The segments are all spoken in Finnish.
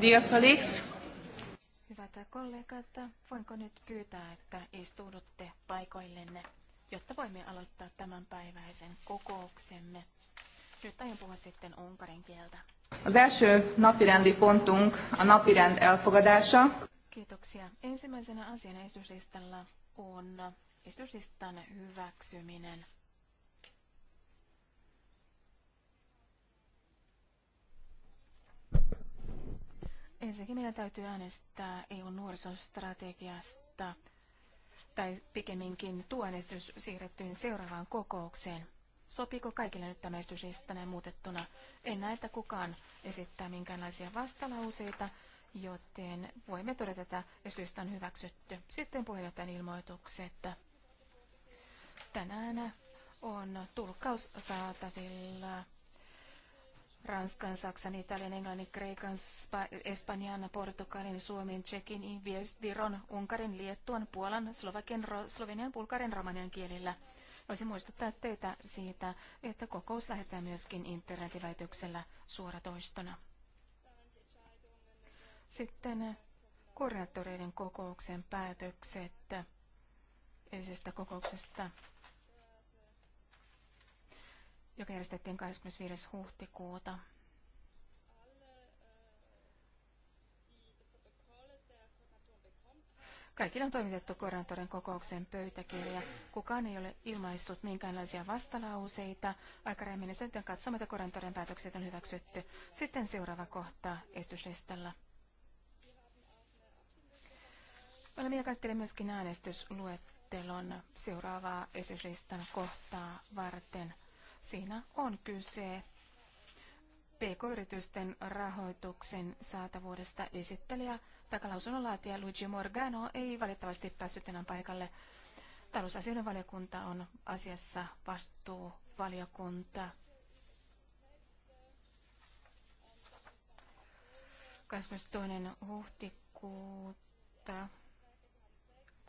Dear colleagues. Hyvät kollegat, voinko nyt pyytää, että istuudutte paikoillenne, jotta voimme aloittaa tämänpäiväisen kokouksemme. Nyt aion puhua sitten unkarin kieltä. Az első napirendi pontunk a napirend elfogadása. Kiitoksia. Ensimmäisenä asiana istuntolistalla on istuntolistan hyväksyminen. Ensinnäkin meidän täytyy äänestää EU-nuorisostrategiasta, tai pikemminkin tuo äänestys siirrettyyn seuraavaan kokoukseen. Sopiiko kaikille nyt tämä esitys näin muutettuna? En näe, että kukaan esittää minkäänlaisia vastalauseita, joten voimme todeta, että esitys on hyväksytty. Sitten puheenjohtajan ilmoitukset. Tänään on tulkkaus saatavilla Ranskan, Saksan, Italian, Englannin, Kreikan, Spa- Espanjan, Portugalin, Suomen, Tsekin, Viron, Unkarin, Liettuan, Puolan, Slovakian, Ro- Slovenian, Bulgarian, Romanian kielillä. Voisin muistuttaa teitä siitä, että kokous lähetetään myöskin internetiväityksellä suoratoistona. Sitten koordinaattoreiden kokouksen päätökset edellisestä kokouksesta joka järjestettiin 25. huhtikuuta. Kaikille on toimitettu koordinaattorin kokouksen pöytäkirja. Kukaan ei ole ilmaissut minkäänlaisia vastalauseita. aikarajaminen mennessä katsomme, että koordinaattorin päätökset on hyväksytty. Sitten seuraava kohta esityslistalla. Olemme jakattelemme myöskin äänestysluettelon seuraavaa esityslistan kohtaa varten. Siinä on kyse PK-yritysten rahoituksen saatavuudesta esittelijä takalausunnonlaatija Luigi Morgano ei valitettavasti päässyt enää paikalle. Talousasioiden valiokunta on asiassa vastuuvaliokunta. 22. huhtikuuta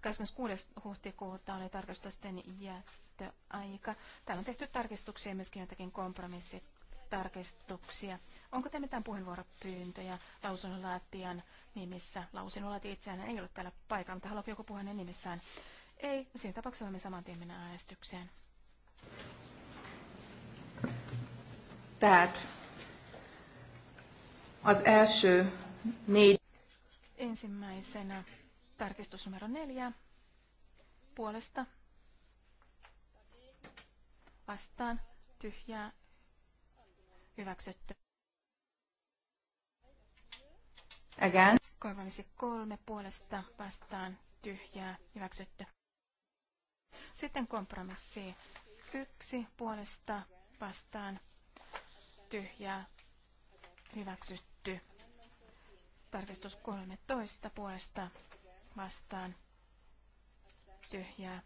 26. huhtikuuta oli tarkastusten jättä käyttöaika. Täällä on tehty tarkistuksia ja myöskin jotakin kompromissitarkistuksia. Onko teillä mitään puheenvuoropyyntöjä lausunnonlaatijan nimissä? Lausunnonlaatija itseään ei ole täällä paikalla, mutta haluaako joku puheen nimissään? Ei, siinä tapauksessa voimme saman tien mennä äänestykseen. Tät. az első négy. Ensimmäisenä tarkistus numero neljä puolesta vastaan tyhjää hyväksytty. Again. Kompromissi kolme puolesta vastaan tyhjää hyväksytty. Sitten kompromissi yksi puolesta vastaan tyhjää hyväksytty. Tarkistus 13 puolesta vastaan tyhjää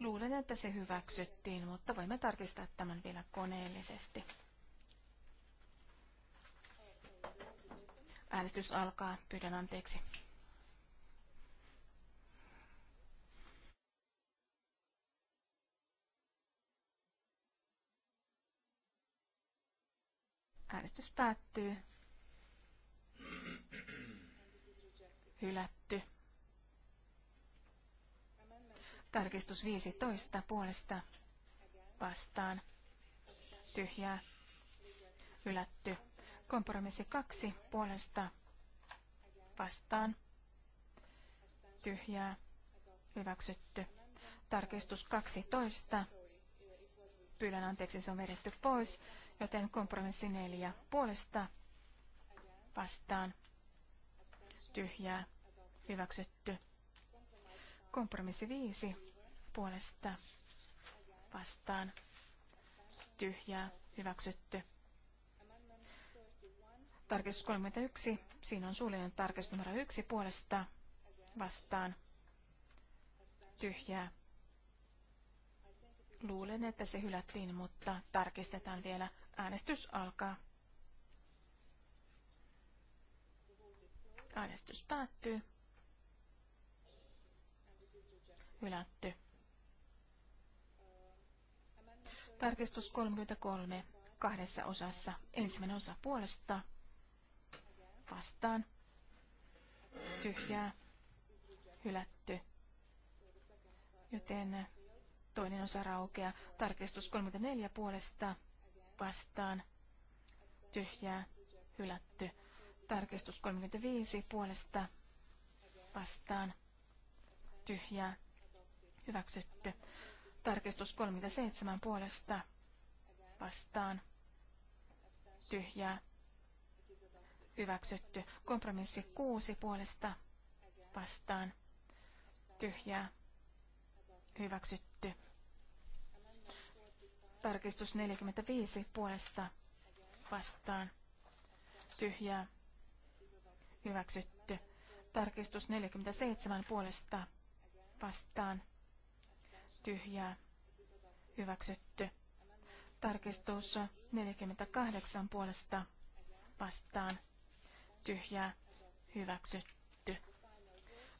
Luulen, että se hyväksyttiin, mutta voimme tarkistaa tämän vielä koneellisesti. Äänestys alkaa. Pyydän anteeksi. Äänestys päättyy. Hylätty. Tarkistus 15 puolesta vastaan. Tyhjää. Ylätty. Kompromissi 2 puolesta vastaan. Tyhjää. Hyväksytty. Tarkistus 12. Pyydän anteeksi, se on vedetty pois, joten kompromissi 4 puolesta vastaan. Tyhjää. Hyväksytty. Kompromissi viisi puolesta vastaan tyhjää hyväksytty. Tarkistus 31. Siinä on suullinen tarkistus numero yksi puolesta vastaan tyhjää. Luulen, että se hylättiin, mutta tarkistetaan vielä. Äänestys alkaa. Äänestys päättyy. Hylätty. Tarkistus 33 kahdessa osassa. Ensimmäinen osa puolesta vastaan. Tyhjää. Hylätty. Joten toinen osa raukeaa. Tarkistus 34 puolesta vastaan. Tyhjää. Hylätty. Tarkistus 35 puolesta vastaan. Tyhjää. Hyväksytty. Tarkistus 37 puolesta vastaan. Tyhjää. Hyväksytty. Kompromissi 6 puolesta vastaan. Tyhjää. Hyväksytty. Tarkistus 45 puolesta vastaan. Tyhjää. Hyväksytty. Tarkistus 47 puolesta vastaan tyhjää hyväksytty. Tarkistus 48 puolesta vastaan tyhjää hyväksytty.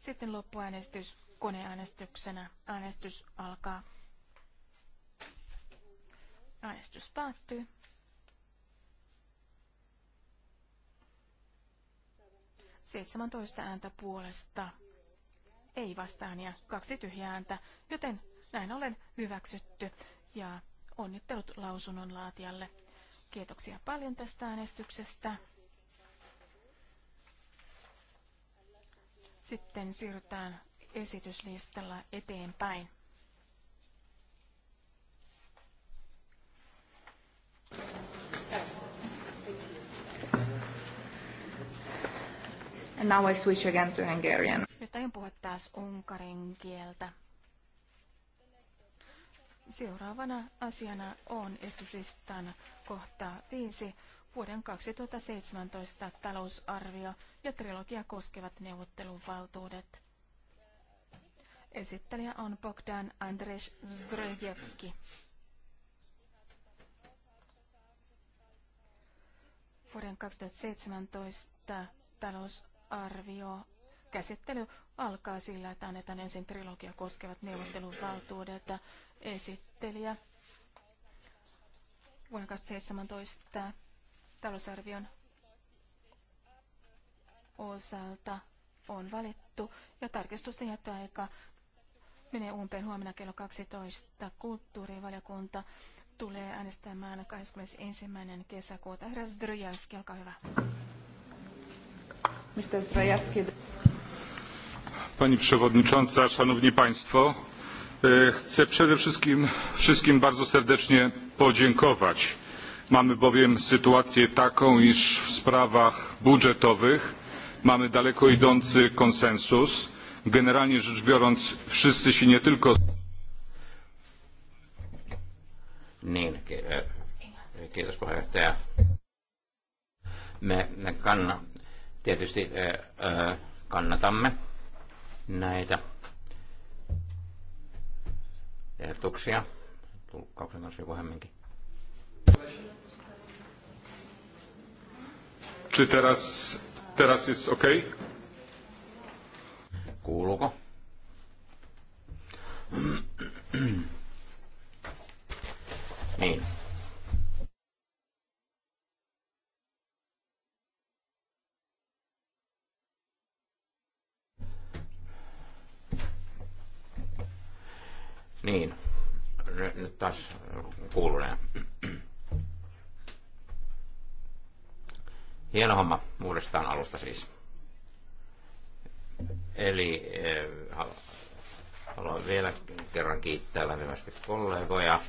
Sitten loppuäänestys koneäänestyksenä. Äänestys alkaa. Äänestys päättyy. 17 ääntä puolesta, ei vastaan ja kaksi tyhjää ääntä, joten näin olen hyväksytty ja onnittelut lausunnon laatijalle. Kiitoksia paljon tästä äänestyksestä. Sitten siirrytään esityslistalla eteenpäin. And now I switch again to Hungarian. Nyt aion puhua taas unkarin kieltä. Seuraavana asiana on esityslistan kohta 5 vuoden 2017 talousarvio ja trilogia koskevat neuvotteluvaltuudet. Esittelijä on Bogdan Andres Zdrojevski. Vuoden 2017 talousarvio käsittely alkaa sillä, että annetaan ensin trilogia koskevat neuvotteluvaltuudet esittelijä vuonna 2017 talousarvion osalta on valittu ja tarkistusten jättöaika menee umpeen huomenna kello 12. Kulttuurivaliokunta tulee äänestämään 21. kesäkuuta. Herra Zdryjalski, olkaa hyvä. Mr. Zdryjalski. Pani przewodnicząca, szanowni państwo. E, chcę przede wszystkim wszystkim bardzo serdecznie podziękować. Mamy bowiem sytuację taką, iż w sprawach budżetowych mamy daleko idący konsensus. Generalnie rzecz biorąc, wszyscy się nie tylko. Niin, e, kiitos puheenjohtaja. Me, me kanna, tietysti e, kannatamme näitä ehdotuksia. Tulkkauksen kanssa joku hämminkin. Czy teraz, teraz jest ok? Kuuluuko? niin. Niin, nyt taas kuuluu näin. Hieno homma uudestaan alusta siis. Eli eh, haluan vielä kerran kiittää lämpimästi kollegoja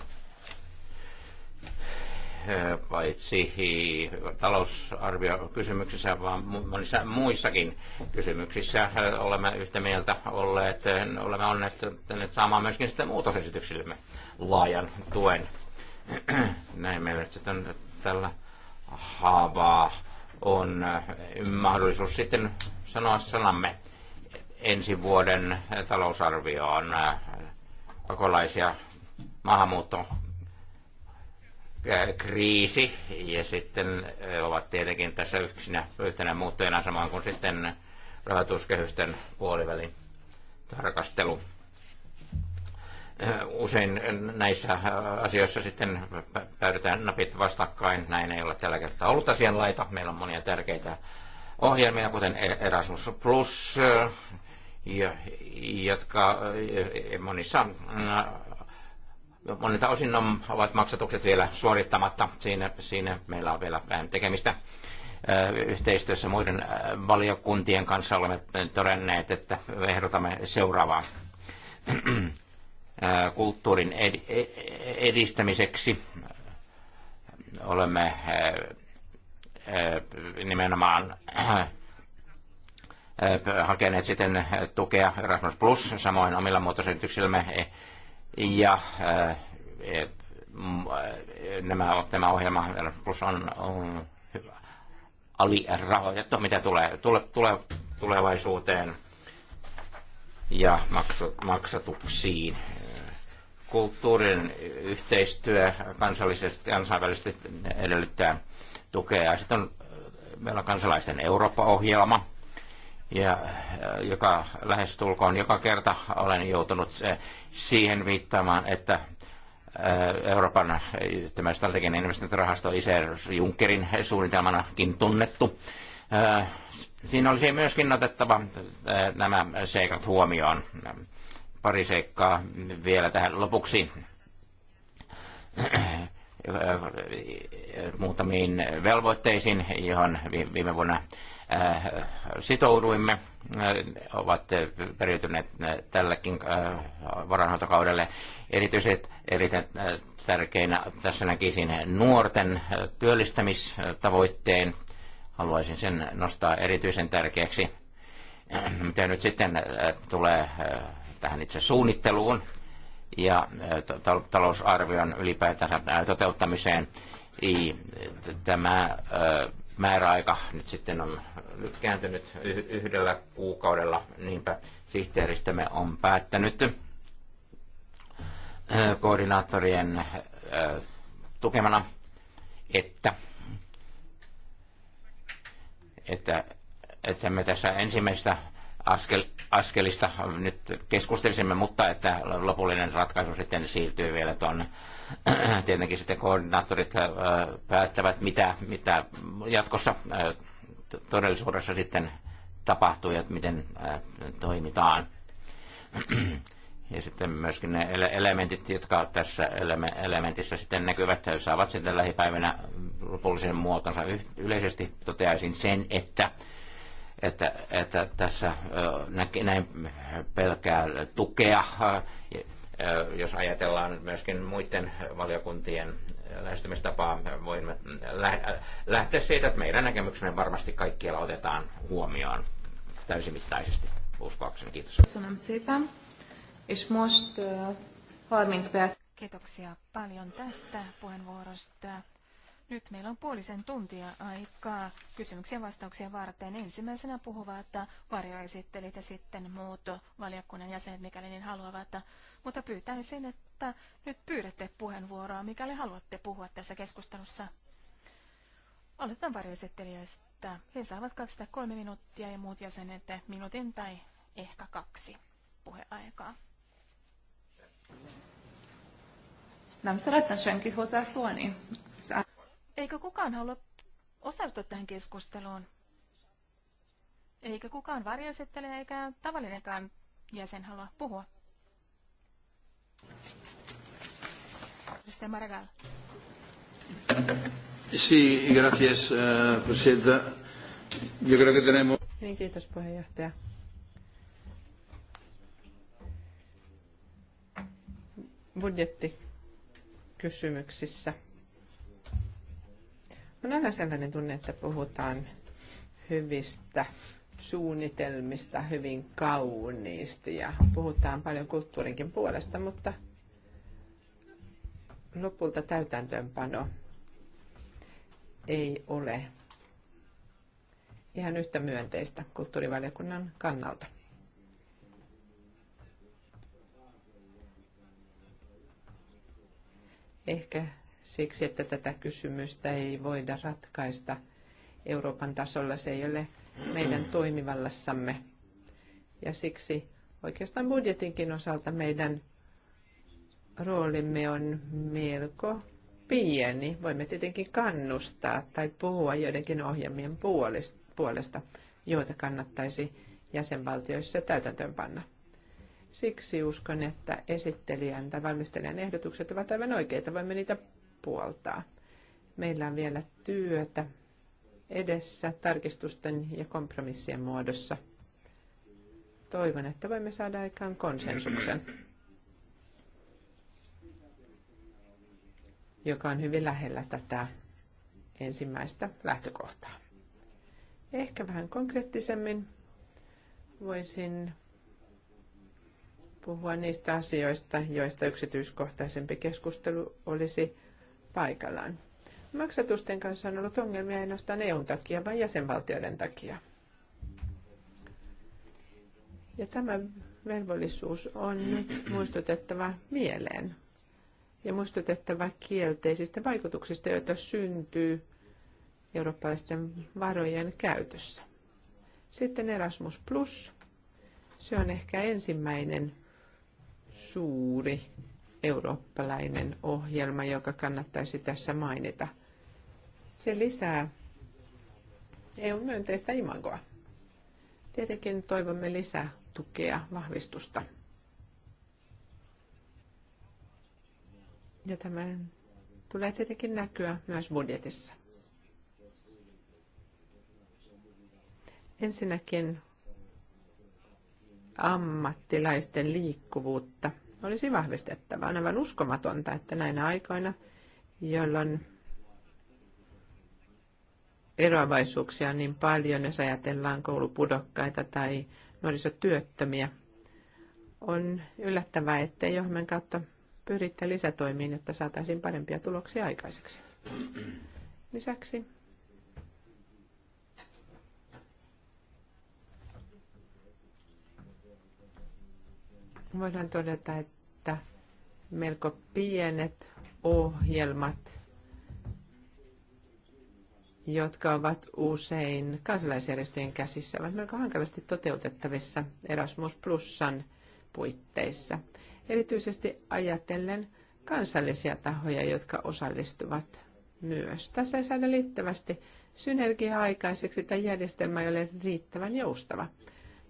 paitsi talousarviokysymyksissä, vaan monissa muissakin kysymyksissä olemme yhtä mieltä olleet. Olemme onnistuneet saamaan myöskin sitten muutosesityksillemme laajan tuen. Näin meillä nyt sitten tällä haavaa on eh, mahdollisuus sitten sanoa sanamme ensi vuoden talousarvioon eh, pakolaisia maahanmuuttoon Äh, kriisi ja sitten äh, ovat tietenkin tässä yksinä, yhtenä muuttujana samaan kuin sitten rahoituskehysten puolivälin tarkastelu. Äh, usein näissä asioissa sitten päädytään napit vastakkain. Näin ei ole tällä kertaa ollut asianlaita. Meillä on monia tärkeitä ohjelmia, kuten e- Erasmus Plus, jotka monissa monilta osin ovat maksatukset vielä suorittamatta. Siinä, siinä meillä on vielä vähän tekemistä yhteistyössä muiden valiokuntien kanssa olemme todenneet, että ehdotamme seuraavaa kulttuurin e-, edistämiseksi. Olemme nimenomaan hakeneet sitten tukea Erasmus Plus, samoin omilla muotoisyrityksillämme ja äh, e, äh, nämä, tämä ohjelma Plus on, on hyvä. alirahoitettu, mitä tulee, tule, tule, tulevaisuuteen ja maksatuksiin. Kulttuurin yhteistyö kansallisesti, kansainvälisesti edellyttää tukea. Sitten on, meillä on kansalaisten Eurooppa-ohjelma, ja äh, joka lähestulkoon joka kerta olen joutunut äh, siihen viittaamaan, että äh, Euroopan tämä strateginen investointirahasto ICR Junckerin suunnitelmanakin tunnettu. Siinä olisi myöskin otettava nämä seikat huomioon. Pari seikkaa vielä tähän lopuksi muutamiin velvoitteisiin, johon viime vuonna Äh, sitouduimme, äh, ovat periytyneet äh, tälläkin varanhoitokaudelle. Erityisesti erittäin tärkeinä tässä näkisin nuorten työllistämistavoitteen. Haluaisin sen nostaa erityisen tärkeäksi. Mitä nyt sitten tulee tähän itse suunnitteluun ja talousarvion ylipäätään toteuttamiseen, tämä määräaika nyt sitten on lykkääntynyt yhdellä kuukaudella, niinpä sihteeristömme on päättänyt koordinaattorien tukemana, että, että, että me tässä ensimmäistä askel, askelista nyt keskustelisimme, mutta että lopullinen ratkaisu sitten siirtyy vielä tuonne. Tietenkin sitten koordinaattorit äh, päättävät, mitä, mitä jatkossa äh, todellisuudessa sitten tapahtuu ja miten äh, toimitaan. Ja sitten myöskin ne elementit, jotka tässä elementissä sitten näkyvät, saavat sitten lähipäivänä lopullisen muotonsa. Yleisesti toteaisin sen, että että, että tässä näin pelkää tukea, jos ajatellaan myöskin muiden valiokuntien lähestymistapaa, voimme lähteä siitä, että meidän näkemyksemme varmasti kaikkialla otetaan huomioon täysimittaisesti, uskoakseni. Kiitos. Kiitoksia paljon tästä puheenvuorosta. Nyt meillä on puolisen tuntia aikaa kysymyksiä vastauksia varten. Ensimmäisenä puhuva, että varjoesittelijät ja sitten muut valiokunnan jäsenet, mikäli niin haluavat. Mutta pyytäisin, että nyt pyydätte puheenvuoroa, mikäli haluatte puhua tässä keskustelussa. Aloitetaan varjoesittelijöistä. He saavat 23 minuuttia ja muut jäsenet minuutin tai ehkä kaksi puheaikaa. Nämä saadaan senki hozzászólni? Eikö kukaan halua osallistua tähän keskusteluun? Eikö kukaan varjoesittele eikä tavallinenkaan jäsen halua puhua. Edustaja Maragall. Sí, gracias, eh, presidenta. Yo creo que tenemos... Niin, kiitos puheenjohtaja. Budjettikysymyksissä on aina sellainen tunne, että puhutaan hyvistä suunnitelmista, hyvin kauniisti ja puhutaan paljon kulttuurinkin puolesta, mutta lopulta täytäntöönpano ei ole ihan yhtä myönteistä kulttuurivaliokunnan kannalta. Ehkä siksi, että tätä kysymystä ei voida ratkaista Euroopan tasolla. Se ei ole meidän toimivallassamme. Ja siksi oikeastaan budjetinkin osalta meidän roolimme on melko pieni. Voimme tietenkin kannustaa tai puhua joidenkin ohjelmien puolesta, joita kannattaisi jäsenvaltioissa täytäntöönpanna. Siksi uskon, että esittelijän tai valmistelijan ehdotukset ovat aivan oikeita. Voimme niitä puoltaa. Meillä on vielä työtä edessä tarkistusten ja kompromissien muodossa. Toivon, että voimme saada aikaan konsensuksen, joka on hyvin lähellä tätä ensimmäistä lähtökohtaa. Ehkä vähän konkreettisemmin voisin puhua niistä asioista, joista yksityiskohtaisempi keskustelu olisi paikallaan. Maksatusten kanssa on ollut ongelmia ainoastaan EUn takia, vaan jäsenvaltioiden takia. Ja tämä velvollisuus on nyt muistutettava mieleen ja muistutettava kielteisistä vaikutuksista, joita syntyy eurooppalaisten varojen käytössä. Sitten Erasmus Plus. Se on ehkä ensimmäinen suuri eurooppalainen ohjelma, joka kannattaisi tässä mainita. Se lisää EU-myönteistä imagoa. Tietenkin toivomme lisää tukea, vahvistusta. Ja tämän tulee tietenkin näkyä myös budjetissa. Ensinnäkin ammattilaisten liikkuvuutta – olisi vahvistettava. On aivan uskomatonta, että näinä aikoina, jolloin eroavaisuuksia on niin paljon, jos ajatellaan koulupudokkaita tai nuorisotyöttömiä, on yllättävää, ettei johon kautta pyritte lisätoimiin, jotta saataisiin parempia tuloksia aikaiseksi. Lisäksi voidaan todeta, että melko pienet ohjelmat, jotka ovat usein kansalaisjärjestöjen käsissä, ovat melko hankalasti toteutettavissa Erasmus Plusan puitteissa. Erityisesti ajatellen kansallisia tahoja, jotka osallistuvat myös. Tässä ei saada liittävästi synergiaa aikaiseksi tai järjestelmä ei ole riittävän joustava,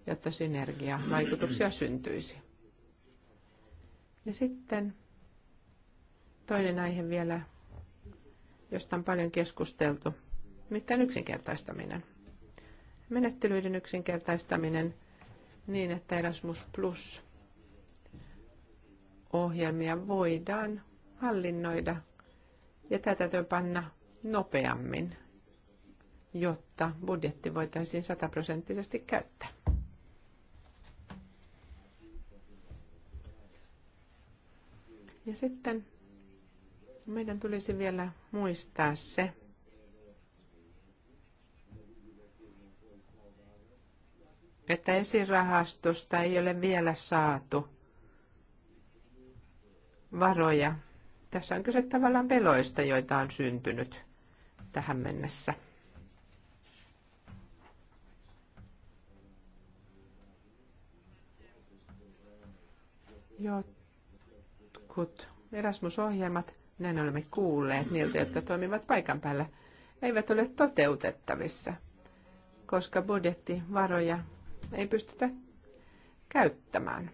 jotta synergiavaikutuksia syntyisi. Ja sitten toinen aihe vielä, josta on paljon keskusteltu, mitään yksinkertaistaminen. Menettelyiden yksinkertaistaminen niin, että Erasmus Plus ohjelmia voidaan hallinnoida ja tätä panna nopeammin, jotta budjetti voitaisiin sataprosenttisesti käyttää. Ja sitten meidän tulisi vielä muistaa se, että esirahastosta ei ole vielä saatu varoja. Tässä on kyse tavallaan peloista, joita on syntynyt tähän mennessä. Joo, jotkut Erasmus-ohjelmat, näin olemme kuulleet niiltä, jotka toimivat paikan päällä, eivät ole toteutettavissa, koska budjettivaroja ei pystytä käyttämään.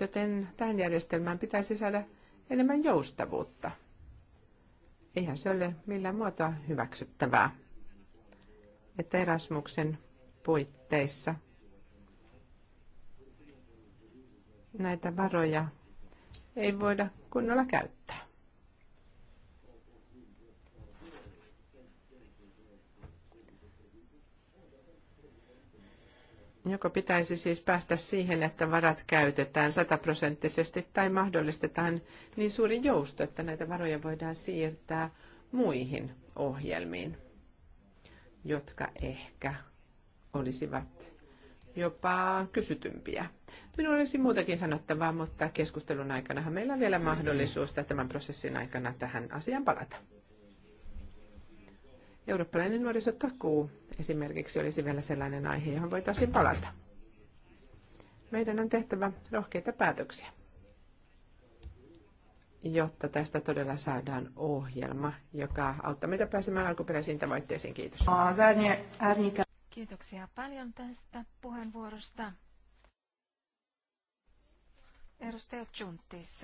Joten tähän järjestelmään pitäisi saada enemmän joustavuutta. Eihän se ole millään muuta hyväksyttävää, että Erasmuksen puitteissa – näitä varoja ei voida kunnolla käyttää. Joko pitäisi siis päästä siihen, että varat käytetään sataprosenttisesti tai mahdollistetaan niin suuri jousto, että näitä varoja voidaan siirtää muihin ohjelmiin, jotka ehkä olisivat jopa kysytympiä. Minulla olisi muutakin sanottavaa, mutta keskustelun aikana meillä on vielä mahdollisuus tämän prosessin aikana tähän asiaan palata. Eurooppalainen nuorisotakuu esimerkiksi olisi vielä sellainen aihe, johon voitaisiin palata. Meidän on tehtävä rohkeita päätöksiä, jotta tästä todella saadaan ohjelma, joka auttaa meitä pääsemään alkuperäisiin tavoitteisiin. Kiitos. Kiitoksia paljon tästä puheenvuorosta. Edustaja Juntis,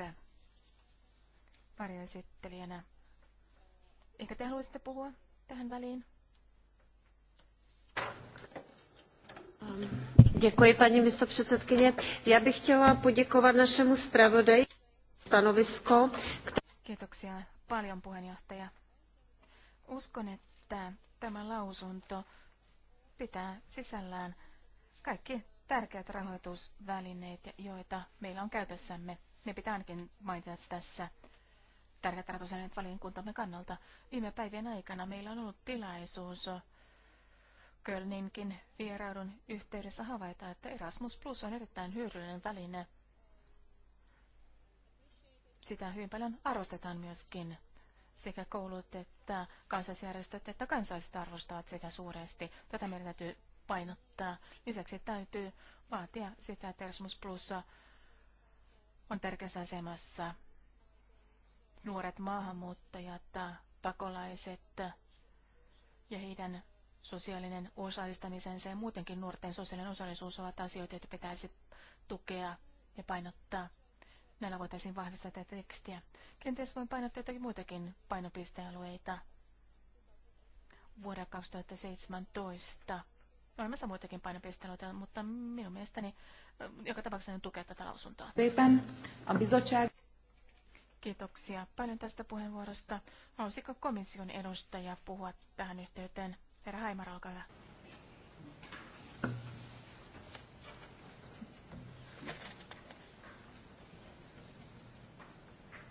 varjoesittelijänä. Ehkä te haluaisitte puhua tähän väliin? Děkuji, paní místopředsedkyně. Já bych chtěla poděkovat našemu zpravodaji stanovisko. Kiitoksia paljon, puheenjohtaja. Uskon, että tämä lausunto pitää sisällään kaikki tärkeät rahoitusvälineet, joita meillä on käytössämme. Ne pitää ainakin mainita tässä tärkeät rahoitusvälineet valiokuntamme kannalta. Viime päivien aikana meillä on ollut tilaisuus Kölninkin vieraudun yhteydessä havaita, että Erasmus Plus on erittäin hyödyllinen väline. Sitä hyvin paljon arvostetaan myöskin sekä koulut että kansalaisjärjestöt että kansalaiset arvostavat sitä suuresti. Tätä meidän täytyy painottaa. Lisäksi täytyy vaatia sitä, että Erasmus Plus on tärkeässä asemassa. Nuoret maahanmuuttajat, pakolaiset ja heidän sosiaalinen osallistamisensa ja muutenkin nuorten sosiaalinen osallisuus ovat asioita, joita pitäisi tukea ja painottaa. Näillä voitaisiin vahvistaa tätä tekstiä. Kenties voin painottaa jotakin muitakin painopistealueita vuoden 2017. Olemassa muitakin painopistealueita, mutta minun mielestäni joka tapauksessa en tukea tätä lausuntoa. Kiitoksia paljon tästä puheenvuorosta. Haluaisiko komission edustaja puhua tähän yhteyteen? Herra Haimara, olkaa hyvä.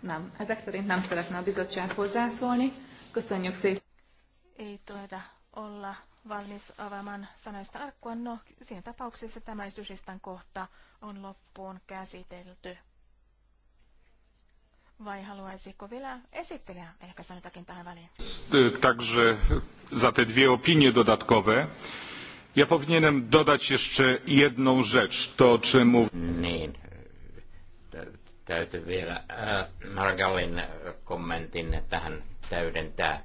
Nem, ezek szerint nem szeretne a bizottság hozzászólni. Köszönjük szépen. Ei tuoda olla valmis avaamaan sanoista arkkua. No, siinä tapauksessa tämä esityslistan kohta on loppuun käsitelty. Vai haluaisiko vielä esittelijä ehkä sanoa jotakin tähän väliin? Także za te dwie opinie dodatkowe. Ja powinienem dodać jeszcze jedną rzecz, to o czym mówię. Niin, täytyy vielä äh, Margallin kommentin tähän täydentää.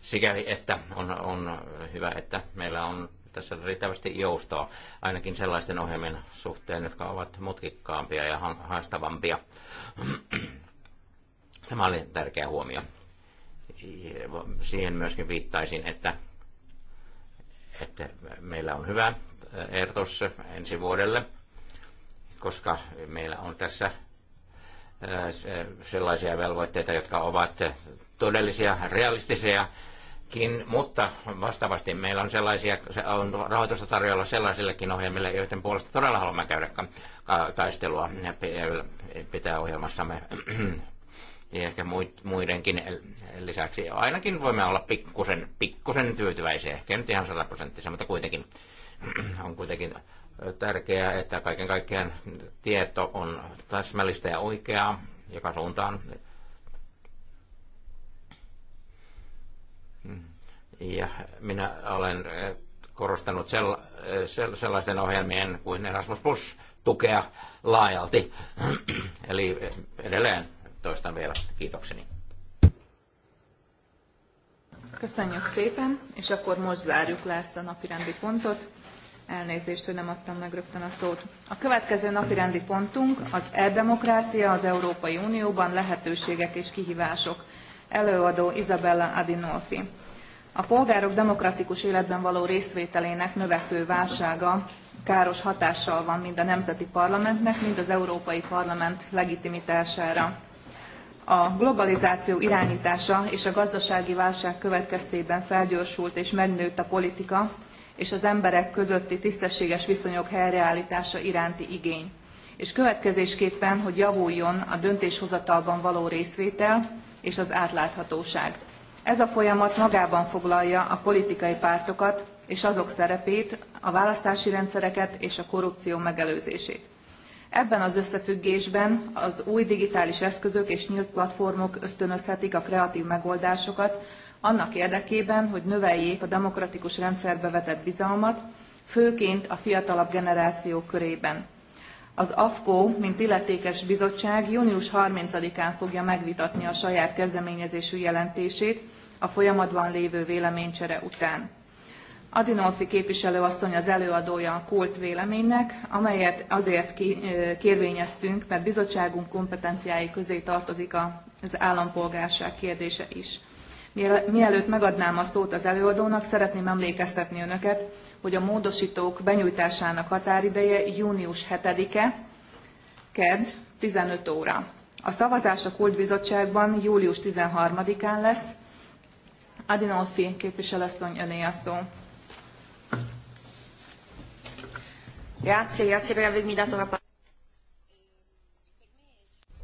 Sikäli, että on, on hyvä, että meillä on tässä riittävästi joustoa, ainakin sellaisten ohjelmien suhteen, jotka ovat mutkikkaampia ja haastavampia. Tämä oli tärkeä huomio. Siihen myöskin viittaisin, että, että meillä on hyvä ehdotus ensi vuodelle, koska meillä on tässä Äh, sellaisia velvoitteita, jotka ovat todellisia, realistisiakin, mutta vastaavasti meillä on sellaisia, on rahoitusta tarjolla sellaisillekin ohjelmille, joiden puolesta todella haluamme käydä taistelua eh, pitää ohjelmassamme ja ehkä muidenkin lisäksi. Ainakin voimme olla pikkusen, pikkusen tyytyväisiä, ehkä nyt ihan sataprosenttisia, mutta kuitenkin on kuitenkin tärkeää, että kaiken kaikkiaan tieto on täsmällistä ja oikeaa joka suuntaan. Ja minä olen eh, korostanut eh, sellaisten ohjelmien kuin Erasmus Plus tukea laajalti. Eli eh, edelleen toistan vielä kiitokseni. Köszönjük szépen, és akkor most zárjuk le ezt a rendi pontot. Elnézést, hogy nem adtam meg rögtön a szót. A következő napirendi pontunk az e-demokrácia az Európai Unióban lehetőségek és kihívások. Előadó Isabella Adinolfi. A polgárok demokratikus életben való részvételének növekvő válsága káros hatással van mind a nemzeti parlamentnek, mind az Európai Parlament legitimitására. A globalizáció irányítása és a gazdasági válság következtében felgyorsult és megnőtt a politika, és az emberek közötti tisztességes viszonyok helyreállítása iránti igény. És következésképpen, hogy javuljon a döntéshozatalban való részvétel és az átláthatóság. Ez a folyamat magában foglalja a politikai pártokat és azok szerepét, a választási rendszereket és a korrupció megelőzését. Ebben az összefüggésben az új digitális eszközök és nyílt platformok ösztönözhetik a kreatív megoldásokat, annak érdekében, hogy növeljék a demokratikus rendszerbe vetett bizalmat, főként a fiatalabb generációk körében. Az AFKO, mint illetékes bizottság június 30-án fogja megvitatni a saját kezdeményezésű jelentését a folyamatban lévő véleménycsere után. Adinolfi képviselőasszony az előadója a kult véleménynek, amelyet azért kérvényeztünk, mert bizottságunk kompetenciái közé tartozik az állampolgárság kérdése is. Mielőtt megadnám a szót az előadónak, szeretném emlékeztetni önöket, hogy a módosítók benyújtásának határideje június 7-e, KED 15 óra. A szavazás a Kultbizottságban július 13-án lesz. Adinolfi képviselőasszony, öné a szó. Köszönöm, grazie per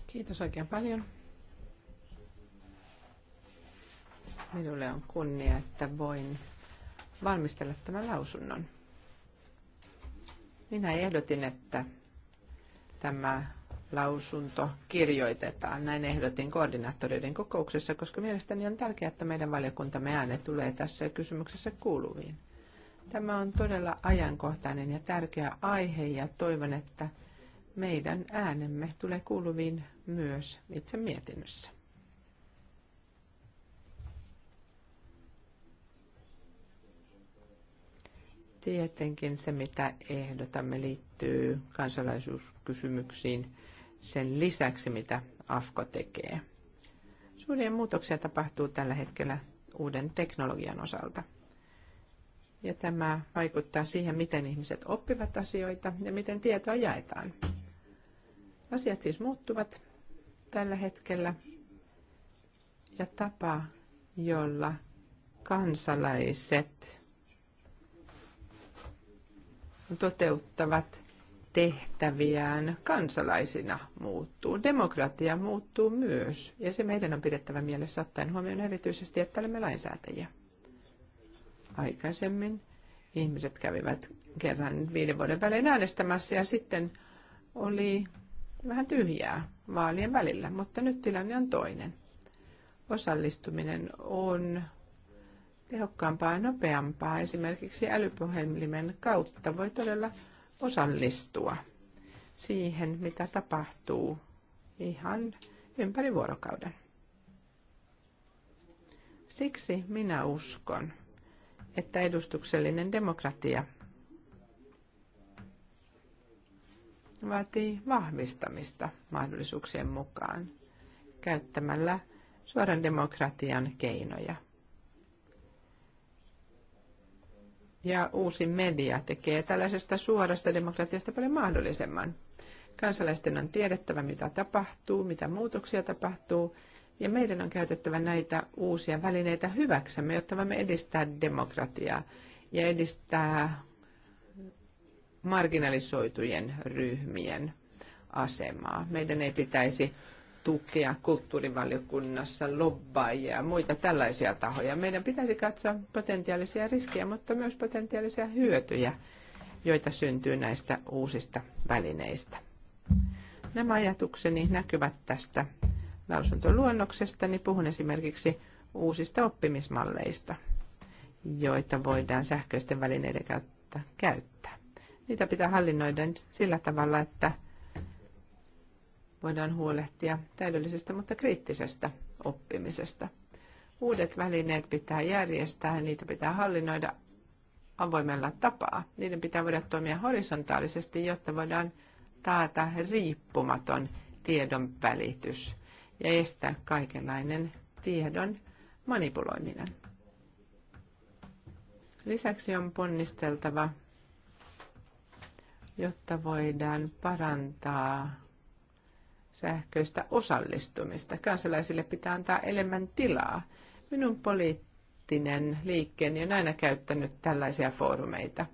Kiitos Minulle on kunnia, että voin valmistella tämän lausunnon. Minä ehdotin, että tämä lausunto kirjoitetaan. Näin ehdotin koordinaattoreiden kokouksessa, koska mielestäni on tärkeää, että meidän valiokuntamme ääne tulee tässä kysymyksessä kuuluviin. Tämä on todella ajankohtainen ja tärkeä aihe ja toivon, että meidän äänemme tulee kuuluviin myös itse mietinnössä. Tietenkin se, mitä ehdotamme, liittyy kansalaisuuskysymyksiin sen lisäksi, mitä AFKO tekee. Suuria muutoksia tapahtuu tällä hetkellä uuden teknologian osalta. Ja tämä vaikuttaa siihen, miten ihmiset oppivat asioita ja miten tietoa jaetaan. Asiat siis muuttuvat tällä hetkellä ja tapa, jolla kansalaiset toteuttavat tehtäviään kansalaisina muuttuu. Demokratia muuttuu myös, ja se meidän on pidettävä mielessä ottaen huomioon erityisesti, että olemme lainsäätäjiä. Aikaisemmin ihmiset kävivät kerran viiden vuoden välein äänestämässä, ja sitten oli vähän tyhjää vaalien välillä, mutta nyt tilanne on toinen. Osallistuminen on tehokkaampaa ja nopeampaa esimerkiksi älypuhelimen kautta voi todella osallistua siihen, mitä tapahtuu ihan ympäri vuorokauden. Siksi minä uskon, että edustuksellinen demokratia vaatii vahvistamista mahdollisuuksien mukaan käyttämällä suoran demokratian keinoja. ja uusi media tekee tällaisesta suorasta demokratiasta paljon mahdollisemman. Kansalaisten on tiedettävä, mitä tapahtuu, mitä muutoksia tapahtuu, ja meidän on käytettävä näitä uusia välineitä hyväksemme, jotta voimme edistää demokratiaa ja edistää marginalisoitujen ryhmien asemaa. Meidän ei pitäisi tukea kulttuurivaliokunnassa, lobbaajia ja muita tällaisia tahoja. Meidän pitäisi katsoa potentiaalisia riskejä, mutta myös potentiaalisia hyötyjä, joita syntyy näistä uusista välineistä. Nämä ajatukseni näkyvät tästä lausuntoluonnoksesta, niin puhun esimerkiksi uusista oppimismalleista, joita voidaan sähköisten välineiden kautta käyttää. Niitä pitää hallinnoida sillä tavalla, että voidaan huolehtia täydellisestä, mutta kriittisestä oppimisesta. Uudet välineet pitää järjestää, niitä pitää hallinnoida avoimella tapaa. Niiden pitää voida toimia horisontaalisesti, jotta voidaan taata riippumaton tiedon välitys ja estää kaikenlainen tiedon manipuloiminen. Lisäksi on ponnisteltava, jotta voidaan parantaa sähköistä osallistumista. Kansalaisille pitää antaa enemmän tilaa. Minun poliittinen liikkeeni on aina käyttänyt tällaisia foorumeita.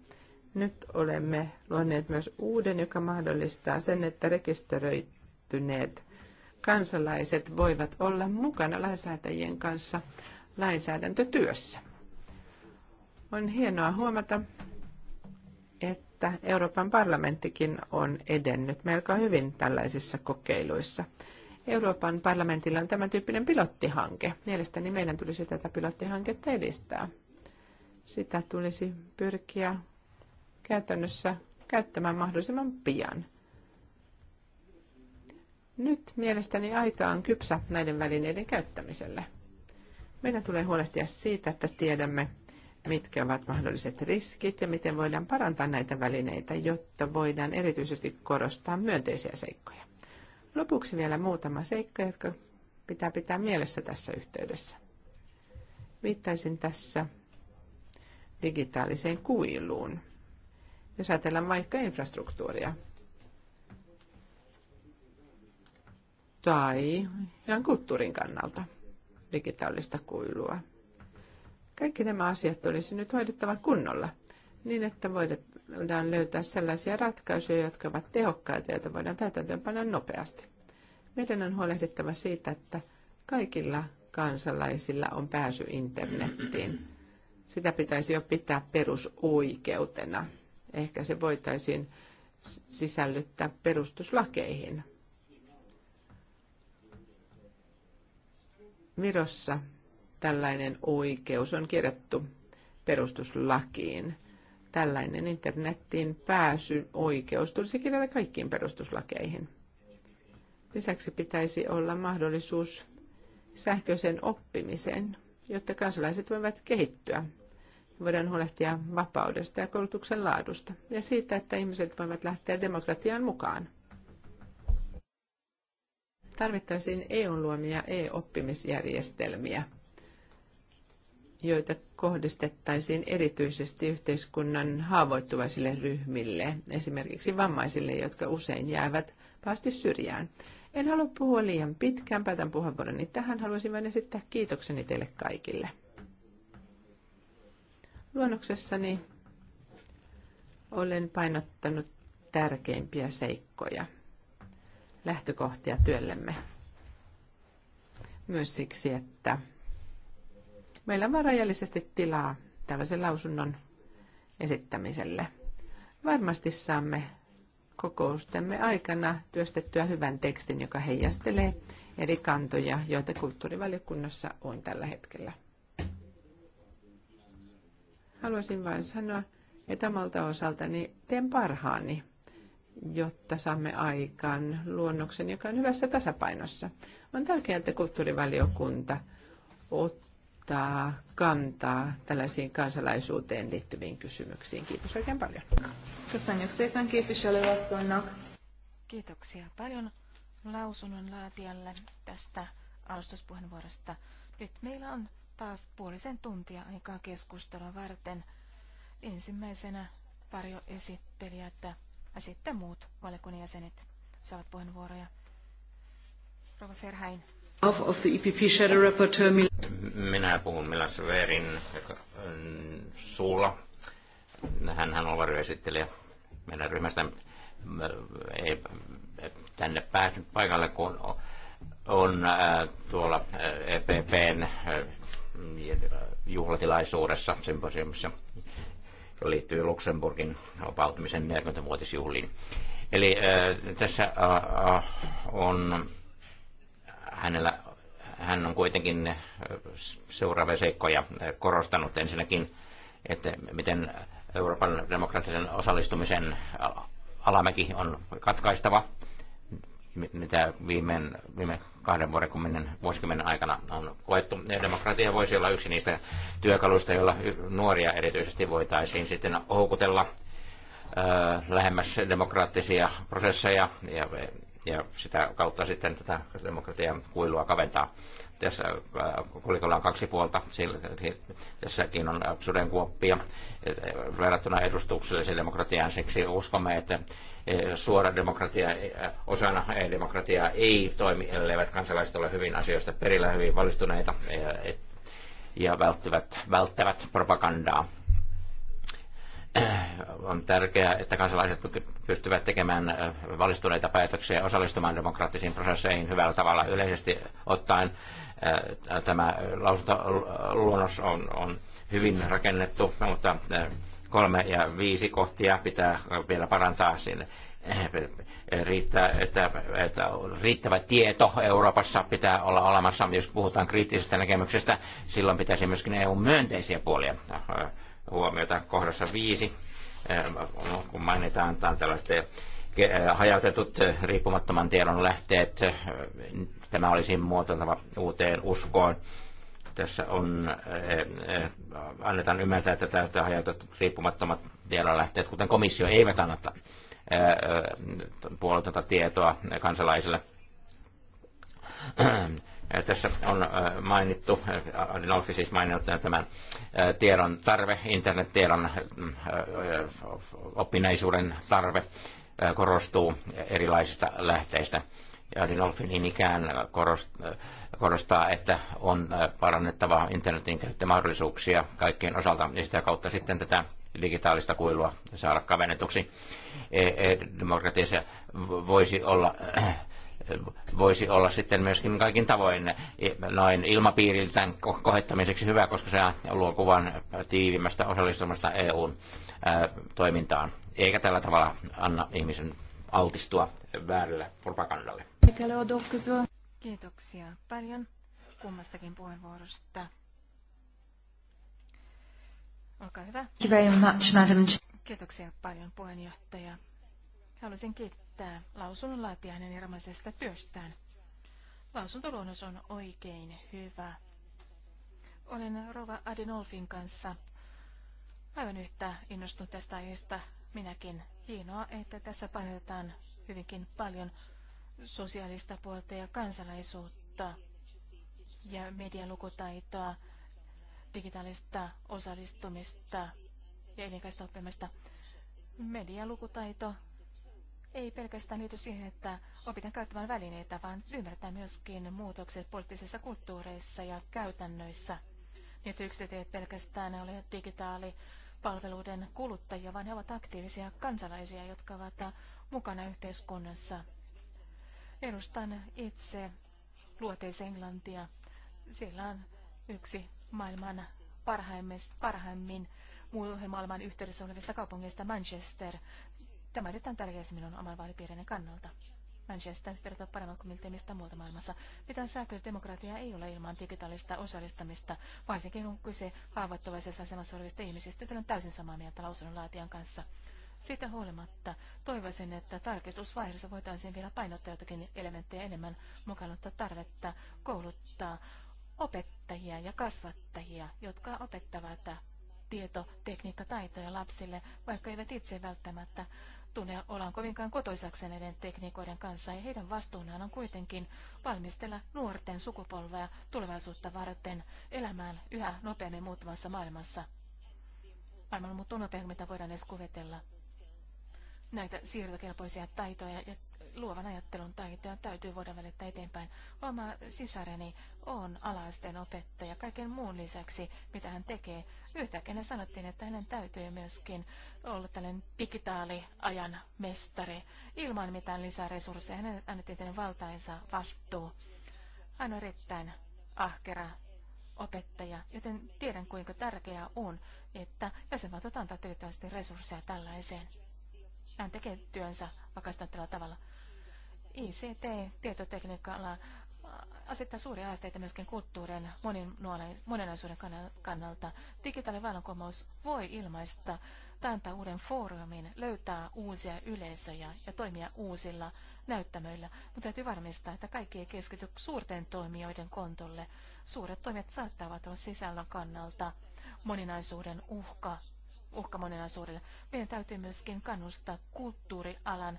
Nyt olemme luoneet myös uuden, joka mahdollistaa sen, että rekisteröityneet kansalaiset voivat olla mukana lainsäätäjien kanssa lainsäädäntötyössä. On hienoa huomata, että Euroopan parlamenttikin on edennyt melko hyvin tällaisissa kokeiluissa. Euroopan parlamentilla on tämän tyyppinen pilottihanke. Mielestäni meidän tulisi tätä pilottihanketta edistää. Sitä tulisi pyrkiä käytännössä käyttämään mahdollisimman pian. Nyt mielestäni aika on kypsä näiden välineiden käyttämiselle. Meidän tulee huolehtia siitä, että tiedämme, mitkä ovat mahdolliset riskit ja miten voidaan parantaa näitä välineitä, jotta voidaan erityisesti korostaa myönteisiä seikkoja. Lopuksi vielä muutama seikka, jotka pitää pitää mielessä tässä yhteydessä. Viittaisin tässä digitaaliseen kuiluun. Jos ajatellaan vaikka infrastruktuuria tai ihan kulttuurin kannalta digitaalista kuilua – kaikki nämä asiat olisi nyt hoidettava kunnolla, niin että voidaan löytää sellaisia ratkaisuja, jotka ovat tehokkaita, joita voidaan täytäntöönpanna nopeasti. Meidän on huolehdittava siitä, että kaikilla kansalaisilla on pääsy internettiin. Sitä pitäisi jo pitää perusoikeutena. Ehkä se voitaisiin sisällyttää perustuslakeihin. Virossa tällainen oikeus on kirjattu perustuslakiin. Tällainen internettiin pääsy oikeus tulisi kirjata kaikkiin perustuslakeihin. Lisäksi pitäisi olla mahdollisuus sähköiseen oppimiseen, jotta kansalaiset voivat kehittyä. Voidaan huolehtia vapaudesta ja koulutuksen laadusta ja siitä, että ihmiset voivat lähteä demokratiaan mukaan. Tarvittaisiin eu luomia e-oppimisjärjestelmiä – joita kohdistettaisiin erityisesti yhteiskunnan haavoittuvaisille ryhmille, esimerkiksi vammaisille, jotka usein jäävät päästi syrjään. En halua puhua liian pitkään, päätän puheenvuoroni tähän. Haluaisin vain esittää kiitokseni teille kaikille. Luonnoksessani olen painottanut tärkeimpiä seikkoja, lähtökohtia työllemme. Myös siksi, että Meillä on rajallisesti tilaa tällaisen lausunnon esittämiselle. Varmasti saamme kokoustemme aikana työstettyä hyvän tekstin, joka heijastelee eri kantoja, joita kulttuurivaliokunnassa on tällä hetkellä. Haluaisin vain sanoa, että omalta osaltani teen parhaani, jotta saamme aikaan luonnoksen, joka on hyvässä tasapainossa. On tärkeää, että kulttuurivaliokunta ottaa ottaa kantaa tällaisiin kansalaisuuteen liittyviin kysymyksiin. Kiitos oikein paljon. Kiitoksia paljon lausunnon laatijalle tästä alustuspuheenvuorosta. Nyt meillä on taas puolisen tuntia aikaa keskustelua varten. Ensimmäisenä varjoesittelijät ja sitten muut valiokunnan jäsenet saavat puheenvuoroja. Rova Ferhain. Of the EPP shadow rapporteur. Minä puhun Milas Verin mm, suulla. Hänhän on varjoesittelijä meidän ryhmästä. Ei tänne päässyt paikalle, kun on tuolla EPPn juhlatilaisuudessa, symposiumissa, joka liittyy Luxemburgin vapautumisen 40-vuotisjuhliin. Eli tässä on hänellä, hän on kuitenkin äh, seuraavia seikkoja äh, korostanut ensinnäkin, että miten Euroopan demokraattisen osallistumisen alamäki on katkaistava, mitä viime viime kahden vuoden vuosikymmenen aikana on koettu. Demokratia voisi olla yksi niistä työkaluista, joilla nuoria erityisesti voitaisiin sitten houkutella äh, lähemmäs demokraattisia prosesseja ja ja sitä kautta sitten tätä demokratian kuilua kaventaa. Tässä äh, kolikolla on kaksi puolta, tässäkin on sudenkuoppia äh, verrattuna edustukselliseen demokratiaan. Siksi uskomme, että äh, suora demokratia osana demokratiaa ei toimi, elleivät kansalaiset ole hyvin asioista perillä, hyvin valistuneita ja välttävät, välttävät propagandaa on tärkeää, että kansalaiset pystyvät tekemään valistuneita päätöksiä ja osallistumaan demokraattisiin prosesseihin hyvällä tavalla yleisesti ottaen. Tämä lausuntoluonnos on, on hyvin rakennettu, mutta kolme ja viisi kohtia pitää vielä parantaa sinne. Riittää, että, että riittävä tieto Euroopassa pitää olla olemassa. Jos puhutaan kriittisestä näkemyksestä, silloin pitäisi myöskin EU-myönteisiä puolia huomiota kohdassa viisi, eh, kun mainitaan tällaiset eh, hajautetut eh, riippumattoman tiedon lähteet. Tämä olisi muotoiltava uuteen uskoon. Tässä on, annetaan ymmärtää, että tästä hajautetut riippumattomat tiedon lähteet kuten komissio, eivät anna puolelta tietoa kansalaisille Äh, tässä on äh, mainittu, äh, Adinolfi siis mainittu tämän tiedon tarve, internettiedon oppineisuuden tarve korostuu erilaisista lähteistä. Adinolfi niin ikään korostaa, että on parannettava internetin käyttömahdollisuuksia kaikkien osalta ja sitä kautta sitten tätä digitaalista kuilua saada kavennetuksi. E-, e-, demokratiassa voisi olla voisi olla sitten myöskin kaikin tavoin noin ilmapiiriltään kohettamiseksi hyvä, koska se luo kuvan tiivimmästä osallistumasta EUn toimintaan, eikä tällä tavalla anna ihmisen altistua väärille propagandalle. Kiitoksia paljon kummastakin puheenvuorosta. Olkaa hyvä. Thank you very much, Madam Kiitoksia paljon puheenjohtaja. Haluaisin kiittää lausunnon hänen erinomaisesta työstään. Lausuntoluonnos on oikein hyvä. Olen Rova Adinolfin kanssa aivan yhtä innostunut tästä aiheesta minäkin. Hienoa, että tässä painotetaan hyvinkin paljon sosiaalista puolta ja kansalaisuutta ja medialukutaitoa, digitaalista osallistumista ja elinkaista oppimista. Medialukutaito ei pelkästään liity siihen, että opitaan käyttämään välineitä, vaan ymmärtää myöskin muutokset poliittisissa kulttuureissa ja käytännöissä. Niin, yksityt eivät pelkästään ole digitaalipalveluiden kuluttajia, vaan he ovat aktiivisia kansalaisia, jotka ovat mukana yhteiskunnassa. Edustan itse luoteisen englantia Siellä on yksi maailman parhaimmin, parhaimmin muun maailman yhteydessä olevista kaupungeista Manchester. Tämä on erittäin tärkeä minun oman vaalipiirini kannalta. Manchester yhteydet paremmin paremmat kuin miltei mistä muuta maailmassa. Mitään sähködemokratiaa ei ole ilman digitaalista osallistamista, varsinkin kun kyse haavoittuvaisessa asemassa olevista ihmisistä. on täysin samaa mieltä lausunnonlaatijan kanssa. Siitä huolimatta toivoisin, että tarkistusvaiheessa voitaisiin vielä painottaa jotakin elementtejä enemmän mukaan ottaa tarvetta kouluttaa opettajia ja kasvattajia, jotka opettavat tietotekniikkataitoja lapsille, vaikka eivät itse välttämättä tunne ollaan kovinkaan kotoisaksi näiden tekniikoiden kanssa ja heidän vastuunaan on kuitenkin valmistella nuorten sukupolvea tulevaisuutta varten elämään yhä nopeammin muuttuvassa maailmassa. Maailma muuttuu nopeammin, mitä voidaan edes kuvitella. Näitä siirtokelpoisia taitoja ja luovan ajattelun taitoja täytyy voida välittää eteenpäin. Oma sisareni on alaisten opettaja kaiken muun lisäksi, mitä hän tekee. Yhtäkkiä ne sanottiin, että hänen täytyy myöskin olla tällainen digitaaliajan mestari. Ilman mitään lisäresursseja hänen annettiin valtaansa vastuu. Hän on erittäin ahkera opettaja, joten tiedän kuinka tärkeää on, että jäsenvaltiot antaa riittävästi resursseja tällaiseen hän tekee työnsä vakaista tällä tavalla. ICT, tietotekniikka, asettaa suuria haasteita myöskin kulttuurin moninaisuuden kannalta. Digitaalinen vallankumous voi ilmaista tai antaa uuden foorumin, löytää uusia yleisöjä ja toimia uusilla näyttämöillä, mutta täytyy varmistaa, että kaikki ei keskity suurten toimijoiden kontolle. Suuret toimijat saattavat olla sisällön kannalta moninaisuuden uhka uhka monenlaisuudelle. Meidän täytyy myöskin kannustaa kulttuurialan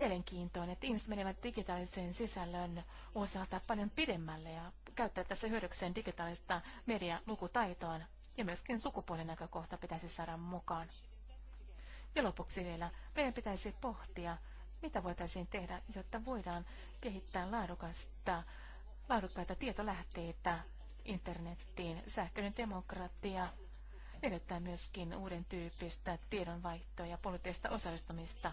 mielenkiintoon, että ihmiset menevät digitaalisen sisällön osalta paljon pidemmälle ja käyttää tässä hyödykseen digitaalista medialukutaitoa ja myöskin sukupuolen näkökohta pitäisi saada mukaan. Ja lopuksi vielä, meidän pitäisi pohtia, mitä voitaisiin tehdä, jotta voidaan kehittää laadukasta, laadukkaita tietolähteitä internettiin, sähköinen demokratia, edellyttää myöskin uuden tyyppistä tiedonvaihtoa ja poliittista osallistumista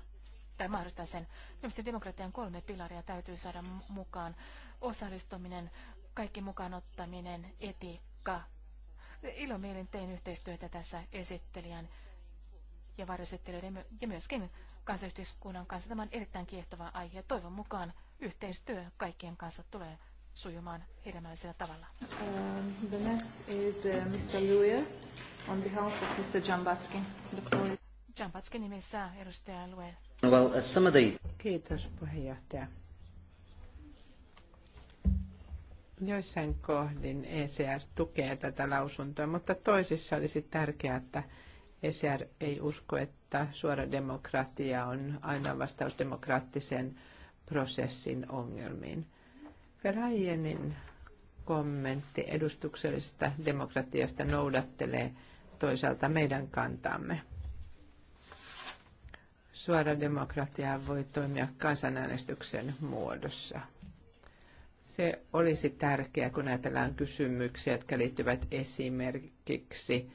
tai mahdollistaa sen. Mielestäni demokratian kolme pilaria täytyy saada mukaan. Osallistuminen, kaikki mukaan ottaminen, etiikka. Ilomielin tein yhteistyötä tässä esittelijän ja varjoesittelijöiden ja myöskin kansayhteiskunnan kanssa. Tämä on erittäin kiehtova aihe. Toivon mukaan yhteistyö kaikkien kanssa tulee sujumaan hedelmällisellä tavalla. Um, the next is uh, Mr. Luer on behalf of Mr. Jambatski. Jambatski nimessä edustaja Luer. Well, uh, some of the... Kiitos puheenjohtaja. Joissain kohdin ECR tukee tätä lausuntoa, mutta toisissa olisi tärkeää, että ECR ei usko, että suora demokratia on aina vastaus demokraattisen prosessin ongelmiin Ferajenin kommentti edustuksellisesta demokratiasta noudattelee toisaalta meidän kantaamme. Suora demokratia voi toimia kansanäänestyksen muodossa. Se olisi tärkeää, kun ajatellaan kysymyksiä, jotka liittyvät esimerkiksi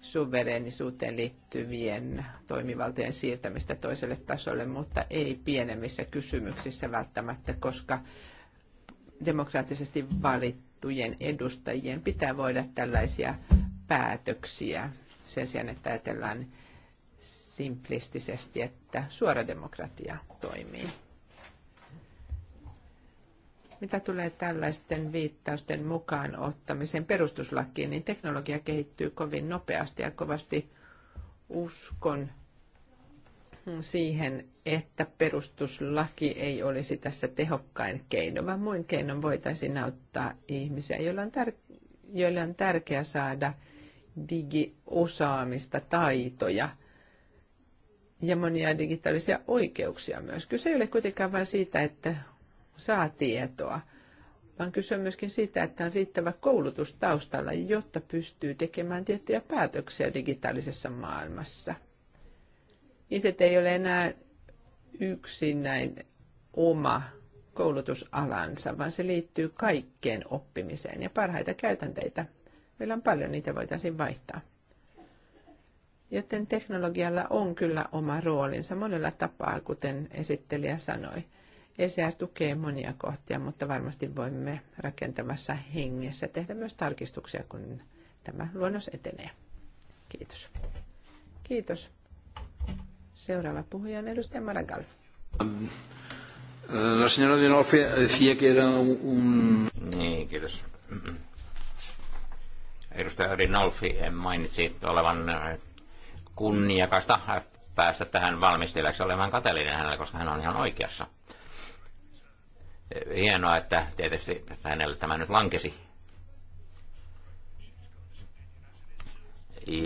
suvereenisuuteen liittyvien toimivaltojen siirtämistä toiselle tasolle, mutta ei pienemmissä kysymyksissä välttämättä, koska demokraattisesti valittujen edustajien pitää voida tällaisia päätöksiä sen sijaan, että ajatellaan simplistisesti, että suora demokratia toimii. Mitä tulee tällaisten viittausten mukaan ottamisen perustuslakiin, niin teknologia kehittyy kovin nopeasti ja kovasti uskon siihen, että perustuslaki ei olisi tässä tehokkain keino, vaan muin keinon voitaisiin auttaa ihmisiä, joilla on, tär- joilla on tärkeää saada digiosaamista, taitoja ja monia digitaalisia oikeuksia myös. Kyse ei ole kuitenkaan vain siitä, että saa tietoa, vaan kyse on myöskin siitä, että on riittävä koulutus taustalla, jotta pystyy tekemään tiettyjä päätöksiä digitaalisessa maailmassa. ICT ei ole enää yksin näin oma koulutusalansa, vaan se liittyy kaikkeen oppimiseen ja parhaita käytänteitä. Meillä on paljon niitä voitaisiin vaihtaa. Joten teknologialla on kyllä oma roolinsa monella tapaa, kuten esittelijä sanoi. ECR tukee monia kohtia, mutta varmasti voimme rakentamassa hengessä tehdä myös tarkistuksia, kun tämä luonnos etenee. Kiitos. Kiitos. Seuraava puhuja on edustaja Maragall. Ähm, äh, la señora de Norfe eh, decía que era un... Niin, kiitos. Edustaja Rinolfi eh, mainitsi olevan eh, kunniakasta päästä tähän valmistelijaksi olevan kateellinen hänelle, koska hän on ihan oikeassa. Hienoa, että tietysti hänelle tämä nyt lankesi.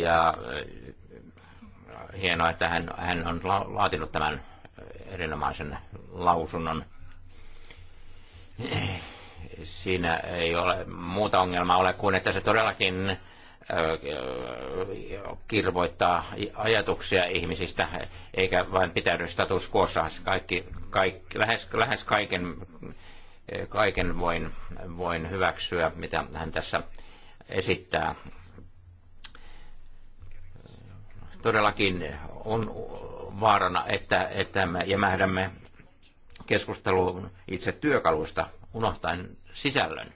Ja hienoa, että hän, hän on laatinut tämän erinomaisen lausunnon. Siinä ei ole muuta ongelmaa ole kuin, että se todellakin kirvoittaa ajatuksia ihmisistä, eikä vain pitäydy status quoissa. Kaikki, kaikki, lähes, lähes kaiken, kaiken voin, voin hyväksyä, mitä hän tässä esittää todellakin on vaarana, että, että me jämähdämme keskusteluun itse työkaluista unohtaen sisällön.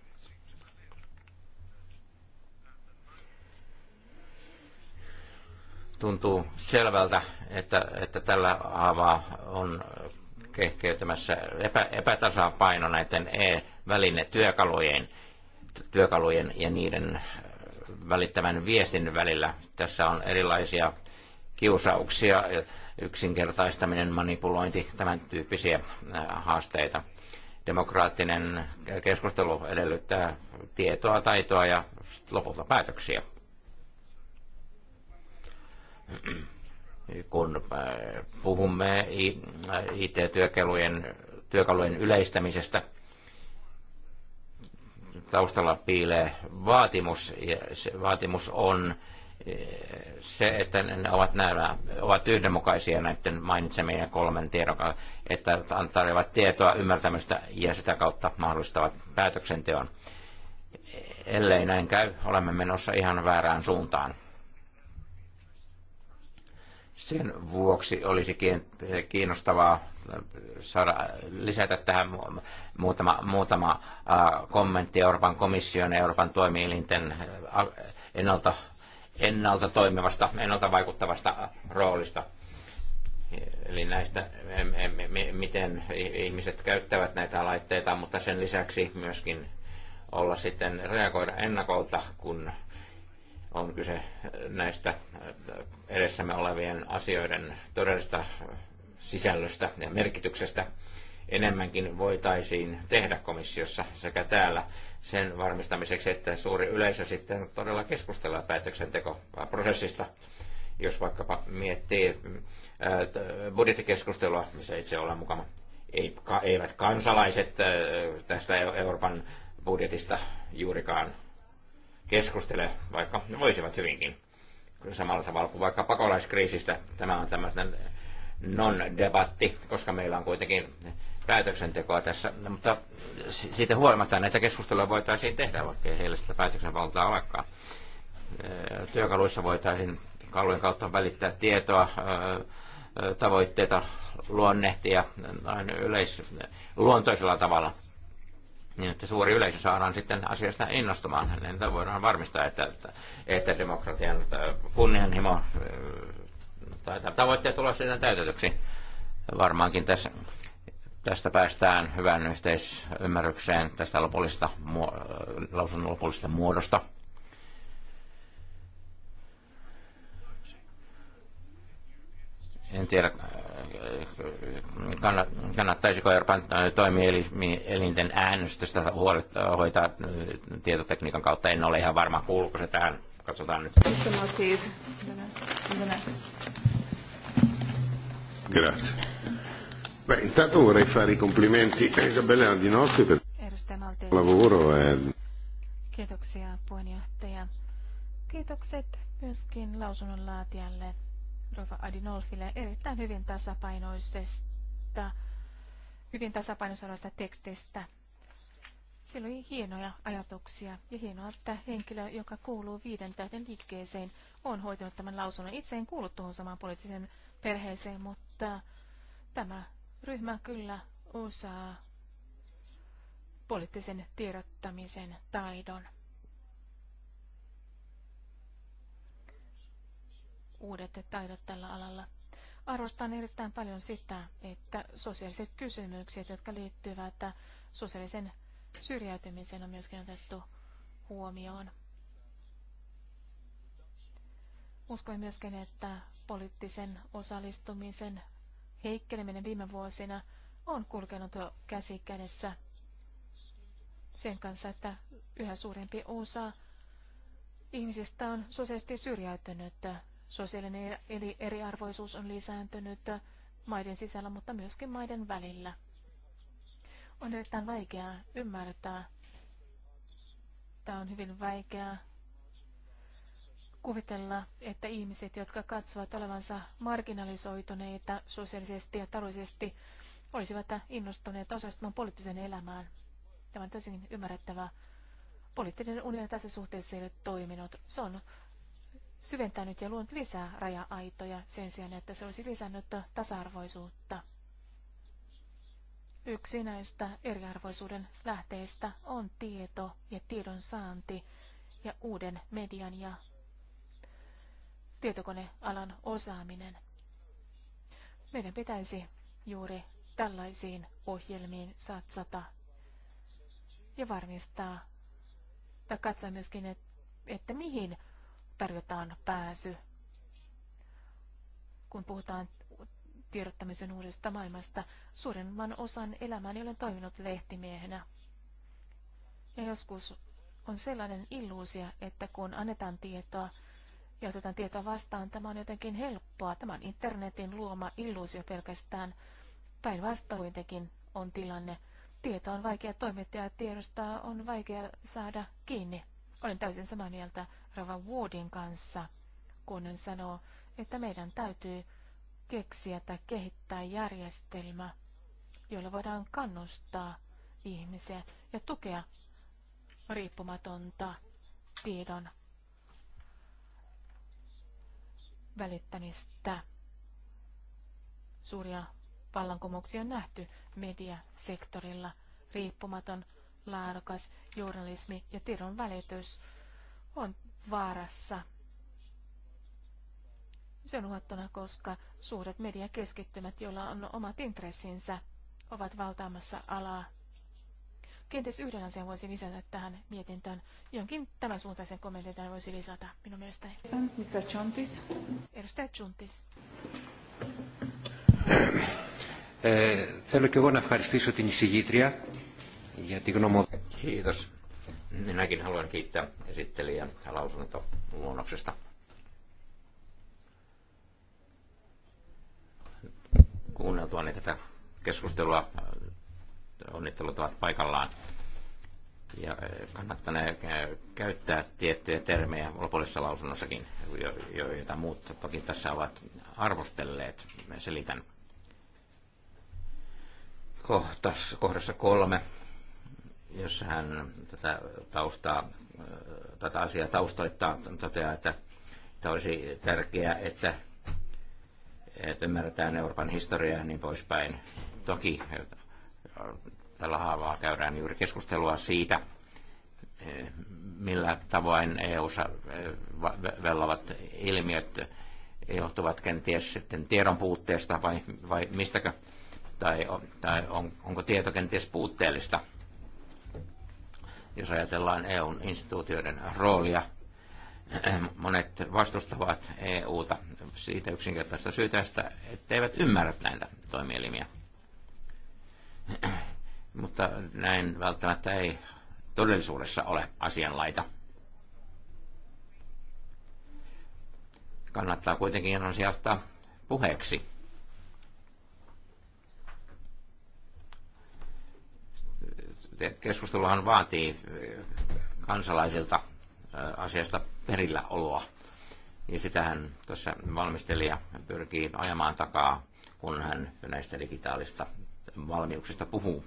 Tuntuu selvältä, että, että tällä haavaa on kehkeytymässä epä, epätasapaino näiden e-välinetyökalujen työkalujen ja niiden välittämän viestin välillä. Tässä on erilaisia kiusauksia, yksinkertaistaminen, manipulointi, tämän tyyppisiä äh, haasteita. Demokraattinen keskustelu edellyttää tietoa, taitoa ja lopulta päätöksiä. Kun äh, puhumme IT-työkalujen äh, työkalujen yleistämisestä, taustalla piilee vaatimus, ja se vaatimus on se, että ne ovat, nämä, ovat yhdenmukaisia näiden mainitsemien kolmen tiedon että antavat tietoa, ymmärtämystä ja sitä kautta mahdollistavat päätöksenteon. Ellei näin käy, olemme menossa ihan väärään suuntaan. Sen vuoksi olisi kiinnostavaa saada lisätä tähän muutama, muutama kommentti Euroopan komission ja Euroopan toimielinten ennalta ennalta toimivasta, ennalta vaikuttavasta roolista. Eli näistä, miten ihmiset käyttävät näitä laitteita, mutta sen lisäksi myöskin olla sitten reagoida ennakolta, kun on kyse näistä edessämme olevien asioiden todellista sisällöstä ja merkityksestä enemmänkin voitaisiin tehdä komissiossa sekä täällä sen varmistamiseksi, että suuri yleisö sitten todella keskustellaan päätöksentekoprosessista. Jos vaikkapa miettii äh, budjettikeskustelua, missä itse ollaan mukana, eivät kansalaiset äh, tästä Euroopan budjetista juurikaan keskustele, vaikka voisivat hyvinkin. Samalla tavalla kuin vaikka pakolaiskriisistä. Tämä on tämmöinen non-debatti, koska meillä on kuitenkin päätöksentekoa tässä, mutta siitä huolimatta näitä keskusteluja voitaisiin tehdä, vaikka heillä sitä päätöksenvaltaa olekaan. Työkaluissa voitaisiin kallujen kautta välittää tietoa, tavoitteita luonnehtia noin yleis, luontoisella tavalla, niin että suuri yleisö saadaan sitten asiasta innostumaan. Niin voidaan varmistaa, että, että demokratian kunnianhimo tai tavoitteet tulee sitten täytetyksi varmaankin tässä tästä päästään hyvään yhteisymmärrykseen tästä lopullisesta, lausunnon lopullisesta muodosta. En tiedä, kannattaisiko Euroopan toimielinten äänestystä hoitaa tietotekniikan kautta. En ole ihan varma, kuuluuko se tähän. Katsotaan nyt. Grazie. Beh, intanto vorrei fare i complimenti a Isabella e Andinolfi per il lavoro. E Kiitoksia puheenjohtaja. Kiitokset myöskin lausunnonlaatijalle Rova Adinolfille erittäin hyvin tasapainoisesta, hyvin tasapainoisesta tekstistä. Sillä oli hienoja ajatuksia ja hienoa, että henkilö, joka kuuluu viiden tähden liikkeeseen, on hoitanut tämän lausunnon. Itse en kuulu tuohon samaan poliittiseen perheeseen, mutta tämä Ryhmä kyllä osaa poliittisen tiedottamisen taidon. Uudet taidot tällä alalla. Arvostan erittäin paljon sitä, että sosiaaliset kysymykset, jotka liittyvät sosiaalisen syrjäytymiseen, on myöskin otettu huomioon. Uskoin myöskin, että poliittisen osallistumisen heikkeneminen viime vuosina on kulkenut käsi kädessä sen kanssa, että yhä suurempi osa ihmisistä on sosiaalisesti syrjäytynyt, sosiaalinen eli eriarvoisuus on lisääntynyt maiden sisällä, mutta myöskin maiden välillä. On erittäin vaikeaa ymmärtää, tämä on hyvin vaikeaa kuvitella, että ihmiset, jotka katsovat olevansa marginalisoituneita sosiaalisesti ja taloudellisesti, olisivat innostuneet osallistumaan poliittiseen elämään. Tämä on täysin ymmärrettävää. Poliittinen unioni tässä suhteessa ei ole toiminut. Se on syventänyt ja luonut lisää raja-aitoja sen sijaan, että se olisi lisännyt tasa-arvoisuutta. Yksi näistä eriarvoisuuden lähteistä on tieto ja tiedon saanti ja uuden median ja tietokonealan osaaminen. Meidän pitäisi juuri tällaisiin ohjelmiin satsata ja varmistaa tai katsoa myöskin, että, että mihin tarjotaan pääsy, kun puhutaan tiedottamisen uudesta maailmasta. Suurimman osan elämääni olen toiminut lehtimiehenä. Ja joskus on sellainen illuusia, että kun annetaan tietoa, ja otetaan tietoa vastaan. Tämä on jotenkin helppoa. Tämä on internetin luoma illuusio pelkästään. Päinvastoin on tilanne. Tietoa on vaikea toimittaa ja tiedosta on vaikea saada kiinni. Olen täysin samaa mieltä Rava Woodin kanssa, kun hän sanoo, että meidän täytyy keksiä tai kehittää järjestelmä, jolla voidaan kannustaa ihmisiä ja tukea riippumatonta tiedon välittämistä. Suuria vallankumouksia on nähty mediasektorilla. Riippumaton, laadukas journalismi ja tiedon välitys on vaarassa. Se on uhattuna, koska suuret mediakeskittymät, joilla on omat intressinsä, ovat valtaamassa alaa. Kenties yhden asian voisi lisätä tähän mietintöön. Jonkin tämän suuntaisen kommentin tämän voisi lisätä minun mielestäni. Mr. Chuntis. Edustaja Chuntis. θέλω και εγώ να ευχαριστήσω την εισηγήτρια για την γνωμοδότηση. Kiitos. Minäkin haluan kiittää esittelijän lausuntoluonnoksesta. Kuunneltuani tätä keskustelua onnittelut ovat paikallaan. Ja eh, kannattaa eh, käyttää tiettyjä termejä lopullisessa lausunnossakin, joita muut toki tässä ovat arvostelleet. Selitän. Kohtas, kohdassa kolme, jossa hän tätä taustaa, eh, tätä asiaa taustoittaa, toteaa, että, että olisi tärkeää, että, että ymmärretään Euroopan historiaa ja niin poispäin. Toki tällä haavaa käydään juuri keskustelua siitä, millä tavoin EU-ssa eh, vellavat ilmiöt johtuvat kenties sitten tiedon puutteesta vai, vai mistäkö, tai, tai on, onko tieto kenties puutteellista. Jos ajatellaan EUn instituutioiden roolia, monet vastustavat EUta siitä yksinkertaisesta syytä, eivät ymmärrä näitä toimielimiä Mutta näin välttämättä ei todellisuudessa ole asianlaita. Kannattaa kuitenkin ihan sijasta puheeksi. Keskusteluhan vaatii eh, kansalaisilta eh, asiasta perillä oloa. Ja sitähän tuossa valmistelija pyrkii ajamaan takaa, kun hän näistä digitaalista valmiuksista puhuu.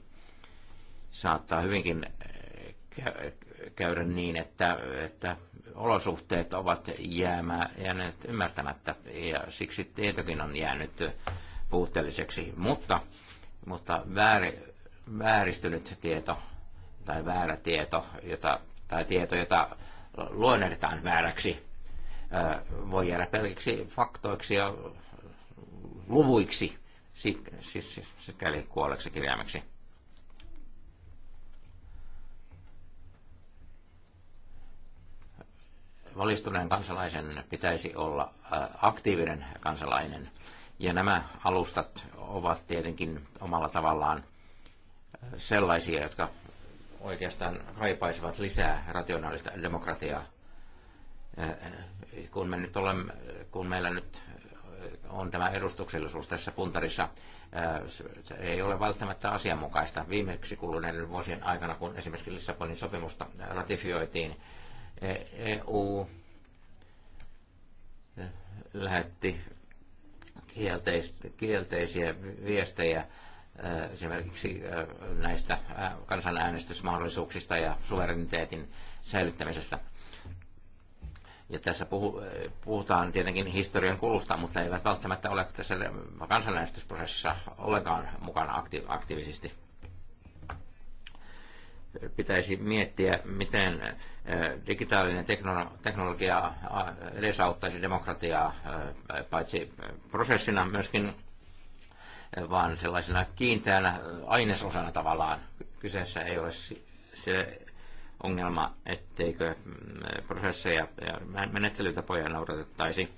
Saattaa hyvinkin eh, käydä niin, että, että olosuhteet ovat jäämä, jääneet ymmärtämättä ja siksi tietokin on jäänyt puutteelliseksi, mutta, mutta väär, vääristynyt tieto tai väärä tieto jota, tai tieto, jota luonnetaan vääräksi, eh, voi jäädä pelkiksi faktoiksi ja luvuiksi siis, siis, sikäli siis kuolleeksi kirjaimeksi. Valistuneen kansalaisen pitäisi olla äh, aktiivinen kansalainen. Ja nämä alustat ovat tietenkin omalla tavallaan äh, sellaisia, jotka oikeastaan kaipaisivat lisää rationaalista demokratiaa. Äh, kun, me nyt olemme, kun meillä nyt on tämä edustuksellisuus tässä puntarissa. Se ei ole välttämättä asianmukaista. Viimeksi kuluneiden vuosien aikana, kun esimerkiksi Lissabonin sopimusta ratifioitiin, EU e e, lähetti kielteisiä viestejä esimerkiksi näistä kansanäänestysmahdollisuuksista ja suvereniteetin säilyttämisestä. Ja tässä puhu, puhutaan tietenkin historian kulusta, mutta eivät välttämättä ole tässä kansanäänestysprosessissa ollenkaan mukana akti, aktiivisesti. Pitäisi miettiä, miten digitaalinen teknologia edesauttaisi demokratiaa paitsi prosessina myöskin, vaan sellaisena kiinteänä ainesosana tavallaan. Kyseessä ei ole se ongelma, etteikö mm, prosesseja ja menettelytapoja noudatettaisi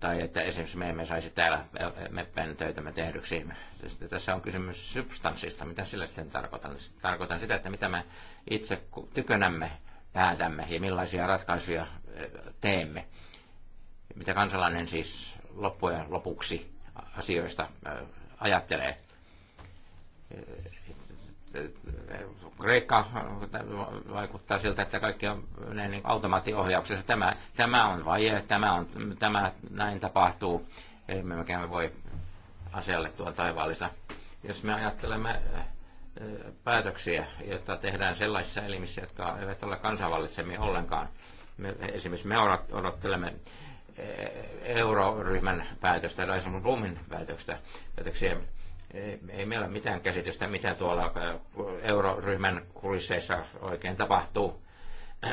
tai että esimerkiksi me emme saisi täällä meppän töitämme tehdyksi. Tässä on kysymys substanssista. Mitä sillä sitten tarkoitan? Tarkoitan sitä, että mitä me itse tykönämme päätämme ja millaisia ratkaisuja teemme. Mitä kansalainen siis loppujen lopuksi asioista ajattelee. Kreikka vaikuttaa siltä, että kaikki on niin automaattiohjauksessa. Tämä, tämä on vaje, tämä, on, tämä näin tapahtuu. Ei me mikään voi asialle tuon taivaallista. Jos me ajattelemme eh, päätöksiä, joita tehdään sellaisissa elimissä, jotka eivät ole kansanvallitsemia ollenkaan. Me, esimerkiksi me odottelemme eh, euroryhmän päätöstä, Dyson Blumin päätöstä, päätöksiä ei, ei meillä ole mitään käsitystä, mitä tuolla äh, euroryhmän kulisseissa oikein tapahtuu.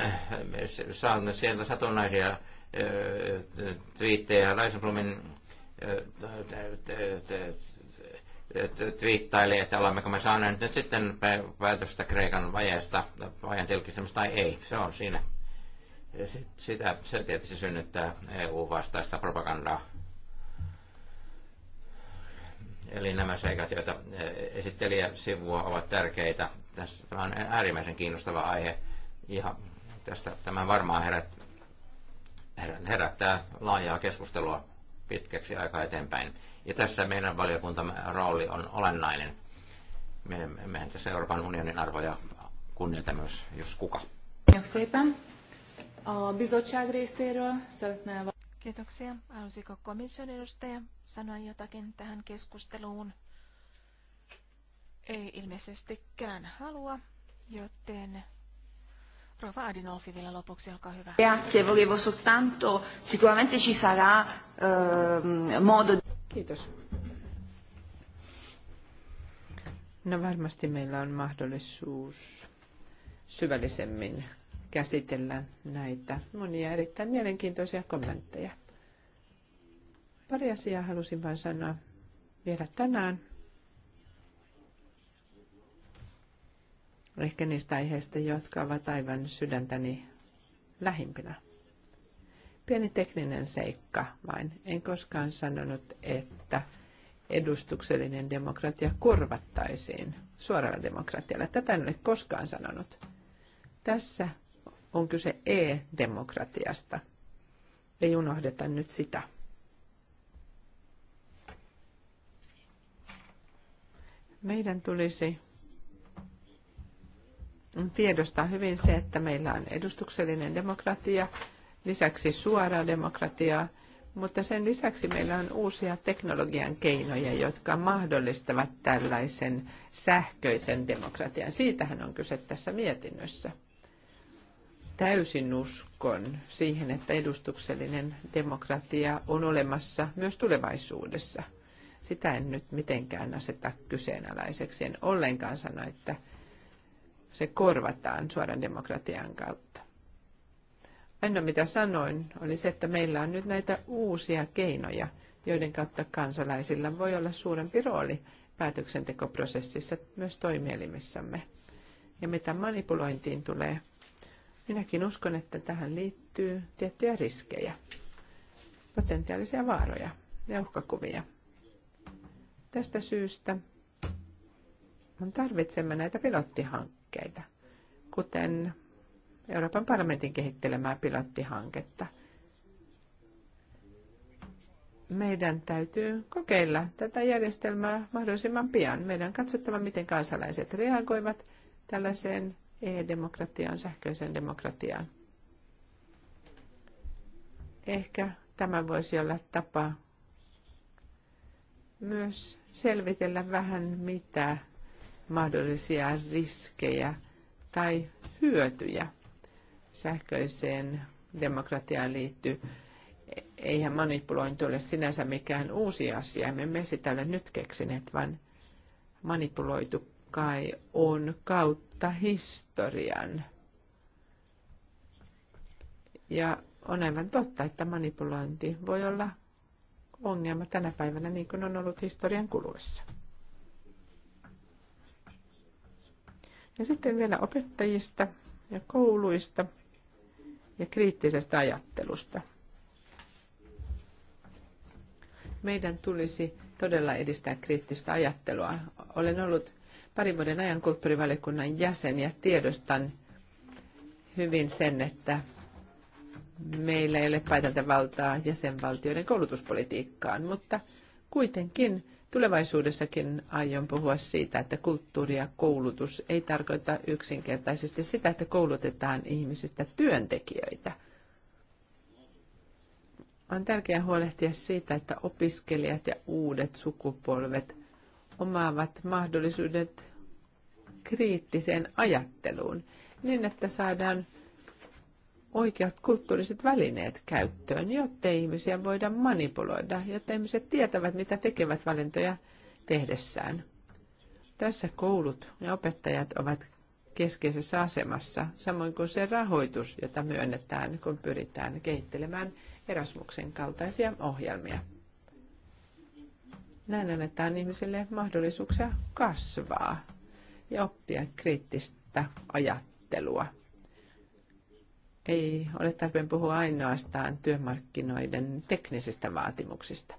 Saan sieltä satunnaisia äh, twiittejä Reisenblumin äh, twiittaili, että olemmeko me saaneet nyt sitten päätöstä Kreikan vajeesta, vajan tilkistämistä tai ei. Se on siinä. Sitä, se tietysti synnyttää EU-vastaista propagandaa Eli nämä seikat, joita eh, esittelijä sivua ovat tärkeitä. Tässä, tämä on äärimmäisen kiinnostava aihe. Ja tästä tämä varmaan herät, herättää laajaa keskustelua pitkäksi aikaa eteenpäin. Ja tässä meidän valiokuntamme rooli on olennainen. Me, mehän tässä Euroopan unionin arvoja kunnioitamme, myös jos kuka. Köszönöm szépen. bizottság részéről szeretne Kiitoksia. Haluaisiko komission edustaja sanoa jotakin tähän keskusteluun? Ei ilmeisestikään halua, joten Rova Adinolfi vielä lopuksi, olkaa hyvä. Grazie, volevo soltanto, sicuramente ci sarà ehm, modo... Kiitos. No varmasti meillä on mahdollisuus syvällisemmin käsitellä näitä monia erittäin mielenkiintoisia kommentteja. Pari asiaa halusin vain sanoa vielä tänään. Ehkä niistä aiheista, jotka ovat aivan sydäntäni lähimpinä. Pieni tekninen seikka vain. En koskaan sanonut, että edustuksellinen demokratia korvattaisiin suoralla demokratialla. Tätä en ole koskaan sanonut. Tässä on kyse e-demokratiasta. Ei unohdeta nyt sitä. Meidän tulisi tiedostaa hyvin se, että meillä on edustuksellinen demokratia, lisäksi suoraa demokratiaa, mutta sen lisäksi meillä on uusia teknologian keinoja, jotka mahdollistavat tällaisen sähköisen demokratian. Siitähän on kyse tässä mietinnössä täysin uskon siihen, että edustuksellinen demokratia on olemassa myös tulevaisuudessa. Sitä en nyt mitenkään aseta kyseenalaiseksi. En ollenkaan sano, että se korvataan suoran demokratian kautta. Ainoa mitä sanoin oli se, että meillä on nyt näitä uusia keinoja, joiden kautta kansalaisilla voi olla suurempi rooli päätöksentekoprosessissa myös toimielimissämme. Ja mitä manipulointiin tulee, Minäkin uskon, että tähän liittyy tiettyjä riskejä, potentiaalisia vaaroja ja uhkakuvia. Tästä syystä on tarvitsemme näitä pilottihankkeita, kuten Euroopan parlamentin kehittelemää pilottihanketta. Meidän täytyy kokeilla tätä järjestelmää mahdollisimman pian. Meidän on katsottava, miten kansalaiset reagoivat tällaiseen e-demokratiaan, sähköisen demokratiaan. Ehkä tämä voisi olla tapa myös selvitellä vähän, mitä mahdollisia riskejä tai hyötyjä sähköiseen demokratiaan liittyy. Eihän manipulointi ole sinänsä mikään uusi asia, emme me sitä ole nyt keksineet, vaan manipuloitu kai on kautta historian. Ja on aivan totta, että manipulointi voi olla ongelma tänä päivänä, niin kuin on ollut historian kuluessa. Ja sitten vielä opettajista ja kouluista ja kriittisestä ajattelusta. Meidän tulisi todella edistää kriittistä ajattelua. Olen ollut parin vuoden ajan kulttuurivaliokunnan jäsen ja tiedostan hyvin sen, että meillä ei ole valtaa jäsenvaltioiden koulutuspolitiikkaan, mutta kuitenkin tulevaisuudessakin aion puhua siitä, että kulttuuri ja koulutus ei tarkoita yksinkertaisesti sitä, että koulutetaan ihmisistä työntekijöitä. On tärkeää huolehtia siitä, että opiskelijat ja uudet sukupolvet omaavat mahdollisuudet kriittiseen ajatteluun niin, että saadaan oikeat kulttuuriset välineet käyttöön, jotta ihmisiä voidaan manipuloida, jotta ihmiset tietävät, mitä tekevät valintoja tehdessään. Tässä koulut ja opettajat ovat keskeisessä asemassa, samoin kuin se rahoitus, jota myönnetään, kun pyritään kehittelemään Erasmuksen kaltaisia ohjelmia. Näin annetaan ihmisille mahdollisuuksia kasvaa ja oppia kriittistä ajattelua. Ei ole tarpeen puhua ainoastaan työmarkkinoiden teknisistä vaatimuksista.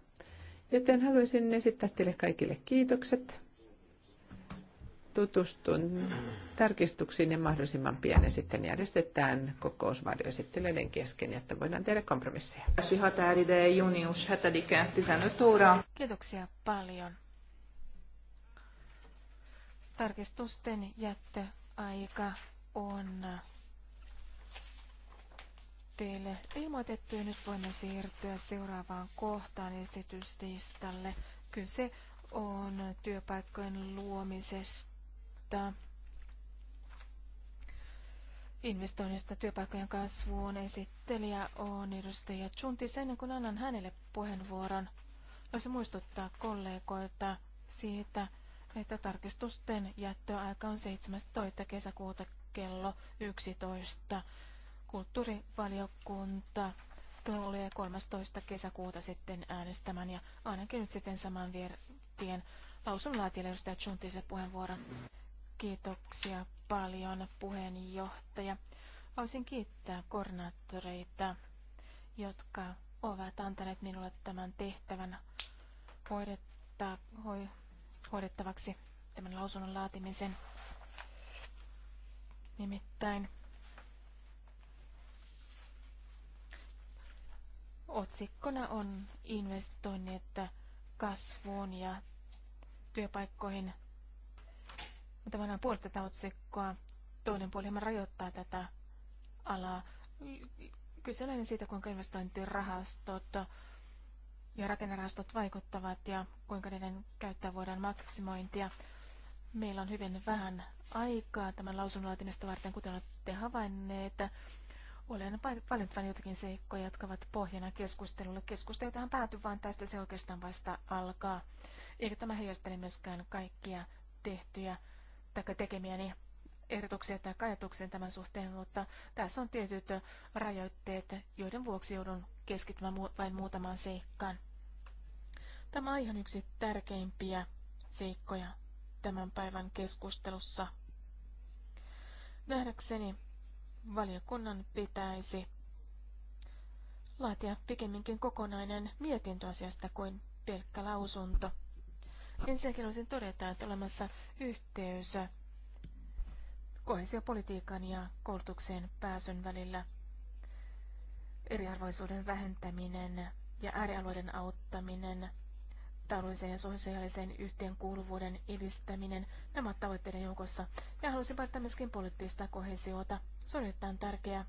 Joten haluaisin esittää teille kaikille kiitokset tutustun tarkistuksiin ja mahdollisimman pian sitten järjestetään kokousvarjoesittelyiden kesken, jotta voidaan tehdä kompromisseja. Kiitoksia paljon. Tarkistusten jättöaika on teille ilmoitettu ja nyt voimme siirtyä seuraavaan kohtaan esityslistalle. Kyse on työpaikkojen luomisesta johtaa investoinnista työpaikkojen kasvuun. Esittelijä on edustaja Chunti. Sen kun annan hänelle puheenvuoron, voisi muistuttaa kollegoita siitä, että tarkistusten jättöaika on 17. kesäkuuta kello 11. Kulttuurivaliokunta tulee 13. kesäkuuta sitten äänestämään ja ainakin nyt sitten saman tien lausunlaatijalle edustaja se puheenvuoron. Kiitoksia paljon puheenjohtaja. Haluaisin kiittää koordinaattoreita, jotka ovat antaneet minulle tämän tehtävän hoidetta, hoi, hoidettavaksi tämän lausunnon laatimisen. Nimittäin otsikkona on investoinnit kasvuun ja työpaikkoihin mutta voidaan puolet tätä otsikkoa. Toinen puoli hieman rajoittaa tätä alaa. Kyselen siitä, kuinka investointirahastot ja rakennerahastot vaikuttavat ja kuinka niiden käyttää voidaan maksimointia. Meillä on hyvin vähän aikaa tämän lausunnon laatimista varten, kuten olette havainneet. Olen paljon vain jotakin seikkoja, jotka ovat pohjana keskustelulle. Keskustelu tähän päätyy, vaan tästä se oikeastaan vasta alkaa. Eikä tämä heijastele myöskään kaikkia tehtyjä tai tekemiäni ehdotuksia tai ajatuksia tämän suhteen, mutta tässä on tietyt rajoitteet, joiden vuoksi joudun keskittymään vain muutamaan seikkaan. Tämä on ihan yksi tärkeimpiä seikkoja tämän päivän keskustelussa. Nähdäkseni valiokunnan pitäisi laatia pikemminkin kokonainen mietintö asiasta kuin pelkkä lausunto. Ensinnäkin haluaisin todeta, että olemassa yhteys kohesiopolitiikan ja koulutukseen pääsyn välillä eriarvoisuuden vähentäminen ja äärialueiden auttaminen, taloudellisen ja sosiaalisen yhteenkuuluvuuden edistäminen, nämä ovat tavoitteiden joukossa. Ja halusin päättää myöskin poliittista kohesiota. Se on erittäin tärkeä.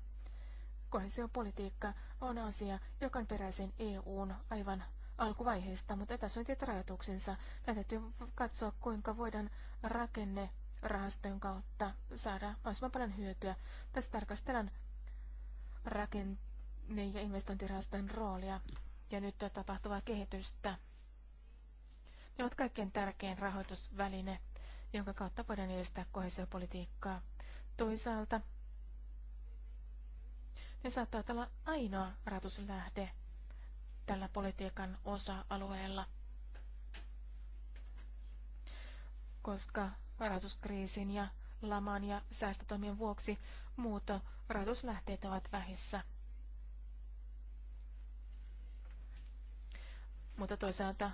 Kohesiopolitiikka on asia, joka on peräisin EUn aivan alkuvaiheesta, mutta etäsointit rajoituksensa. Meidän täytyy katsoa, kuinka voidaan rakenne rahastojen kautta saada mahdollisimman paljon hyötyä. Tässä tarkastellaan rakenne- ja investointirahastojen roolia ja nyt tapahtuvaa kehitystä. Ne ovat kaikkein tärkein rahoitusväline, jonka kautta voidaan edistää kohesiopolitiikkaa. Toisaalta ne saattavat olla ainoa rahoituslähde, tällä politiikan osa-alueella, koska varoituskriisin ja laman ja säästötoimien vuoksi muut rahoituslähteet ovat vähissä. Mutta toisaalta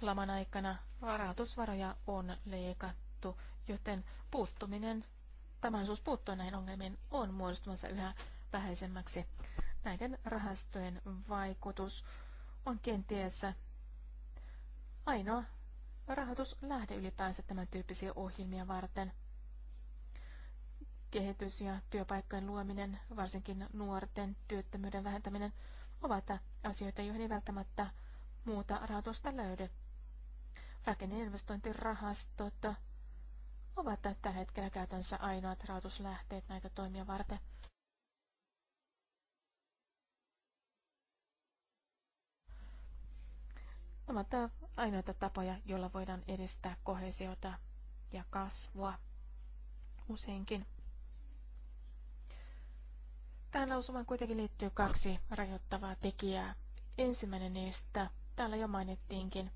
laman aikana rahoitusvaroja on leikattu, joten puuttuminen, tämän suus puuttua näihin ongelmiin on muodostumassa yhä vähäisemmäksi näiden rahastojen vaikutus on kenties ainoa rahoituslähde ylipäänsä tämän tyyppisiä ohjelmia varten. Kehitys ja työpaikkojen luominen, varsinkin nuorten työttömyyden vähentäminen, ovat asioita, joihin ei välttämättä muuta rahoitusta löydy. Rakenneinvestointirahastot ovat tällä hetkellä käytännössä ainoat rahoituslähteet näitä toimia varten. ovat ainoita tapoja, joilla voidaan edistää kohesiota ja kasvua useinkin. Tähän lausumaan kuitenkin liittyy kaksi rajoittavaa tekijää. Ensimmäinen niistä täällä jo mainittiinkin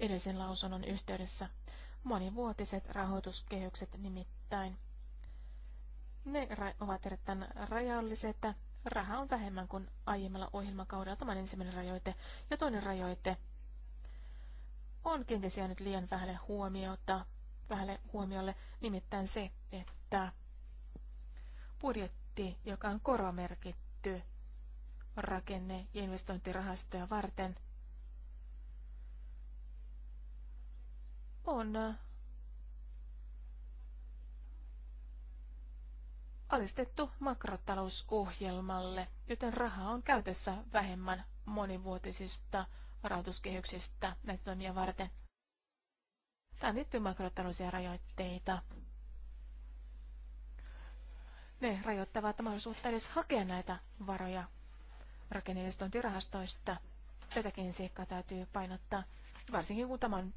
edellisen lausunnon yhteydessä. Monivuotiset rahoituskehykset nimittäin. Ne ovat erittäin rajalliset rahaa on vähemmän kuin aiemmalla ohjelmakaudella. Tämä on ensimmäinen rajoite. Ja toinen rajoite on kenties jäänyt liian vähälle huomiota, vähälle huomiolle, nimittäin se, että budjetti, joka on koromerkitty rakenne- ja investointirahastoja varten, on alistettu makrotalousohjelmalle, joten rahaa on käytössä vähemmän monivuotisista varautuskehyksistä näitä toimia varten. Tämä liittyy makrotaloudellisia rajoitteita. Ne rajoittavat mahdollisuutta edes hakea näitä varoja rakenneinvestointirahastoista. Tätäkin seikkaa täytyy painottaa, varsinkin kun tämä on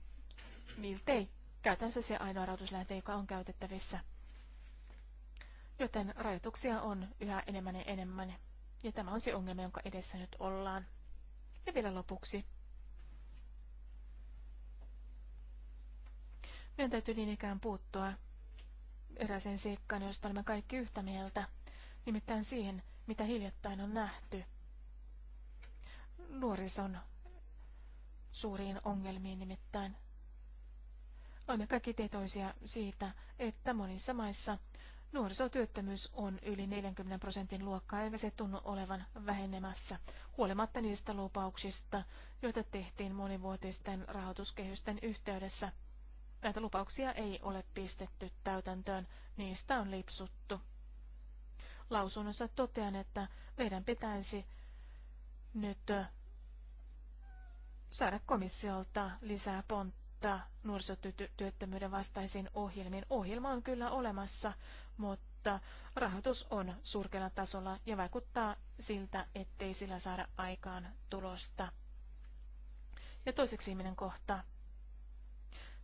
miltei käytännössä se ainoa rahoituslähde, joka on käytettävissä. Joten rajoituksia on yhä enemmän ja enemmän. Ja tämä on se ongelma, jonka edessä nyt ollaan. Ja vielä lopuksi. Meidän täytyy niin ikään puuttua eräiseen seikkaan, josta olemme kaikki yhtä mieltä, nimittäin siihen, mitä hiljattain on nähty. Nuorison suuriin ongelmiin nimittäin. Olemme kaikki tietoisia siitä, että monissa maissa Nuorisotyöttömyys on yli 40 prosentin luokkaa, eikä se tunnu olevan vähenemässä, huolimatta niistä lupauksista, joita tehtiin monivuotisten rahoituskehysten yhteydessä. Näitä lupauksia ei ole pistetty täytäntöön, niistä on lipsuttu. Lausunnossa totean, että meidän pitäisi nyt saada komissiolta lisää pontta nuorisotyöttömyyden vastaisiin ohjelmiin. Ohjelma on kyllä olemassa, mutta rahoitus on surkealla tasolla ja vaikuttaa siltä, ettei sillä saada aikaan tulosta. Ja toiseksi viimeinen kohta.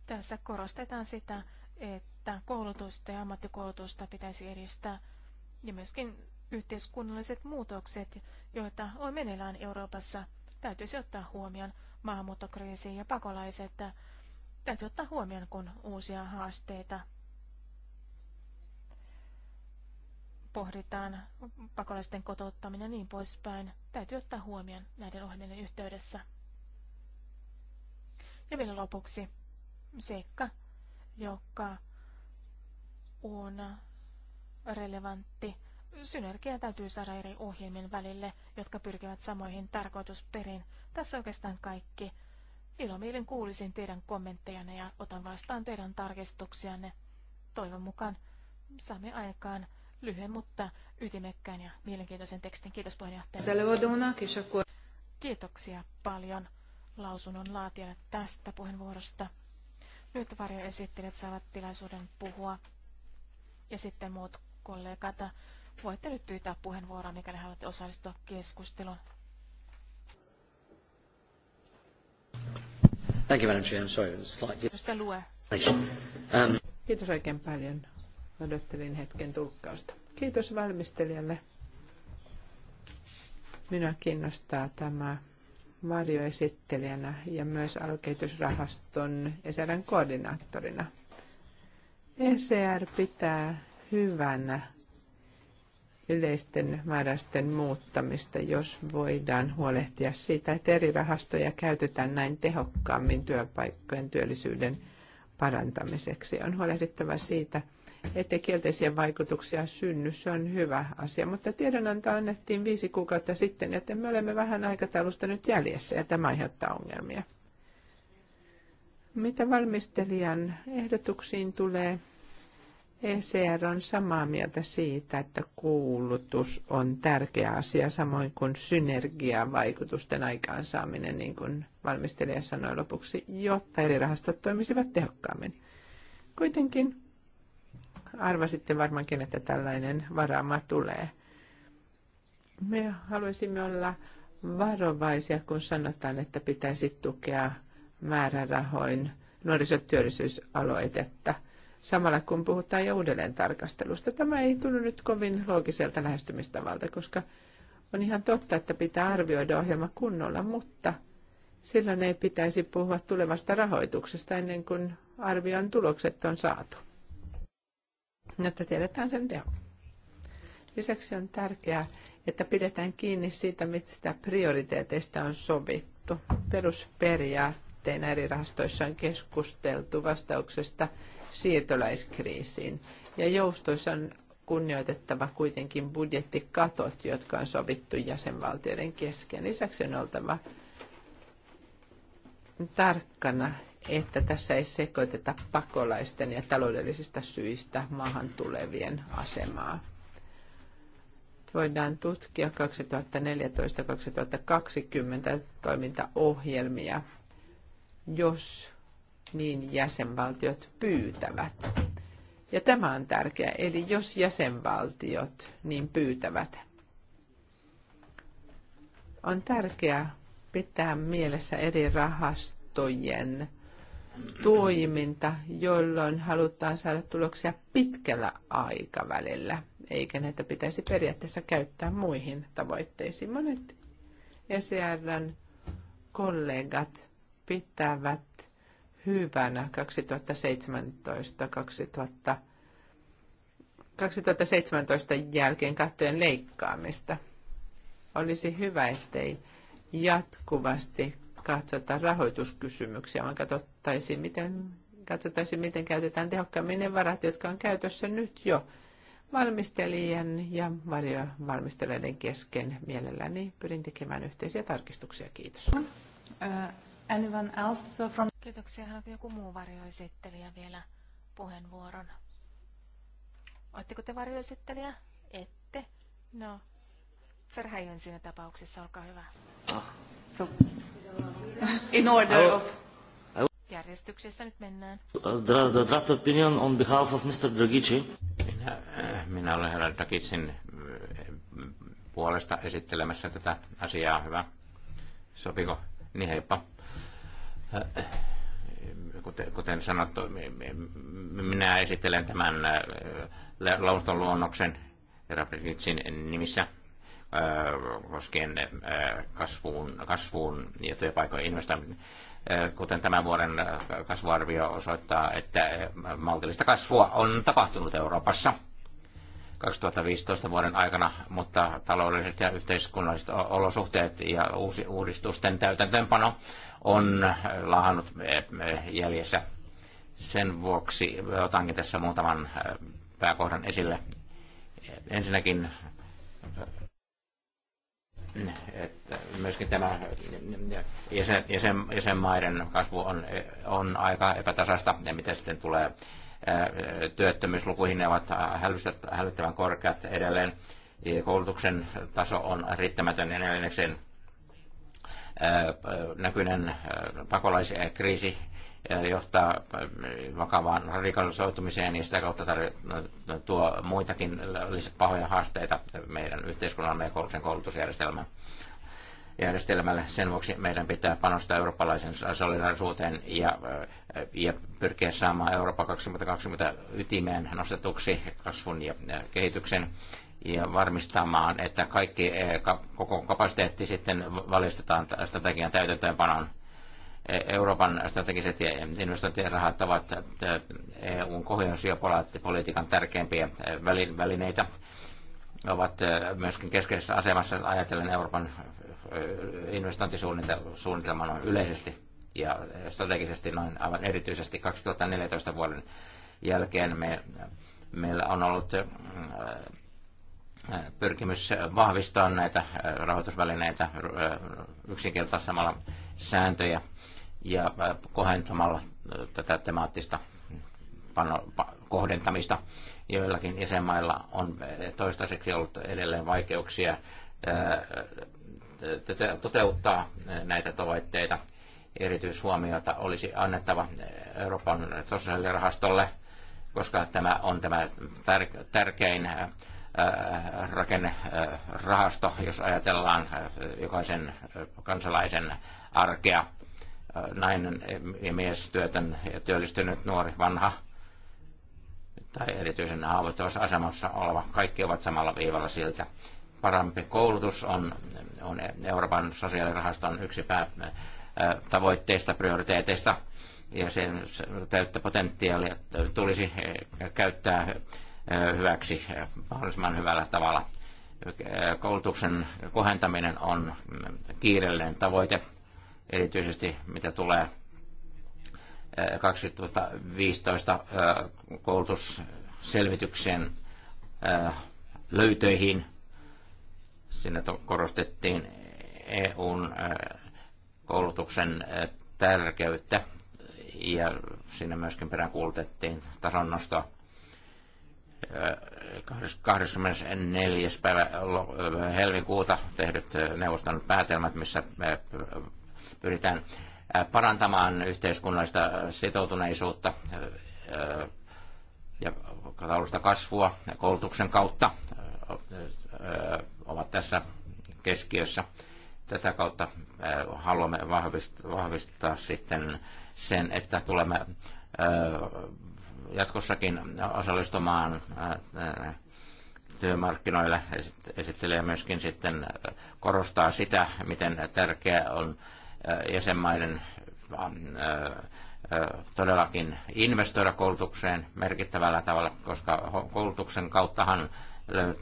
Tässä korostetaan sitä, että koulutusta ja ammattikoulutusta pitäisi edistää ja myöskin yhteiskunnalliset muutokset, joita on meneillään Euroopassa, täytyisi ottaa huomioon maahanmuuttokriisiin ja pakolaiset. Täytyy ottaa huomioon, kun uusia haasteita pohditaan pakolaisten kotouttaminen ja niin poispäin, täytyy ottaa huomioon näiden ohjelmien yhteydessä. Ja vielä lopuksi seikka, joka on relevantti. Synergia täytyy saada eri ohjelmien välille, jotka pyrkivät samoihin tarkoitusperiin. Tässä oikeastaan kaikki. Ilomielin kuulisin teidän kommenttejanne ja otan vastaan teidän tarkistuksianne. Toivon mukaan saamme aikaan lyhyen, mutta ytimekkään ja mielenkiintoisen tekstin. Kiitos puheenjohtaja. Kiitoksia paljon lausunnon laatijalle tästä puheenvuorosta. Nyt varjoesittelijät saavat tilaisuuden puhua ja sitten muut kollegat. Voitte nyt pyytää puheenvuoroa, mikäli haluatte osallistua keskusteluun. Thank you, Madam Chair. I'm sorry, it was slightly... Um, kiitos oikein paljon Odottelin hetken tulkkausta. Kiitos valmistelijalle. Minua kiinnostaa tämä varjoesittelijänä ja myös alkehitysrahaston ESRn koordinaattorina. ECR pitää hyvänä yleisten määräysten muuttamista, jos voidaan huolehtia siitä, että eri rahastoja käytetään näin tehokkaammin työpaikkojen työllisyyden parantamiseksi. On huolehdittava siitä, ettei kielteisiä vaikutuksia synny. Se on hyvä asia, mutta tiedonanto annettiin viisi kuukautta sitten, joten me olemme vähän aikataulusta nyt jäljessä ja tämä aiheuttaa ongelmia. Mitä valmistelijan ehdotuksiin tulee, ECR on samaa mieltä siitä, että kuulutus on tärkeä asia, samoin kuin synergiavaikutusten aikaansaaminen, niin kuin valmistelija sanoi lopuksi, jotta eri rahastot toimisivat tehokkaammin. Kuitenkin Arvasitte varmaankin, että tällainen varaama tulee. Me haluaisimme olla varovaisia, kun sanotaan, että pitäisi tukea määrärahoin nuorisotyöllisyysaloitetta. Samalla kun puhutaan jo uudelleen tarkastelusta, tämä ei tunnu nyt kovin loogiselta lähestymistavalta, koska on ihan totta, että pitää arvioida ohjelma kunnolla, mutta silloin ei pitäisi puhua tulevasta rahoituksesta ennen kuin arvion tulokset on saatu jotta tiedetään sen teho. Lisäksi on tärkeää, että pidetään kiinni siitä, mistä prioriteeteista on sovittu. Perusperiaatteena eri rahastoissa on keskusteltu vastauksesta siirtolaiskriisiin. Ja joustoissa on kunnioitettava kuitenkin budjettikatot, jotka on sovittu jäsenvaltioiden kesken. Lisäksi on oltava tarkkana että tässä ei sekoiteta pakolaisten ja taloudellisista syistä maahan tulevien asemaa. Voidaan tutkia 2014-2020 toimintaohjelmia, jos niin jäsenvaltiot pyytävät. Ja tämä on tärkeää, eli jos jäsenvaltiot niin pyytävät. On tärkeää pitää mielessä eri rahastojen toiminta, jolloin halutaan saada tuloksia pitkällä aikavälillä, eikä näitä pitäisi periaatteessa käyttää muihin tavoitteisiin. Monet ECRn kollegat pitävät hyvänä 2017 2000, 2017 jälkeen kattojen leikkaamista. Olisi hyvä, ettei jatkuvasti katsota rahoituskysymyksiä, vaan katsottaisiin, miten, katsottaisiin, miten käytetään tehokkaammin ne varat, jotka on käytössä nyt jo valmistelijan ja varjovalmistelijoiden kesken mielelläni pyrin tekemään yhteisiä tarkistuksia. Kiitos. Uh, anyone else from... Kiitoksia. Haluatko joku muu varjoesittelijä vielä puheenvuoron? Oletteko te varjoesittelijä? Ette. No, Ferhäjön siinä tapauksessa, olkaa hyvä. Ah. So, In order of... Järjestyksessä nyt mennään. The draft opinion on behalf of Mr. Dragici. Minä, minä olen herra Dragicin eh, puolesta esittelemässä tätä asiaa. Hyvä. Sopiko? Niin heippa. Eh, kuten, kuten sanottu, minä esittelen tämän eh, lausuntoluonnoksen herra Dragicin nimissä Äh, koskien äh, kasvuun, kasvuun ja työpaikojen investoinnin. Äh, kuten tämän vuoden kasvuarvio osoittaa, että maltillista kasvua on tapahtunut Euroopassa 2015 vuoden aikana, mutta taloudelliset ja yhteiskunnalliset olosuhteet ja uusi uudistusten täytäntöönpano on laahannut jäljessä. Sen vuoksi otankin tässä muutaman pääkohdan esille. Ensinnäkin että myöskin tämä jäsen, jäsen, jäsenmaiden kasvu on, on aika epätasasta ja mitä sitten tulee työttömyyslukuihin, ne ovat hälyttävän korkeat edelleen. Koulutuksen taso on riittämätön edelleen sen nykyinen pakolaiskriisi johtaa äh, vakavaan radikalisoitumiseen ja niin sitä kautta tarjo- no, tuo muitakin pahoja haasteita meidän yhteiskunnalle ja koulutuksen koulutusjärjestelmään järjestelmälle. Sen vuoksi meidän pitää panostaa eurooppalaisen solidarisuuteen ja, äh, ja pyrkiä saamaan Eurooppa 2020 ytimeen nostetuksi kasvun ja kehityksen ja varmistamaan, että kaikki äh, koko kapasiteetti sitten valistetaan strategian täytäntöönpanoon E, Euroopan strategiset ja investointirahat ovat EUn e kohdennus- ja politiikan tärkeimpiä e, välineitä ovat myöskin keskeisessä asemassa ajatellen Euroopan investointisuunnitelman on yleisesti ja strategisesti noin aivan erityisesti 2014 vuoden jälkeen me, meillä on ollut pyrkimys vahvistaa näitä rahoitusvälineitä yksinkertaisemalla sääntöjä ja kohentamalla tätä temaattista pano, kohdentamista. Joillakin jäsenmailla on toistaiseksi ollut edelleen vaikeuksia toteuttaa näitä tavoitteita. Erityishuomiota olisi annettava Euroopan sosiaalirahastolle, koska tämä on tämä tärkein rakennerahasto, jos ajatellaan jokaisen kansalaisen arkea nainen ja mies, työtön ja työllistynyt nuori, vanha tai erityisen haavoittuvassa asemassa oleva. Kaikki ovat samalla viivalla siltä. Parampi koulutus on, on Euroopan sosiaalirahaston yksi päätavoitteista, prioriteeteista, ja sen täyttä potentiaalia tulisi käyttää hyväksi mahdollisimman hyvällä tavalla. Koulutuksen kohentaminen on kiireellinen tavoite erityisesti mitä tulee 2015 eh, eh, koulutusselvityksen eh, löytöihin. Siinä korostettiin EUn koulutuksen tärkeyttä ja siinä myöskin peräänkuulutettiin tason nostoa 24. päivä helmikuuta tehdyt neuvoston päätelmät, missä pyritään parantamaan yhteiskunnallista sitoutuneisuutta ja taloudellista kasvua koulutuksen kautta ovat tässä keskiössä. Tätä kautta haluamme vahvistaa sitten sen, että tulemme jatkossakin osallistumaan työmarkkinoille. Esittelee myöskin sitten korostaa sitä, miten tärkeää on jäsenmaiden todellakin investoida koulutukseen merkittävällä tavalla, koska koulutuksen kauttahan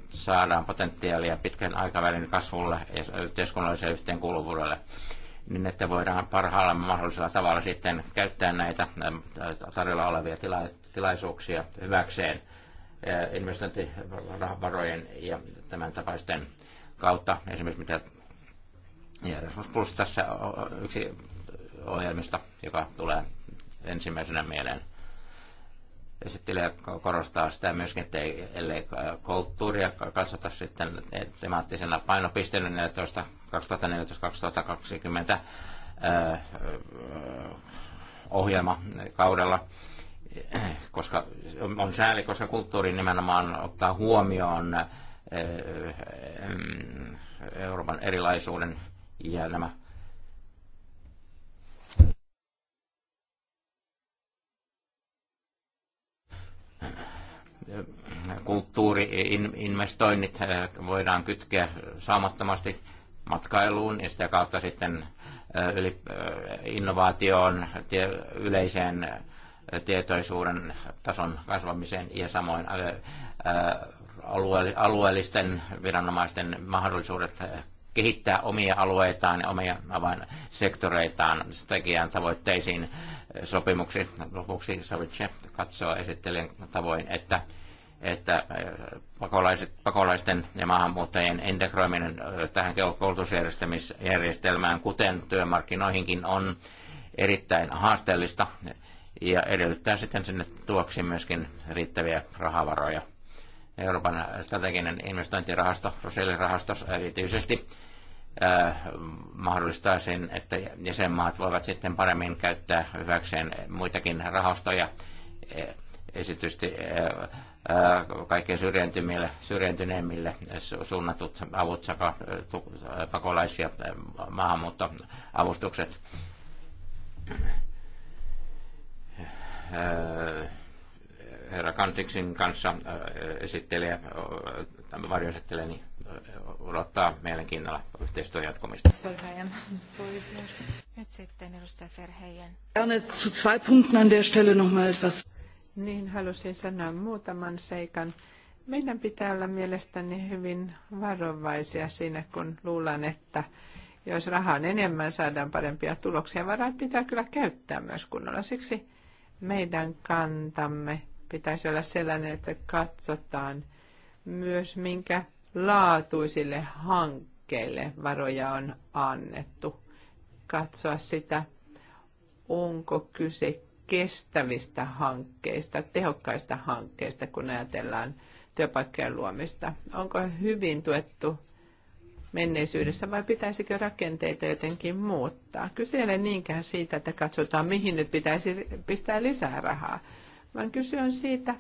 saadaan potentiaalia pitkän aikavälin kasvulle ja yhteiskunnalliselle yhteenkuuluvuudelle niin että voidaan parhaalla mahdollisella tavalla sitten käyttää näitä tarjolla olevia tila- tilaisuuksia hyväkseen investointivarojen ja tämän tapaisten kautta, esimerkiksi mitä Erasmus Plus tässä on yksi ohjelmista, joka tulee ensimmäisenä mieleen. Esittelijä korostaa sitä myöskin, että ellei kulttuuria katsota sitten temaattisena painopisteenä 2014-2020 ohjelma kaudella, koska on sääli, koska kulttuuri nimenomaan ottaa huomioon Euroopan erilaisuuden ja nämä kulttuuriinvestoinnit eh, voidaan kytkeä saamattomasti matkailuun ja sitä kautta sitten eh, eh, innovaatioon, yleiseen tietoisuuden tason kasvamiseen ja samoin alueellisten viranomaisten mahdollisuudet kehittää omia alueitaan ja omia avainsektoreitaan strategian tavoitteisiin sopimuksi. Lopuksi Savitse katsoo esittelijän tavoin, että että äh, pakolaiset, pakolaisten ja maahanmuuttajien integroiminen äh, tähän koulutusjärjestelmään, kuten työmarkkinoihinkin, on erittäin haasteellista ja edellyttää sitten sinne tuoksi myöskin riittäviä rahavaroja. Euroopan strateginen investointirahasto, Rosellirahasto erityisesti, mahdollistaa sen, että jäsenmaat voivat sitten paremmin käyttää hyväkseen muitakin rahastoja, e, esitysti kaikkein syrjäytyneimmille, syrjäytyneimmille suunnatut avut sekä pakolaisia maahanmuuttoavustukset herra Kantiksin kanssa äh, esittelee äh, varjoesittelee, niin äh, odottaa mielenkiinnolla yhteistyön jatkumista. Verheyen. Nyt sitten edustaja Ferheijan. Gerne zu zwei Punkten an der Stelle mal etwas. Niin, halusin sanoa muutaman seikan. Meidän pitää olla mielestäni hyvin varovaisia siinä, kun luulen, että jos rahaa on enemmän, saadaan parempia tuloksia. Varat pitää kyllä käyttää myös kunnolla. Siksi meidän kantamme pitäisi olla sellainen, että katsotaan myös minkä laatuisille hankkeille varoja on annettu. Katsoa sitä, onko kyse kestävistä hankkeista, tehokkaista hankkeista, kun ajatellaan työpaikkojen luomista. Onko hyvin tuettu menneisyydessä vai pitäisikö rakenteita jotenkin muuttaa? Kyse ei ole niinkään siitä, että katsotaan, mihin nyt pitäisi pistää lisää rahaa, vaan kyse on siitä,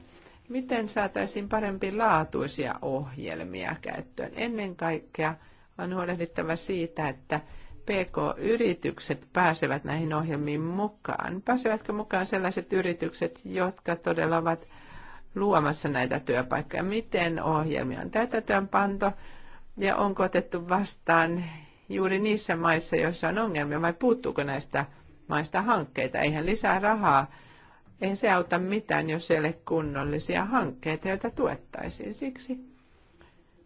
miten saataisiin parempi laatuisia ohjelmia käyttöön. Ennen kaikkea on huolehdittava siitä, että PK-yritykset pääsevät näihin ohjelmiin mukaan. Pääsevätkö mukaan sellaiset yritykset, jotka todella ovat luomassa näitä työpaikkoja? Miten ohjelmia on täytäntöönpanto ja onko otettu vastaan juuri niissä maissa, joissa on ongelmia vai puuttuuko näistä maista hankkeita? Eihän lisää rahaa ei se auta mitään, jos ei ole kunnollisia hankkeita, joita tuettaisiin. Siksi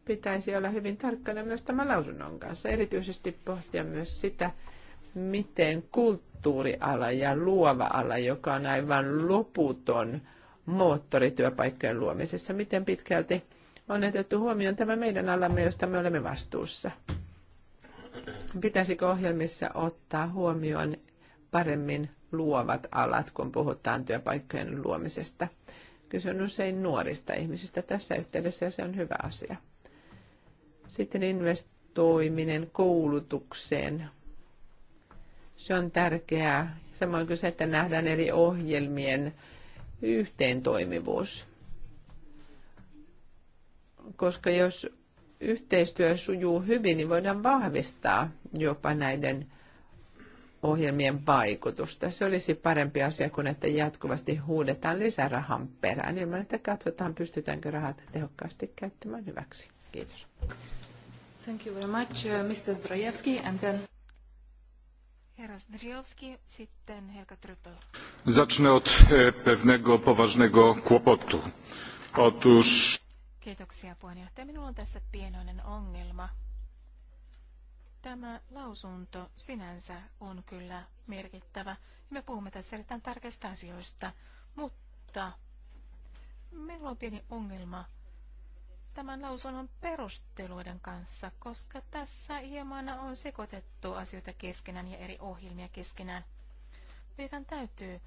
pitäisi olla hyvin tarkkana myös tämän lausunnon kanssa. Erityisesti pohtia myös sitä, miten kulttuuriala ja luova ala, joka on aivan loputon moottorityöpaikkojen luomisessa, miten pitkälti on otettu huomioon tämä meidän alamme, josta me olemme vastuussa. Pitäisikö ohjelmissa ottaa huomioon paremmin luovat alat, kun puhutaan työpaikkojen luomisesta. Kyse on usein nuorista ihmisistä tässä yhteydessä ja se on hyvä asia. Sitten investoiminen koulutukseen. Se on tärkeää, samoin kuin se, että nähdään eri ohjelmien yhteentoimivuus. Koska jos yhteistyö sujuu hyvin, niin voidaan vahvistaa jopa näiden ohjelmien vaikutusta. Se olisi parempi asia kuin, että jatkuvasti huudetaan lisärahan perään ilman, että katsotaan, pystytäänkö rahat tehokkaasti käyttämään hyväksi. Kiitos. Thank you very much, uh, Mr. Zdrojewski, and then... Herra Zdrojewski, sitten Helga Trypel. Zacznę od e, pewnego poważnego kłopotu. Otóż... Kiitoksia puheenjohtaja. Minulla on tässä pienoinen ongelma. Tämä lausunto sinänsä on kyllä merkittävä. Me puhumme tässä erittäin tärkeistä asioista, mutta meillä on pieni ongelma tämän lausunnon perusteluiden kanssa, koska tässä hieman on sekoitettu asioita keskenään ja eri ohjelmia keskenään. Meidän täytyy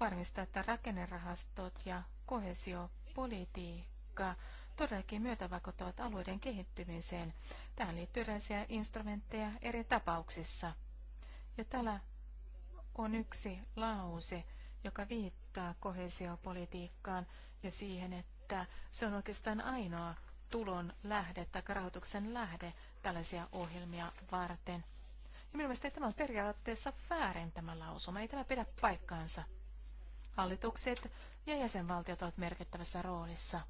varmistaa, että rakennerahastot ja kohesiopolitiikka todellakin myötävaikuttavat alueiden kehittymiseen. Tähän liittyy erilaisia instrumentteja eri tapauksissa. Ja täällä on yksi lause, joka viittaa kohesiopolitiikkaan ja siihen, että se on oikeastaan ainoa tulon lähde tai rahoituksen lähde tällaisia ohjelmia varten. Ja minun mielestäni tämä on periaatteessa väärin tämä lausuma. Ei tämä pidä paikkaansa. Hallitukset ja jäsenvaltiot ovat merkittävässä roolissa.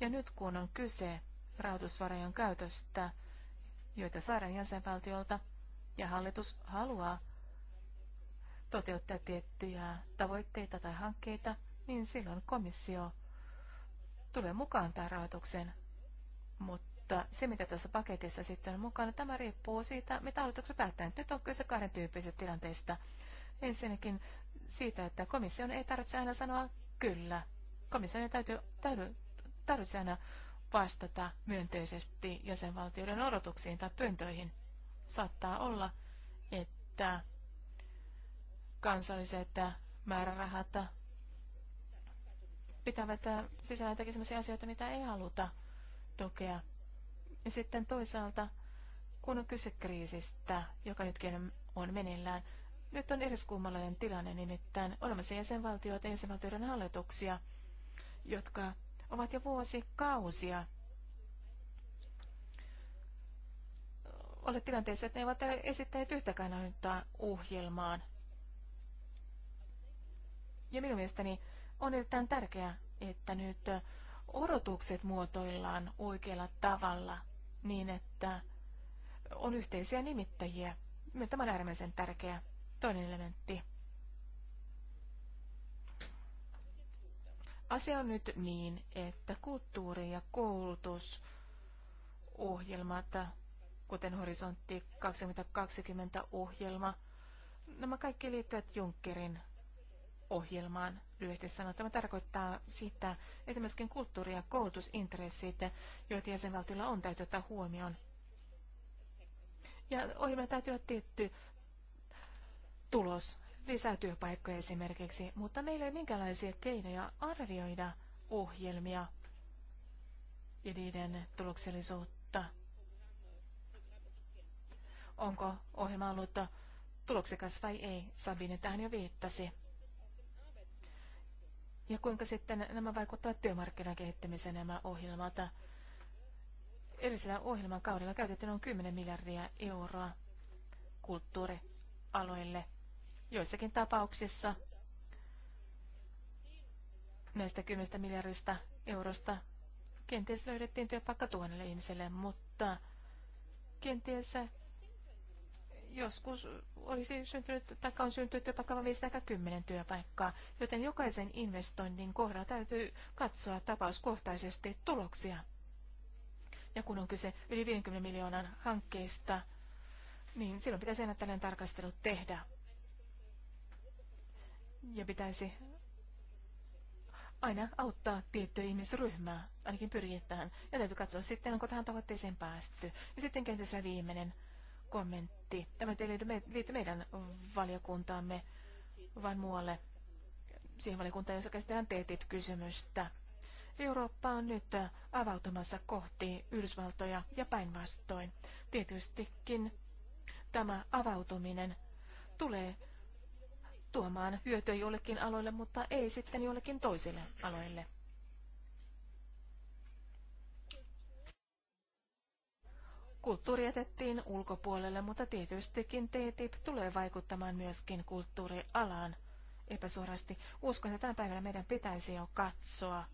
Ja nyt kun on kyse rahoitusvarojen käytöstä, joita saadaan jäsenvaltiolta, ja hallitus haluaa toteuttaa tiettyjä tavoitteita tai hankkeita, niin silloin komissio tulee mukaan tähän rahoituksen. Mutta se, mitä tässä paketissa sitten on mukana, tämä riippuu siitä, mitä hallituksen päättää. Nyt on kyse kahden tyyppisestä tilanteista. Ensinnäkin siitä, että komission ei tarvitse aina sanoa kyllä. Komission ei täytyy, tarvitse aina vastata myönteisesti jäsenvaltioiden odotuksiin tai pyyntöihin. Saattaa olla, että kansalliset määrärahat pitävät sisällä jotakin sellaisia asioita, mitä ei haluta tukea. Ja sitten toisaalta, kun on kyse kriisistä, joka nytkin on meneillään, nyt on eriskummallinen tilanne, nimittäin olemassa jäsenvaltioita ja jäsenvaltioiden hallituksia, jotka ovat jo vuosikausia ole tilanteessa, että ne eivät ole esittäneet yhtäkään ainuttaa ohjelmaan. Ja minun mielestäni on erittäin tärkeää, että nyt odotukset muotoillaan oikealla tavalla niin, että on yhteisiä nimittäjiä. Tämä on äärimmäisen tärkeä toinen elementti. Asia on nyt niin, että kulttuuri- ja koulutusohjelmat, kuten Horisontti 2020-ohjelma, nämä kaikki liittyvät Junckerin ohjelmaan lyhyesti sanottuna. tarkoittaa sitä, että myöskin kulttuuri- ja koulutusintressit, joita jäsenvaltiolla on, täytyy ottaa huomioon. Ja ohjelma täytyy olla tietty tulos lisää työpaikkoja esimerkiksi, mutta meillä ei minkälaisia keinoja arvioida ohjelmia ja niiden tuloksellisuutta. Onko ohjelma ollut tuloksekas vai ei, Sabine tähän jo viittasi. Ja kuinka sitten nämä vaikuttavat työmarkkinan kehittämiseen nämä ohjelmat. Edellisellä ohjelman kaudella käytettiin noin 10 miljardia euroa kulttuurialoille – Joissakin tapauksissa näistä 10 miljardista eurosta kenties löydettiin työpaikka tuhannelle ihmiselle, mutta kenties joskus olisi syntynyt, tai on syntynyt työpaikka vain 5 tai 10 työpaikkaa, joten jokaisen investoinnin kohdalla täytyy katsoa tapauskohtaisesti tuloksia. Ja kun on kyse yli 50 miljoonan hankkeista, niin silloin pitäisi aina tällainen tarkastelu tehdä ja pitäisi aina auttaa tiettyä ihmisryhmää, ainakin pyrkiä tähän. Ja täytyy katsoa sitten, onko tähän tavoitteeseen päästy. Ja sitten kenties vielä viimeinen kommentti. Tämä ei liity, liity meidän valiokuntaamme, vaan muualle siihen valiokuntaan, jossa käsitellään TTIP-kysymystä. Eurooppa on nyt avautumassa kohti Yhdysvaltoja ja päinvastoin. Tietystikin tämä avautuminen tulee tuomaan hyötyä jollekin aloille, mutta ei sitten jollekin toisille aloille. Kulttuuri jätettiin ulkopuolelle, mutta tietystikin TTIP tulee vaikuttamaan myöskin kulttuurialaan epäsuorasti. Uskon, että tämän päivänä meidän pitäisi jo katsoa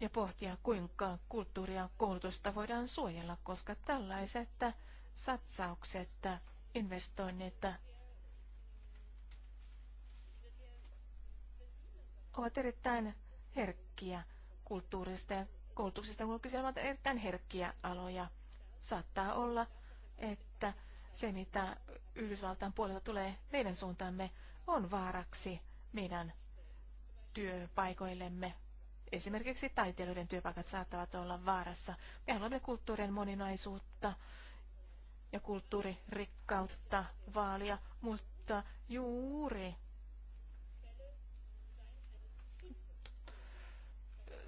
ja pohtia, kuinka kulttuuria ja koulutusta voidaan suojella, koska tällaiset satsaukset, investoinnit ovat erittäin herkkiä kulttuurista ja koulutuksesta, kun kyse ovat erittäin herkkiä aloja. Saattaa olla, että se, mitä Yhdysvaltain puolelta tulee meidän suuntaamme, on vaaraksi meidän työpaikoillemme. Esimerkiksi taiteilijoiden työpaikat saattavat olla vaarassa. Me haluamme kulttuurien moninaisuutta ja kulttuuririkkautta vaalia, mutta juuri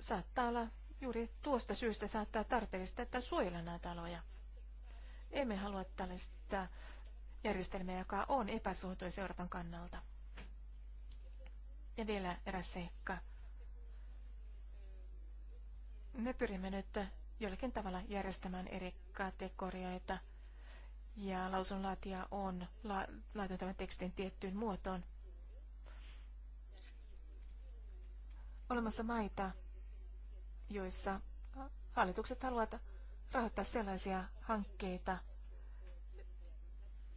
saattaa olla juuri tuosta syystä saattaa tarpeellista, että suojella näitä taloja Emme halua tällaista järjestelmää, joka on epäsuhtuisen Euroopan kannalta. Ja vielä eräs seikka. Me pyrimme nyt jollakin tavalla järjestämään eri kategorioita, ja lausunlaatija on la- laitanut tämän tekstin tiettyyn muotoon. Olemassa maita, joissa äh, hallitukset haluavat rahoittaa sellaisia hankkeita,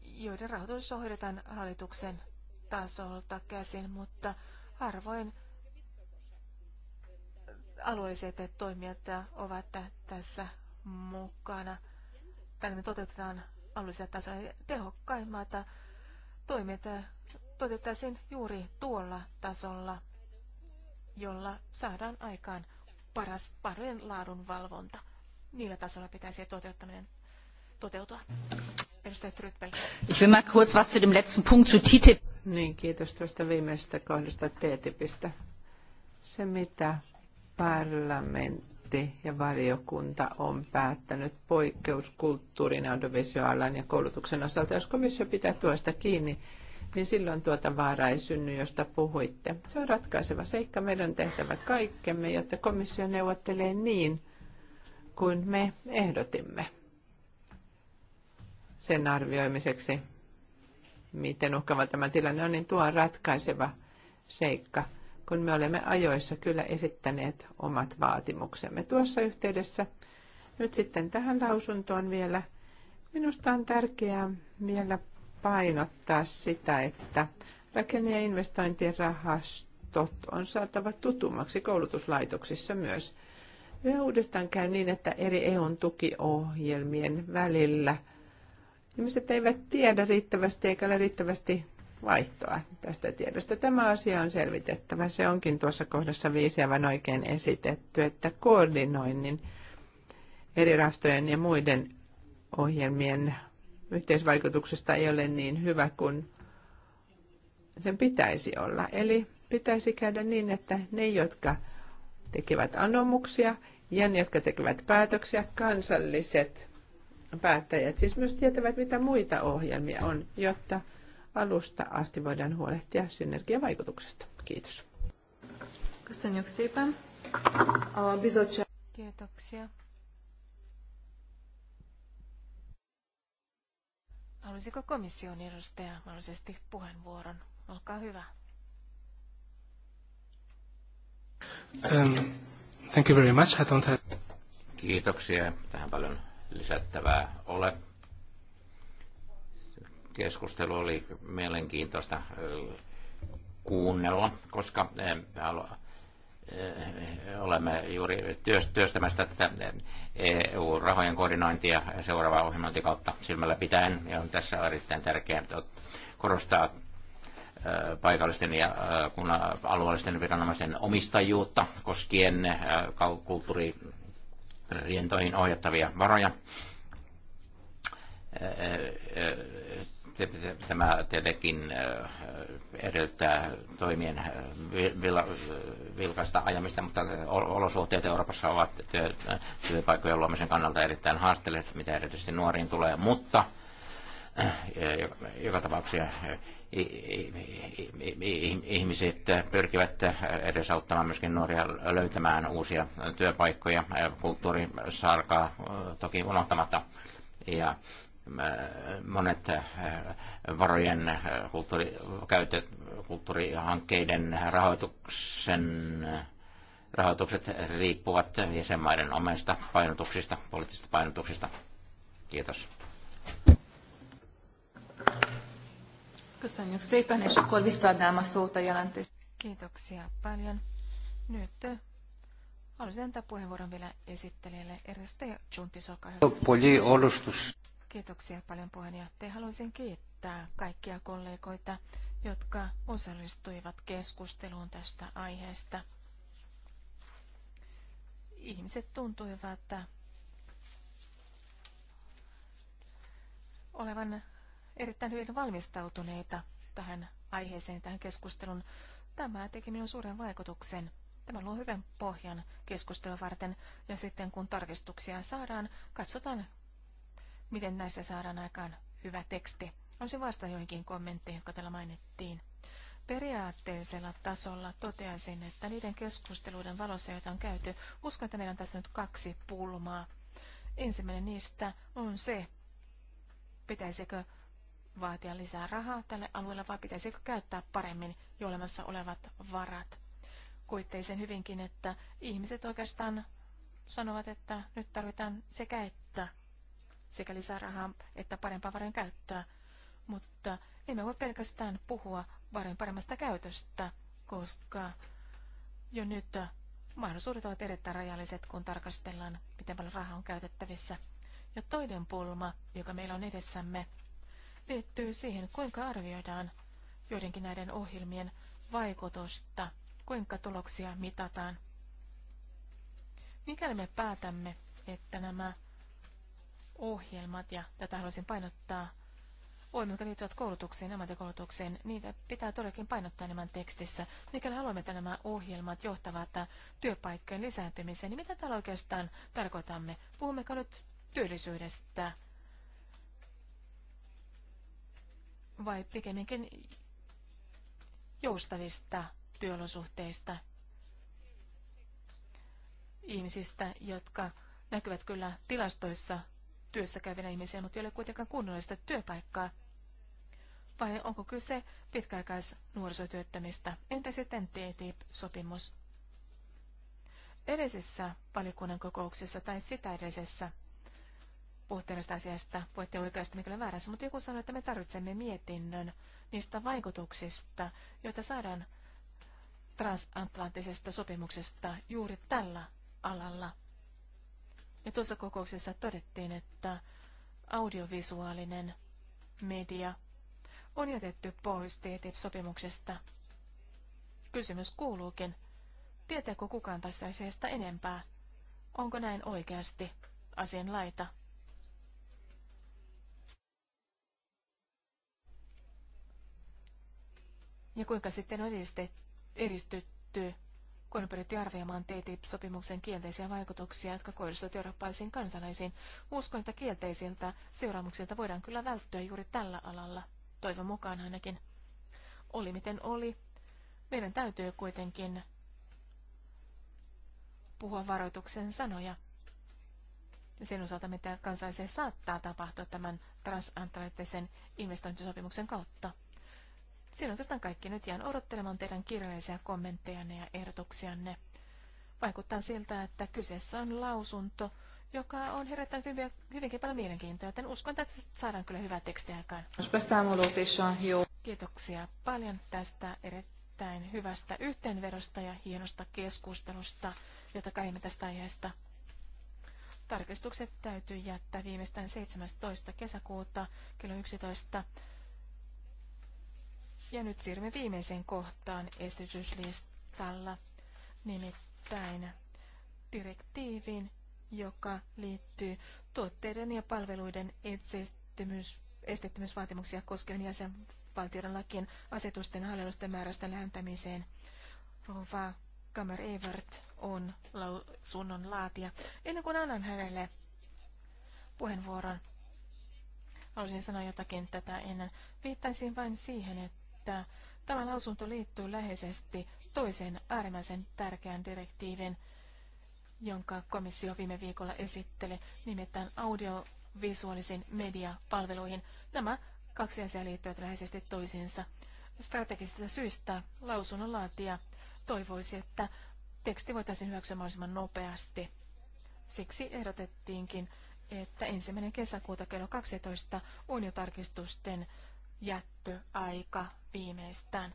joiden rahoitus hoidetaan hallituksen tasolta käsin, mutta harvoin alueelliset toimijat ovat tässä mukana. Tällä me toteutetaan alueellisella tasolla tehokkaimmat toimet toteutettaisiin juuri tuolla tasolla, jolla saadaan aikaan paras palvelujen laadun valvonta. Niillä tasolla pitäisi toteuttaminen toteutua. Edustaja Tryppel. Ich will mal kurz was zu dem letzten Punkt zu TTIP. Niin, kiitos tuosta viimeisestä kohdasta TTIPistä. Se, mitä parlamentti ja valiokunta on päättänyt poikkeuskulttuurin, audiovisuaalan ja koulutuksen osalta, jos komissio pitää tuosta kiinni, niin silloin tuota vaaraa ei synny, josta puhuitte. Se on ratkaiseva seikka. Meidän on tehtävä kaikkemme, jotta komissio neuvottelee niin kuin me ehdotimme sen arvioimiseksi, miten uhkava tämä tilanne on, niin tuo on ratkaiseva seikka, kun me olemme ajoissa kyllä esittäneet omat vaatimuksemme tuossa yhteydessä. Nyt sitten tähän lausuntoon vielä. Minusta on tärkeää vielä painottaa sitä, että rakenne- ja investointirahastot on saatava tutummaksi koulutuslaitoksissa myös. Yhä uudestaan käy niin, että eri EUn tukiohjelmien välillä ihmiset eivät tiedä riittävästi eikä ole riittävästi vaihtoa tästä tiedosta. Tämä asia on selvitettävä. Se onkin tuossa kohdassa viisi aivan oikein esitetty, että koordinoinnin eri rastojen ja muiden ohjelmien yhteisvaikutuksesta ei ole niin hyvä kuin sen pitäisi olla. Eli pitäisi käydä niin, että ne, jotka tekevät anomuksia ja ne, jotka tekevät päätöksiä, kansalliset päättäjät siis myös tietävät, mitä muita ohjelmia on, jotta alusta asti voidaan huolehtia synergiavaikutuksesta. Kiitos. Kiitoksia. Haluaisiko komission edustaja mahdollisesti puheenvuoron? Olkaa hyvä. Um, thank you very much. I don't have... Kiitoksia. Tähän paljon lisättävää ole. Keskustelu oli mielenkiintoista äh, kuunnella, koska äh, olemme juuri työstämässä tätä EU-rahojen koordinointia seuraavaa ohjelmointikautta silmällä pitäen, ja on tässä erittäin tärkeää korostaa paikallisten ja kunnan alueellisten viranomaisten omistajuutta koskien kulttuuririentoihin ohjattavia varoja Tämä tietenkin äh, edellyttää toimien äh, vilkasta ajamista, mutta olosuhteet Euroopassa ovat työpaikkojen luomisen kannalta erittäin haasteelliset, mitä erityisesti nuoriin tulee, mutta äh, joka tapauksessa ihmiset pyrkivät edesauttamaan myöskin nuoria löytämään uusia työpaikkoja, kulttuurisarkaa toki unohtamatta. Ja Äh, monet äh, varojen äh, kulttuuri, käytö, kulttuurihankkeiden rahoituksen rahoitukset riippuvat jäsenmaiden omista painotuksista, poliittisista painotuksista. Kiitos. Kiitoksia paljon. Nyt haluaisin antaa puheenvuoron vielä esittelijälle. Ernesto Juntis, olkaa hyvä. Kiitoksia paljon puheenjohtaja. Haluaisin kiittää kaikkia kollegoita, jotka osallistuivat keskusteluun tästä aiheesta. Ihmiset tuntuivat olevan erittäin hyvin valmistautuneita tähän aiheeseen, tähän keskustelun. Tämä teki minun suuren vaikutuksen. Tämä luo hyvän pohjan keskustelua varten ja sitten kun tarkistuksia saadaan, katsotaan miten näistä saadaan aikaan hyvä teksti. On se vasta joihinkin kommentteihin, jotka täällä mainittiin. Periaatteellisella tasolla toteaisin, että niiden keskusteluiden valossa, joita on käyty, uskon, että meillä on tässä nyt kaksi pulmaa. Ensimmäinen niistä on se, pitäisikö vaatia lisää rahaa tälle alueelle vai pitäisikö käyttää paremmin jo olemassa olevat varat. Kuittei sen hyvinkin, että ihmiset oikeastaan sanovat, että nyt tarvitaan sekä että sekä lisää rahaa että parempaa varojen käyttöä. Mutta emme voi pelkästään puhua varojen paremmasta käytöstä, koska jo nyt mahdollisuudet ovat erittäin rajalliset, kun tarkastellaan, miten paljon rahaa on käytettävissä. Ja toinen pulma, joka meillä on edessämme, liittyy siihen, kuinka arvioidaan joidenkin näiden ohjelmien vaikutusta, kuinka tuloksia mitataan. Mikäli me päätämme, että nämä ohjelmat, ja tätä haluaisin painottaa, ohjelmat, jotka liittyvät koulutukseen, ammattikoulutukseen, niitä pitää todellakin painottaa enemmän tekstissä. Mikäli haluamme, että nämä ohjelmat johtavat työpaikkojen lisääntymiseen, niin mitä täällä oikeastaan tarkoitamme? Puhummeko nyt työllisyydestä vai pikemminkin joustavista työolosuhteista, ihmisistä, jotka näkyvät kyllä tilastoissa työssä käyvinä ihmisiä, mutta ei ole kuitenkaan kunnollista työpaikkaa? Vai onko kyse pitkäaikais nuorisotyöttömistä? Entä sitten TTIP-sopimus? Edellisessä valikunnan kokouksessa tai sitä edellisessä puhuttiin tästä asiasta, voitte oikeasti mikä väärässä, mutta joku sanoi, että me tarvitsemme mietinnön niistä vaikutuksista, joita saadaan transatlanttisesta sopimuksesta juuri tällä alalla. Ja tuossa kokouksessa todettiin, että audiovisuaalinen media on jätetty pois TTIP-sopimuksesta. Kysymys kuuluukin, tietääkö kukaan tästä asiasta enempää? Onko näin oikeasti asian laita? Ja kuinka sitten on edistetty, edistytty kun pyrittiin arvioimaan TTIP-sopimuksen kielteisiä vaikutuksia, jotka kohdistuvat eurooppalaisiin kansalaisiin. Uskon, että kielteisiltä seuraamuksilta voidaan kyllä välttyä juuri tällä alalla, toivon mukaan ainakin. Oli miten oli, meidän täytyy kuitenkin puhua varoituksen sanoja. Sen osalta, mitä kansalaisille saattaa tapahtua tämän transatlanttisen investointisopimuksen kautta. Siinä oikeastaan kaikki. Nyt jään odottelemaan teidän kirjallisia kommenttejanne ja ehdotuksianne. Vaikuttaa siltä, että kyseessä on lausunto, joka on herättänyt hyvin hyvinkin paljon mielenkiintoa, joten uskon, että saadaan kyllä hyvää tekstiä aikaan. Kiitoksia paljon tästä erittäin hyvästä yhteenvedosta ja hienosta keskustelusta, jota kävimme tästä aiheesta. Tarkistukset täytyy jättää viimeistään 17. kesäkuuta kello 11 ja nyt siirrymme viimeiseen kohtaan esityslistalla, nimittäin direktiivin, joka liittyy tuotteiden ja palveluiden esteettömyys, esteettömyysvaatimuksia koskevan jäsenvaltioiden lakien asetusten hallinnosten määrästä lähentämiseen. Rova Kammer Evert on lausunnon laatija. Ennen kuin annan hänelle puheenvuoron, haluaisin sanoa jotakin tätä ennen. Viittaisin vain siihen, että että tämä lausunto liittyy läheisesti toiseen äärimmäisen tärkeän direktiivin, jonka komissio viime viikolla esitteli, nimittäin audiovisuaalisiin mediapalveluihin. Nämä kaksi asiaa liittyvät läheisesti toisiinsa. Strategisista syistä lausunnon laatija toivoisi, että teksti voitaisiin hyväksyä mahdollisimman nopeasti. Siksi ehdotettiinkin, että ensimmäinen kesäkuuta kello 12 on jo tarkistusten jättöaika viimeistään.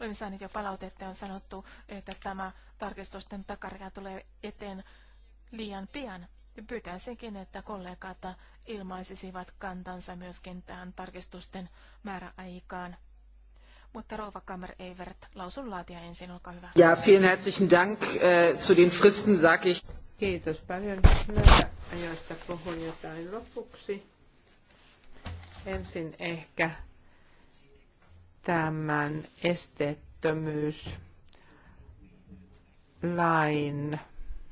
Olemme saaneet jo palautetta ja on sanottu, että tämä tarkistusten takaraja tulee eteen liian pian. Pyytäisinkin, että kollegat ilmaisisivat kantansa myöskin tähän tarkistusten määräaikaan. Mutta Rova Kammer Evert, lausunlaatia ensin, olkaa hyvä. Ja, vielen herzlichen Dank äh, zu den Fristen, sag ich. Kiitos paljon myötä ajoista puhun jotain lopuksi. Ensin ehkä tämän esteettömyys lain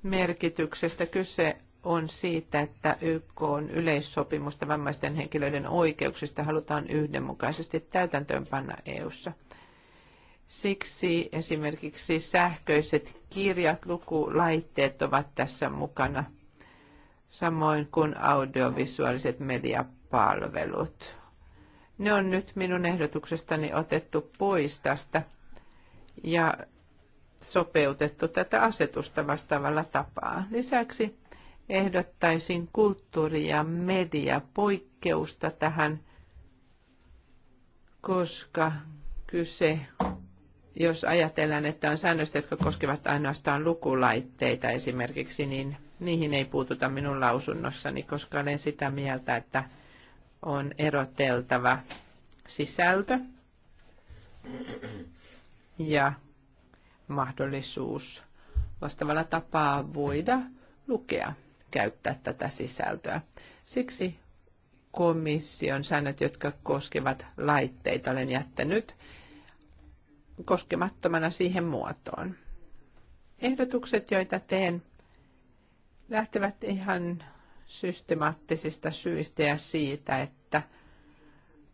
merkityksestä. Kyse on siitä, että YK on yleissopimusta vammaisten henkilöiden oikeuksista halutaan yhdenmukaisesti täytäntöönpanna EU:ssa. Siksi esimerkiksi sähköiset kirjat, lukulaitteet ovat tässä mukana, samoin kuin audiovisuaaliset mediat palvelut. Ne on nyt minun ehdotuksestani otettu pois tästä ja sopeutettu tätä asetusta vastaavalla tapaa. Lisäksi ehdottaisin kulttuuri- ja mediapoikkeusta tähän, koska kyse, jos ajatellaan, että on säännöstä, jotka koskevat ainoastaan lukulaitteita esimerkiksi, niin niihin ei puututa minun lausunnossani, koska olen sitä mieltä, että on eroteltava sisältö ja mahdollisuus vastaavalla tapaa voida lukea, käyttää tätä sisältöä. Siksi komission säännöt, jotka koskevat laitteita, olen jättänyt koskemattomana siihen muotoon. Ehdotukset, joita teen, lähtevät ihan systemaattisista syistä ja siitä, että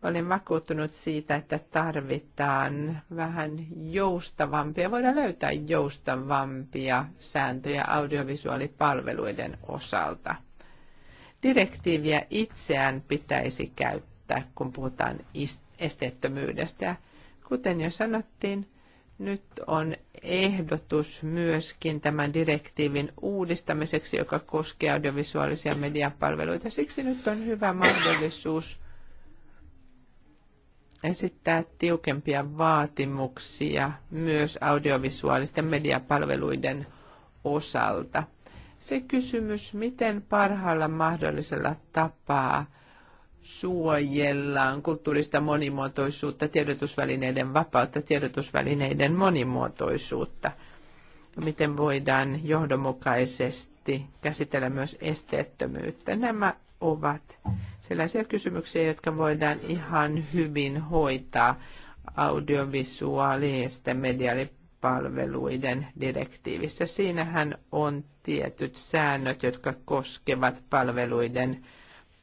olin vakuuttunut siitä, että tarvitaan vähän joustavampia, voidaan löytää joustavampia sääntöjä audiovisuaalipalveluiden osalta. Direktiiviä itseään pitäisi käyttää, kun puhutaan esteettömyydestä. Kuten jo sanottiin, nyt on ehdotus myöskin tämän direktiivin uudistamiseksi, joka koskee audiovisuaalisia mediapalveluita. Siksi nyt on hyvä mahdollisuus esittää tiukempia vaatimuksia myös audiovisuaalisten mediapalveluiden osalta. Se kysymys, miten parhaalla mahdollisella tapaa – suojellaan kulttuurista monimuotoisuutta, tiedotusvälineiden vapautta, tiedotusvälineiden monimuotoisuutta. Miten voidaan johdonmukaisesti käsitellä myös esteettömyyttä. Nämä ovat sellaisia kysymyksiä, jotka voidaan ihan hyvin hoitaa audiovisuaalisten mediaalipalveluiden direktiivissä. Siinähän on tietyt säännöt, jotka koskevat palveluiden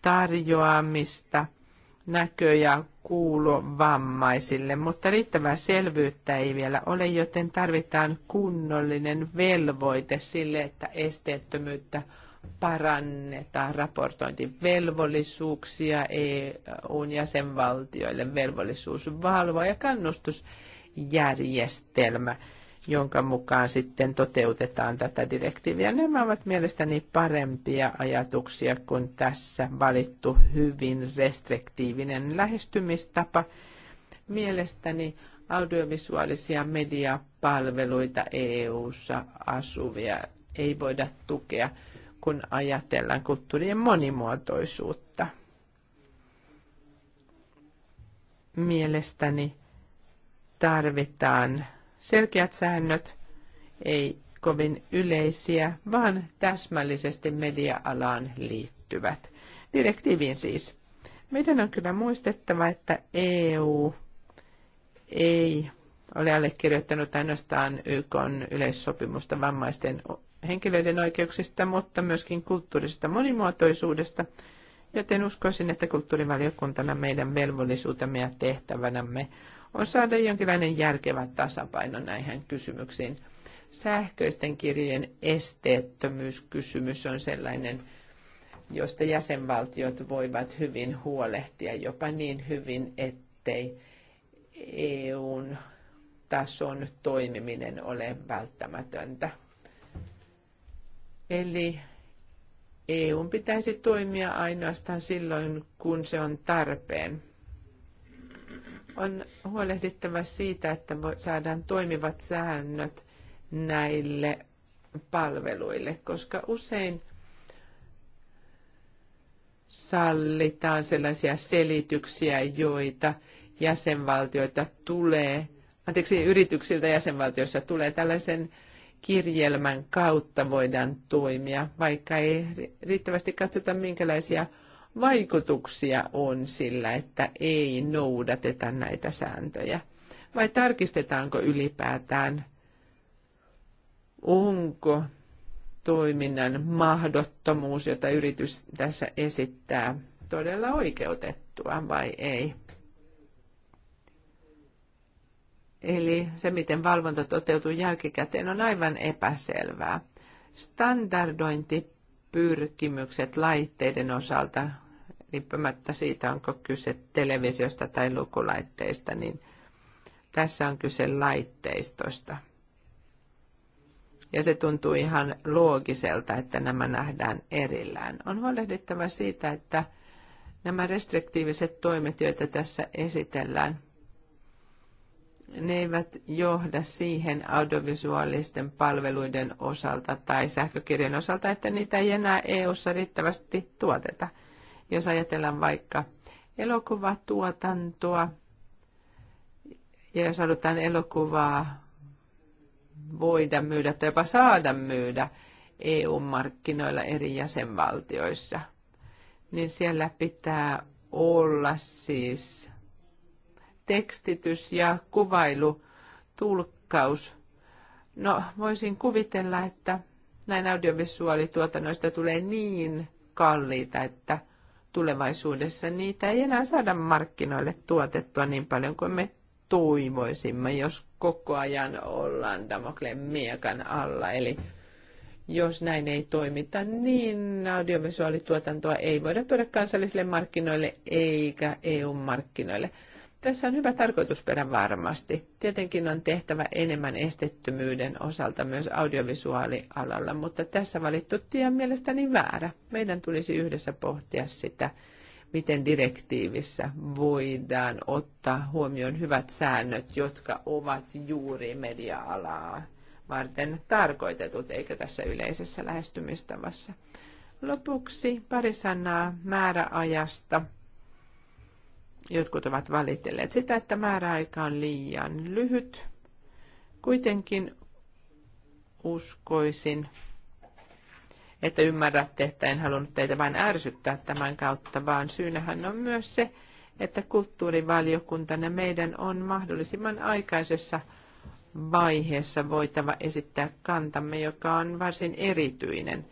tarjoamista näkö- ja kuulovammaisille, mutta riittävää selvyyttä ei vielä ole, joten tarvitaan kunnollinen velvoite sille, että esteettömyyttä parannetaan raportointivelvollisuuksia EUn jäsenvaltioille, velvollisuus valvoa ja kannustusjärjestelmä jonka mukaan sitten toteutetaan tätä direktiiviä. Nämä ovat mielestäni parempia ajatuksia kuin tässä valittu hyvin restriktiivinen lähestymistapa. Mielestäni audiovisuaalisia mediapalveluita EU-ssa asuvia ei voida tukea, kun ajatellaan kulttuurien monimuotoisuutta. Mielestäni tarvitaan selkeät säännöt, ei kovin yleisiä, vaan täsmällisesti media-alaan liittyvät. Direktiiviin siis. Meidän on kyllä muistettava, että EU ei ole allekirjoittanut ainoastaan YK yleissopimusta vammaisten henkilöiden oikeuksista, mutta myöskin kulttuurisesta monimuotoisuudesta, joten uskoisin, että kulttuurivaliokuntana meidän velvollisuutemme ja tehtävänämme on saada jonkinlainen järkevä tasapaino näihin kysymyksiin. Sähköisten kirjojen esteettömyyskysymys on sellainen, josta jäsenvaltiot voivat hyvin huolehtia, jopa niin hyvin, ettei EUn tason toimiminen ole välttämätöntä. Eli EUn pitäisi toimia ainoastaan silloin, kun se on tarpeen. On huolehdittava siitä, että saadaan toimivat säännöt näille palveluille, koska usein sallitaan sellaisia selityksiä, joita jäsenvaltioita tulee, anteeksi, yrityksiltä jäsenvaltioissa tulee tällaisen kirjelmän kautta voidaan toimia, vaikka ei riittävästi katsota, minkälaisia vaikutuksia on sillä, että ei noudateta näitä sääntöjä? Vai tarkistetaanko ylipäätään, onko toiminnan mahdottomuus, jota yritys tässä esittää, todella oikeutettua vai ei? Eli se, miten valvonta toteutuu jälkikäteen, on aivan epäselvää. Standardointipyrkimykset laitteiden osalta riippumatta siitä, onko kyse televisiosta tai lukulaitteista, niin tässä on kyse laitteistosta. Ja se tuntuu ihan loogiselta, että nämä nähdään erillään. On huolehdittava siitä, että nämä restriktiiviset toimet, joita tässä esitellään, ne eivät johda siihen audiovisuaalisten palveluiden osalta tai sähkökirjan osalta, että niitä ei enää EU-ssa riittävästi tuoteta – jos ajatellaan vaikka elokuvatuotantoa, ja jos halutaan elokuvaa voida myydä tai jopa saada myydä EU-markkinoilla eri jäsenvaltioissa, niin siellä pitää olla siis tekstitys ja kuvailu, tulkkaus. No, voisin kuvitella, että näin audiovisuaalituotannoista tulee niin kalliita, että – tulevaisuudessa niitä ei enää saada markkinoille tuotettua niin paljon kuin me toivoisimme, jos koko ajan ollaan Damokleen miekan alla. Eli jos näin ei toimita, niin audiovisuaalituotantoa ei voida tuoda kansallisille markkinoille eikä EU-markkinoille. Tässä on hyvä tarkoitusperä varmasti. Tietenkin on tehtävä enemmän estettömyyden osalta myös audiovisuaalialalla, mutta tässä valittu tie on mielestäni väärä. Meidän tulisi yhdessä pohtia sitä, miten direktiivissä voidaan ottaa huomioon hyvät säännöt, jotka ovat juuri media-alaa varten tarkoitetut, eikä tässä yleisessä lähestymistavassa. Lopuksi pari sanaa määräajasta. Jotkut ovat valitelleet sitä, että määräaika on liian lyhyt. Kuitenkin uskoisin, että ymmärrätte, että en halunnut teitä vain ärsyttää tämän kautta, vaan syynähän on myös se, että kulttuurivaliokuntana meidän on mahdollisimman aikaisessa vaiheessa voitava esittää kantamme, joka on varsin erityinen,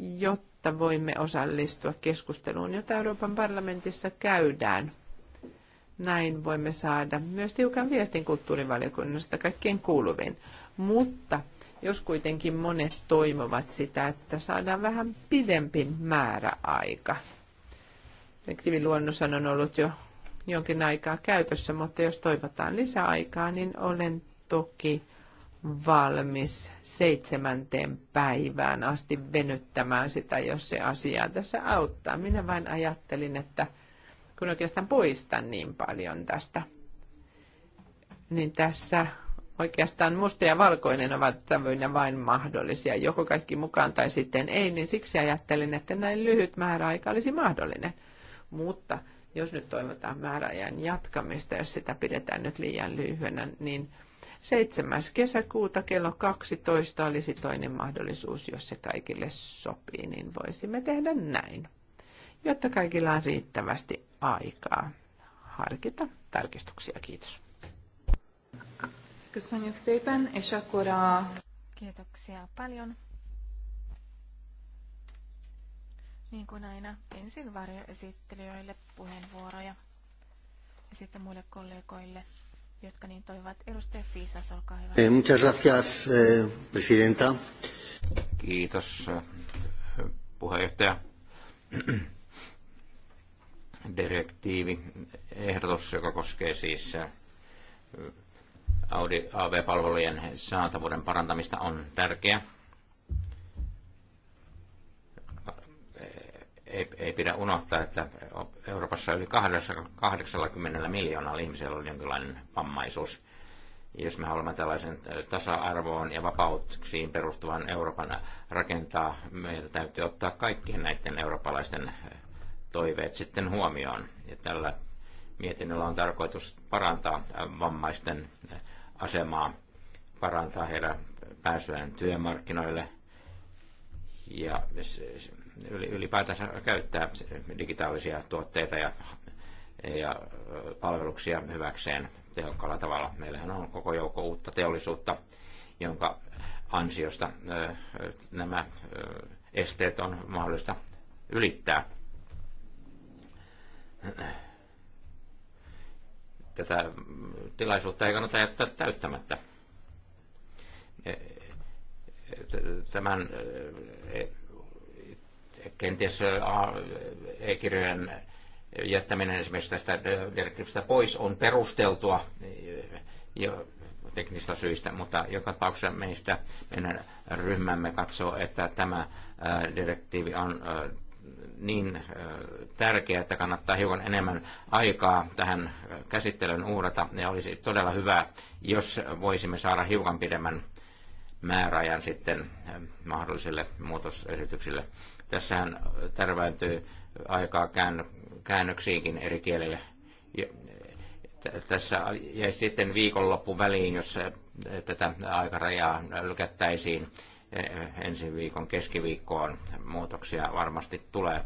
jotta voimme osallistua keskusteluun, jota Euroopan parlamentissa käydään – näin voimme saada myös tiukan viestin kulttuurivaliokunnasta kaikkien kuuluvin. Mutta jos kuitenkin monet toimovat sitä, että saadaan vähän pidempi määräaika. Direktiiviluonnos on ollut jo jonkin aikaa käytössä, mutta jos toivotaan lisäaikaa, niin olen toki valmis seitsemänteen päivään asti venyttämään sitä, jos se asiaa tässä auttaa. Minä vain ajattelin, että kun oikeastaan poistan niin paljon tästä. Niin tässä oikeastaan musta ja valkoinen ovat sävyinä vain mahdollisia, joko kaikki mukaan tai sitten ei, niin siksi ajattelin, että näin lyhyt määräaika olisi mahdollinen. Mutta jos nyt toivotaan määräajan jatkamista, jos sitä pidetään nyt liian lyhyenä, niin 7. kesäkuuta kello 12 olisi toinen mahdollisuus, jos se kaikille sopii, niin voisimme tehdä näin jotta kaikilla on riittävästi aikaa harkita tarkistuksia. Kiitos. Kiitoksia paljon. Niin kuin aina, ensin varjoesittelijöille puheenvuoroja ja sitten muille kollegoille, jotka niin toivat. Edustaja Fiisas, olkaa hyvä. Eh, muchas gracias, eh, presidenta. Kiitos, eh, puheenjohtaja direktiivi, ehdotus, joka koskee siis Audi AV-palvelujen saatavuuden parantamista, on tärkeä. Ei, ei pidä unohtaa, että Euroopassa yli 80 miljoonalla ihmisellä oli jonkinlainen vammaisuus. Jos me haluamme tällaisen tasa-arvoon ja vapauksiin perustuvan Euroopan rakentaa, meidän täytyy ottaa kaikkien näiden eurooppalaisten toiveet sitten huomioon. Ja tällä mietinnöllä on tarkoitus parantaa äh, vammaisten äh, asemaa, parantaa heidän pääsyään työmarkkinoille ja ylipäätänsä käyttää digitaalisia tuotteita ja, ja äh, palveluksia hyväkseen tehokkaalla tavalla. Meillähän on koko joukko uutta teollisuutta, jonka ansiosta nämä esteet on mahdollista ylittää Tätä tilaisuutta ei kannata jättää täyttämättä. E, e, tämän e, kenties e-kirjojen jättäminen esimerkiksi tästä direktiivistä pois on perusteltua jo teknistä syistä, mutta joka tapauksessa meistä meidän ryhmämme katsoo, että tämä direktiivi on niin äh, tärkeä, että kannattaa hiukan enemmän aikaa tähän äh, käsittelyyn uhrata. Ja olisi todella hyvä, jos voisimme saada hiukan pidemmän määräajan sitten äh, mahdollisille muutosesityksille. Tässähän tärväytyy aikaa käännöksiinkin eri kielille. Tässä jäisi sitten viikonloppu väliin, jos tätä aikarajaa lykättäisiin ensi viikon keskiviikkoon muutoksia varmasti tulee.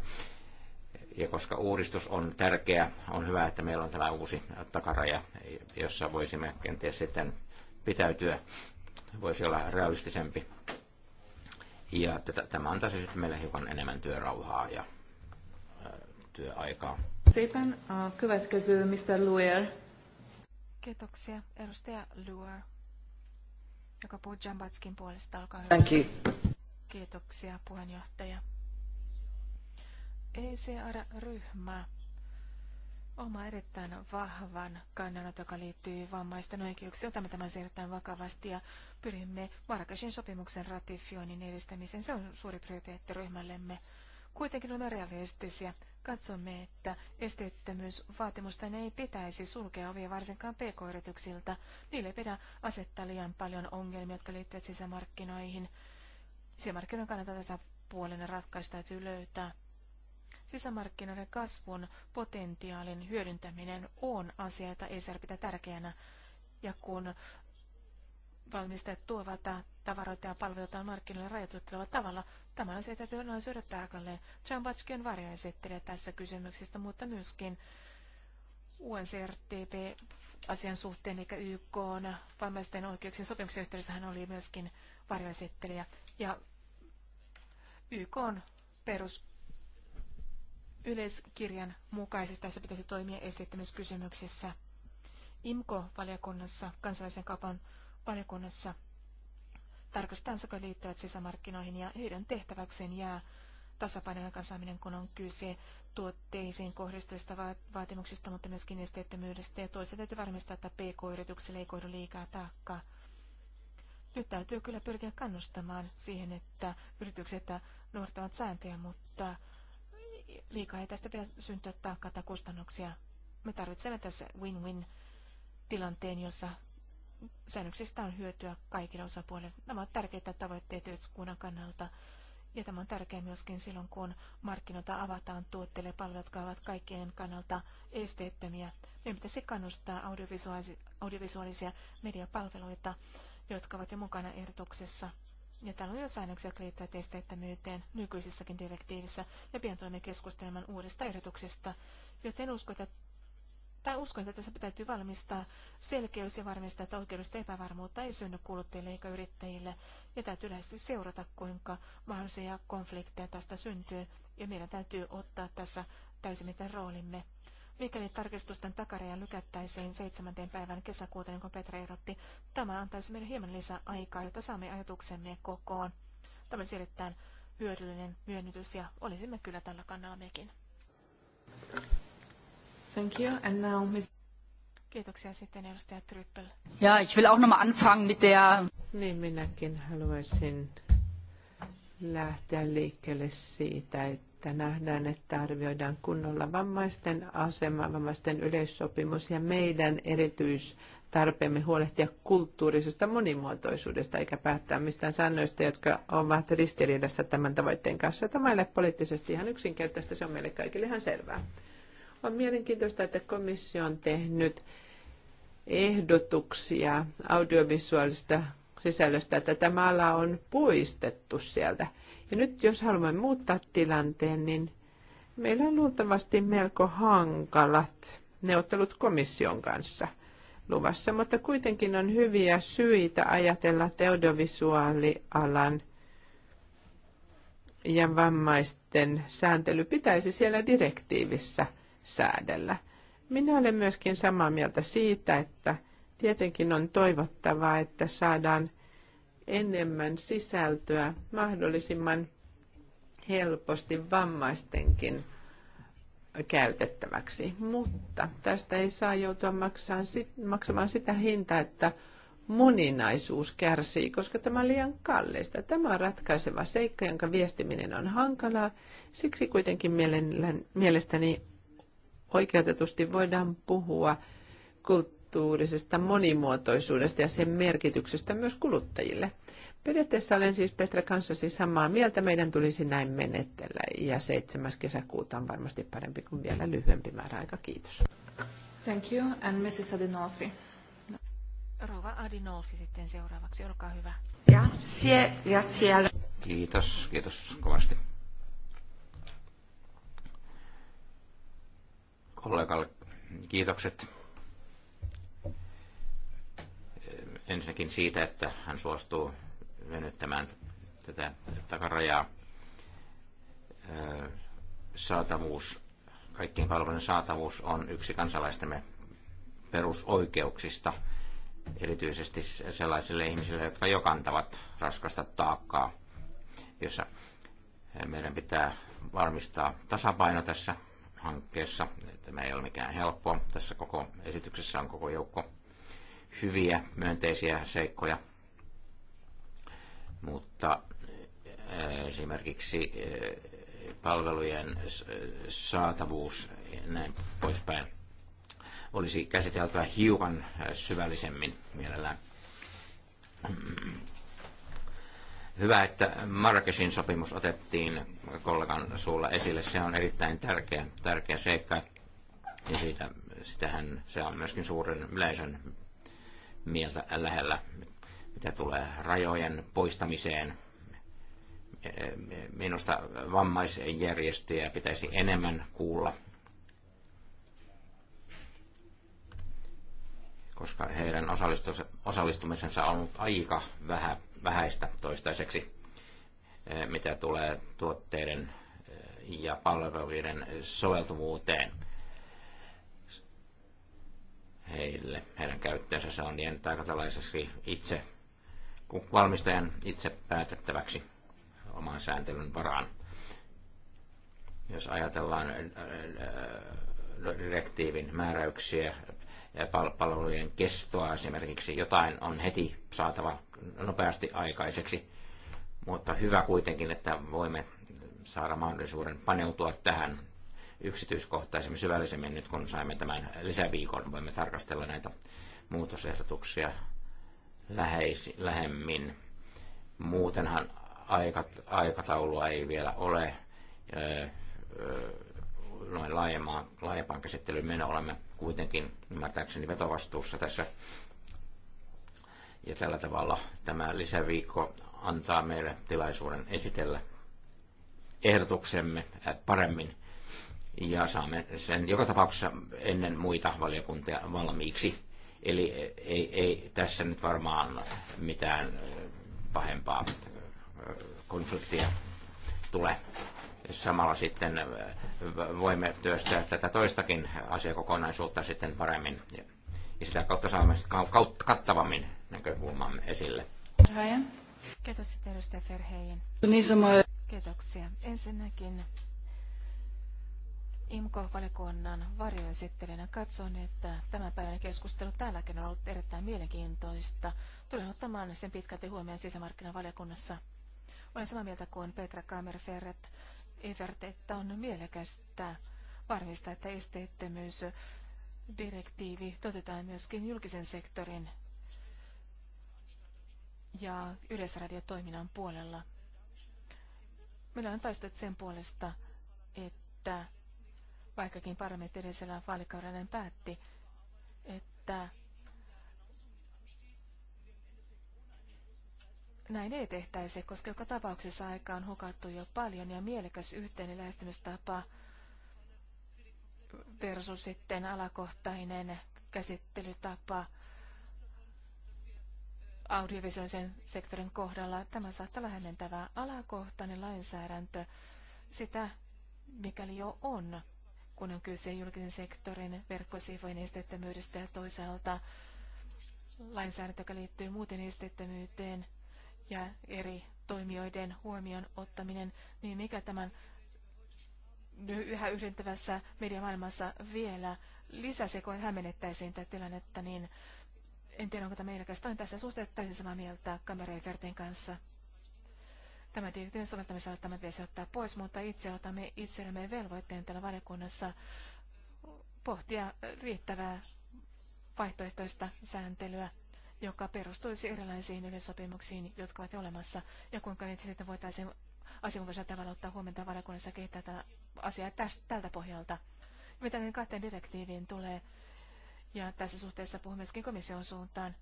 Ja koska uudistus on tärkeä, on hyvä, että meillä on tämä uusi takaraja, jossa voisimme kenties sitten pitäytyä. Voisi olla realistisempi. Ja tämä antaisi sitten meille hiukan enemmän työrauhaa ja työaikaa. Sitten uh, következő Mr. Luer. Kiitoksia. Edustaja Luer joka puhuu Jambatskin puolesta. Olkaa hyvä. Thank you. Kiitoksia puheenjohtaja. ECR-ryhmä oma erittäin vahvan kannanot, joka liittyy vammaisten oikeuksiin. Otamme tämän erittäin vakavasti ja pyrimme Marrakeshin sopimuksen ratifioinnin edistämiseen. Se on suuri prioriteetti ryhmällemme. Kuitenkin olemme realistisia. Katsomme, että esteettömyysvaatimusta ei pitäisi sulkea ovia varsinkaan pk-yrityksiltä. Niille pidä asettaa liian paljon ongelmia, jotka liittyvät sisämarkkinoihin. Sisämarkkinoiden kannalta tasapuolinen ratkaisu täytyy löytää. Sisämarkkinoiden kasvun potentiaalin hyödyntäminen on asia, jota ESR pitää tärkeänä. Ja kun valmistajat tuovat tavaroita ja palveluita markkinoilla rajoitettavalla tavalla. Tämä on se, että syödä tarkalleen. Jambatski on varjoesittelijä tässä kysymyksestä, mutta myöskin UNCRTP asian suhteen, eikä YK on vammaisten oikeuksien sopimuksen yhteydessä hän oli myöskin varjoesittelijä. Ja YK on perus yleiskirjan mukaisesti tässä pitäisi toimia esteettömyyskysymyksissä. IMKO-valiokunnassa, kansalaisen kaupan valiokunnassa, tarkastetaan, jotka liittyvät sisämarkkinoihin ja heidän tehtäväkseen jää tasapainon kansaaminen, kun on kyse tuotteisiin kohdistuista vaatimuksista, mutta myöskin esteettömyydestä. Ja toisaalta täytyy varmistaa, että PK-yritykselle ei koidu liikaa taakkaa. Nyt täytyy kyllä pyrkiä kannustamaan siihen, että yritykset noudattavat sääntöjä, mutta liikaa ei tästä pidä syntyä taakkaa tai kustannuksia. Me tarvitsemme tässä win-win tilanteen, jossa säännöksistä on hyötyä kaikille osapuolille. Nämä ovat tärkeitä tavoitteita yhteiskunnan kannalta. Ja tämä on tärkeää myöskin silloin, kun markkinoita avataan tuotteille palvelut, jotka ovat kaikkien kannalta esteettömiä. Meidän pitäisi kannustaa audiovisuaalisia, audiovisuaalisia mediapalveluita, jotka ovat jo mukana ehdotuksessa. Ja täällä on jo säännöksiä, jotka liittyvät esteettömyyteen nykyisissäkin direktiivissä, ja pian tulemme keskustelemaan uudesta ehdotuksesta, joten uskon, että tai uskon, että tässä täytyy valmistaa selkeys ja varmistaa, että oikeudesta epävarmuutta ei synny kuluttajille eikä yrittäjille. Ja täytyy läheisesti seurata, kuinka mahdollisia konflikteja tästä syntyy. Ja meidän täytyy ottaa tässä täysimmiten roolimme. Mikäli tarkistusten takareja lykättäisiin 7. päivän kesäkuuta, niin kuin Petra erotti, tämä antaisi meille hieman lisää aikaa, jotta saamme ajatuksemme kokoon. Tämä on erittäin hyödyllinen myönnytys ja olisimme kyllä tällä kannalla mekin. Thank you. And now Ms. Kiitoksia sitten edustaja Tryppel. Ja, ich will auch nochmal anfangen mit der... Niin, minäkin haluaisin lähteä liikkeelle siitä, että nähdään, että arvioidaan kunnolla vammaisten asema, vammaisten yleissopimus ja meidän erityistarpeemme huolehtia kulttuurisesta monimuotoisuudesta eikä päättää mistään säännöistä, jotka ovat ristiriidassa tämän tavoitteen kanssa. Tämä ei ole poliittisesti ihan yksinkertaista, se on meille kaikille ihan selvää. On mielenkiintoista, että komissio on tehnyt ehdotuksia audiovisuaalista sisällöstä, että tämä ala on poistettu sieltä. Ja nyt jos haluamme muuttaa tilanteen, niin meillä on luultavasti melko hankalat neuvottelut komission kanssa luvassa, mutta kuitenkin on hyviä syitä ajatella audiovisuaalialan ja vammaisten sääntely pitäisi siellä direktiivissä – säädellä. Minä olen myöskin samaa mieltä siitä, että tietenkin on toivottavaa, että saadaan enemmän sisältöä mahdollisimman helposti vammaistenkin käytettäväksi. Mutta tästä ei saa joutua maksamaan sitä hintaa, että moninaisuus kärsii, koska tämä on liian kallista. Tämä on ratkaiseva seikka, jonka viestiminen on hankalaa. Siksi kuitenkin mielestäni oikeutetusti voidaan puhua kulttuurisesta monimuotoisuudesta ja sen merkityksestä myös kuluttajille. Periaatteessa olen siis Petra kanssasi samaa mieltä. Meidän tulisi näin menetellä ja 7. kesäkuuta on varmasti parempi kuin vielä lyhyempi aika. Kiitos. Thank you and Mrs. Adinolfi. Rova Adinolfi sitten seuraavaksi, olkaa hyvä. Ja ja grazie. Kiitos, kiitos kovasti. kollegalle kiitokset ensinnäkin siitä, että hän suostuu venyttämään tätä takarajaa. Saatavuus, kaikkien palvelujen saatavuus on yksi kansalaistemme perusoikeuksista, erityisesti sellaisille ihmisille, jotka jo kantavat raskasta taakkaa, jossa meidän pitää varmistaa tasapaino tässä hankkeessa. Tämä ei ole mikään helppoa. Tässä koko esityksessä on koko joukko hyviä myönteisiä seikkoja, mutta eh, esimerkiksi eh, palvelujen saatavuus ja näin poispäin olisi käsiteltävä hiukan eh, syvällisemmin mielellään Hyvä, että Marrakeshin sopimus otettiin kollegan suulla esille. Se on erittäin tärkeä, tärkeä seikka. Ja siitä, sitähän se on myöskin suuren yleisön mieltä lähellä, mitä tulee rajojen poistamiseen. Minusta vammaisjärjestöjä pitäisi enemmän kuulla, koska heidän osallistumisensa on ollut aika vähän vähäistä toistaiseksi, eh, mitä tulee tuotteiden eh, ja palveluiden soveltuvuuteen heille. Heidän käyttöönsä se on niin aika itse itse valmistajan itse päätettäväksi oman sääntelyn varaan. Jos ajatellaan eh, direktiivin määräyksiä palvelujen kestoa esimerkiksi. Jotain on heti saatava nopeasti aikaiseksi, mutta hyvä kuitenkin, että voimme saada mahdollisuuden paneutua tähän yksityiskohtaisemmin syvällisemmin nyt, kun saimme tämän lisäviikon. Voimme tarkastella näitä muutosehdotuksia läheis, lähemmin. Muutenhan aikat, aikataulua ei vielä ole. Öö, öö, noin laajempaan, käsittelyyn me olemme kuitenkin ymmärtääkseni vetovastuussa tässä. Ja tällä tavalla tämä lisäviikko antaa meille tilaisuuden esitellä ehdotuksemme paremmin ja saamme sen joka tapauksessa ennen muita valiokuntia valmiiksi. Eli ei, ei tässä nyt varmaan mitään pahempaa konfliktia tule samalla sitten voimme työstää tätä toistakin asiakokonaisuutta sitten paremmin ja sitä kautta saamme kattavammin näkökulmamme esille. Kiitos sitten edustaja Ferheijen. Niin sama. Kiitoksia. Ensinnäkin IMKO-valikunnan varjoesittelijänä katson, että tämän päivän keskustelu täälläkin on ollut erittäin mielenkiintoista. Tulen ottamaan sen pitkälti huomioon sisämarkkinavaliokunnassa. Olen samaa mieltä kuin Petra Kamerferret Evert, että on mielekästä varmistaa, että esteettömyysdirektiivi direktiivi toteutetaan myöskin julkisen sektorin ja yleisradiotoiminnan puolella. Meillä on taisteltu sen puolesta, että vaikkakin parlamentti edellisellä vaalikaudella päätti, että näin ei tehtäisi, koska joka tapauksessa aika on hukattu jo paljon ja mielekäs yhteinen lähestymistapa versus sitten alakohtainen käsittelytapa audiovisuaalisen sektorin kohdalla. Tämä saattaa lähentävää alakohtainen lainsäädäntö sitä, mikäli jo on, kun on kyse julkisen sektorin verkkosivujen esteettömyydestä ja toisaalta lainsäädäntö, joka liittyy muuten esteettömyyteen ja eri toimijoiden huomion ottaminen, niin mikä tämän yhä yhdentävässä mediamaailmassa vielä lisäsi, kun hämmennettäisiin tätä tilannetta, niin en tiedä, onko tämä meidän on tässä suhteessa täysin samaa mieltä kamereverten kanssa. Tämä direktiivin soveltamisella tämä pitäisi ottaa pois, mutta itse otamme itsellemme velvoitteen täällä valiokunnassa pohtia riittävää vaihtoehtoista sääntelyä joka perustuisi erilaisiin yleissopimuksiin, jotka ovat olemassa, ja kuinka niitä sitten voitaisiin asianmukaisella tavalla ottaa huomioon valiokunnassa kehittää tätä asiaa tästä, tältä pohjalta. Mitä niin kahteen direktiiviin tulee, ja tässä suhteessa puhun myöskin komission suuntaan.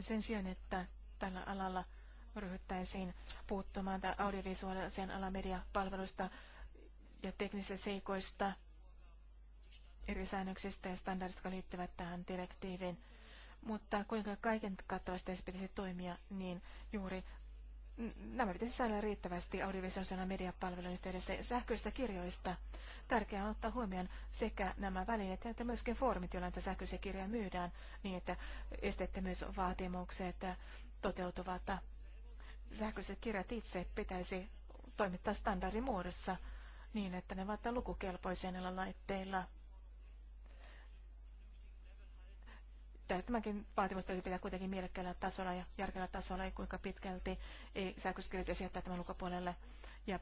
Sen sijaan, että tällä alalla ryhdyttäisiin puuttumaan audiovisuaalisen alan mediapalveluista ja teknisistä seikoista, eri säännöksistä ja standardista, jotka liittyvät tähän direktiiviin. Mutta kuinka kaiken kattavasti pitäisi toimia, niin juuri nämä pitäisi saada riittävästi audiovisuaalisena mediapalvelun yhteydessä sähköistä kirjoista. Tärkeää on ottaa huomioon sekä nämä välineet että myöskin foorumit, joilla näitä sähköisiä kirjoja myydään, niin että myös vaatimukset toteutuvat. Sähköiset kirjat itse pitäisi toimittaa standardimuodossa niin, että ne ovat lukukelpoisia näillä laitteilla. tämäkin vaatimus täytyy pitää kuitenkin mielekkäällä tasolla ja järkevällä tasolla, ja kuinka pitkälti ei sähköiskirjat jättää tämän ulkopuolelle. Ja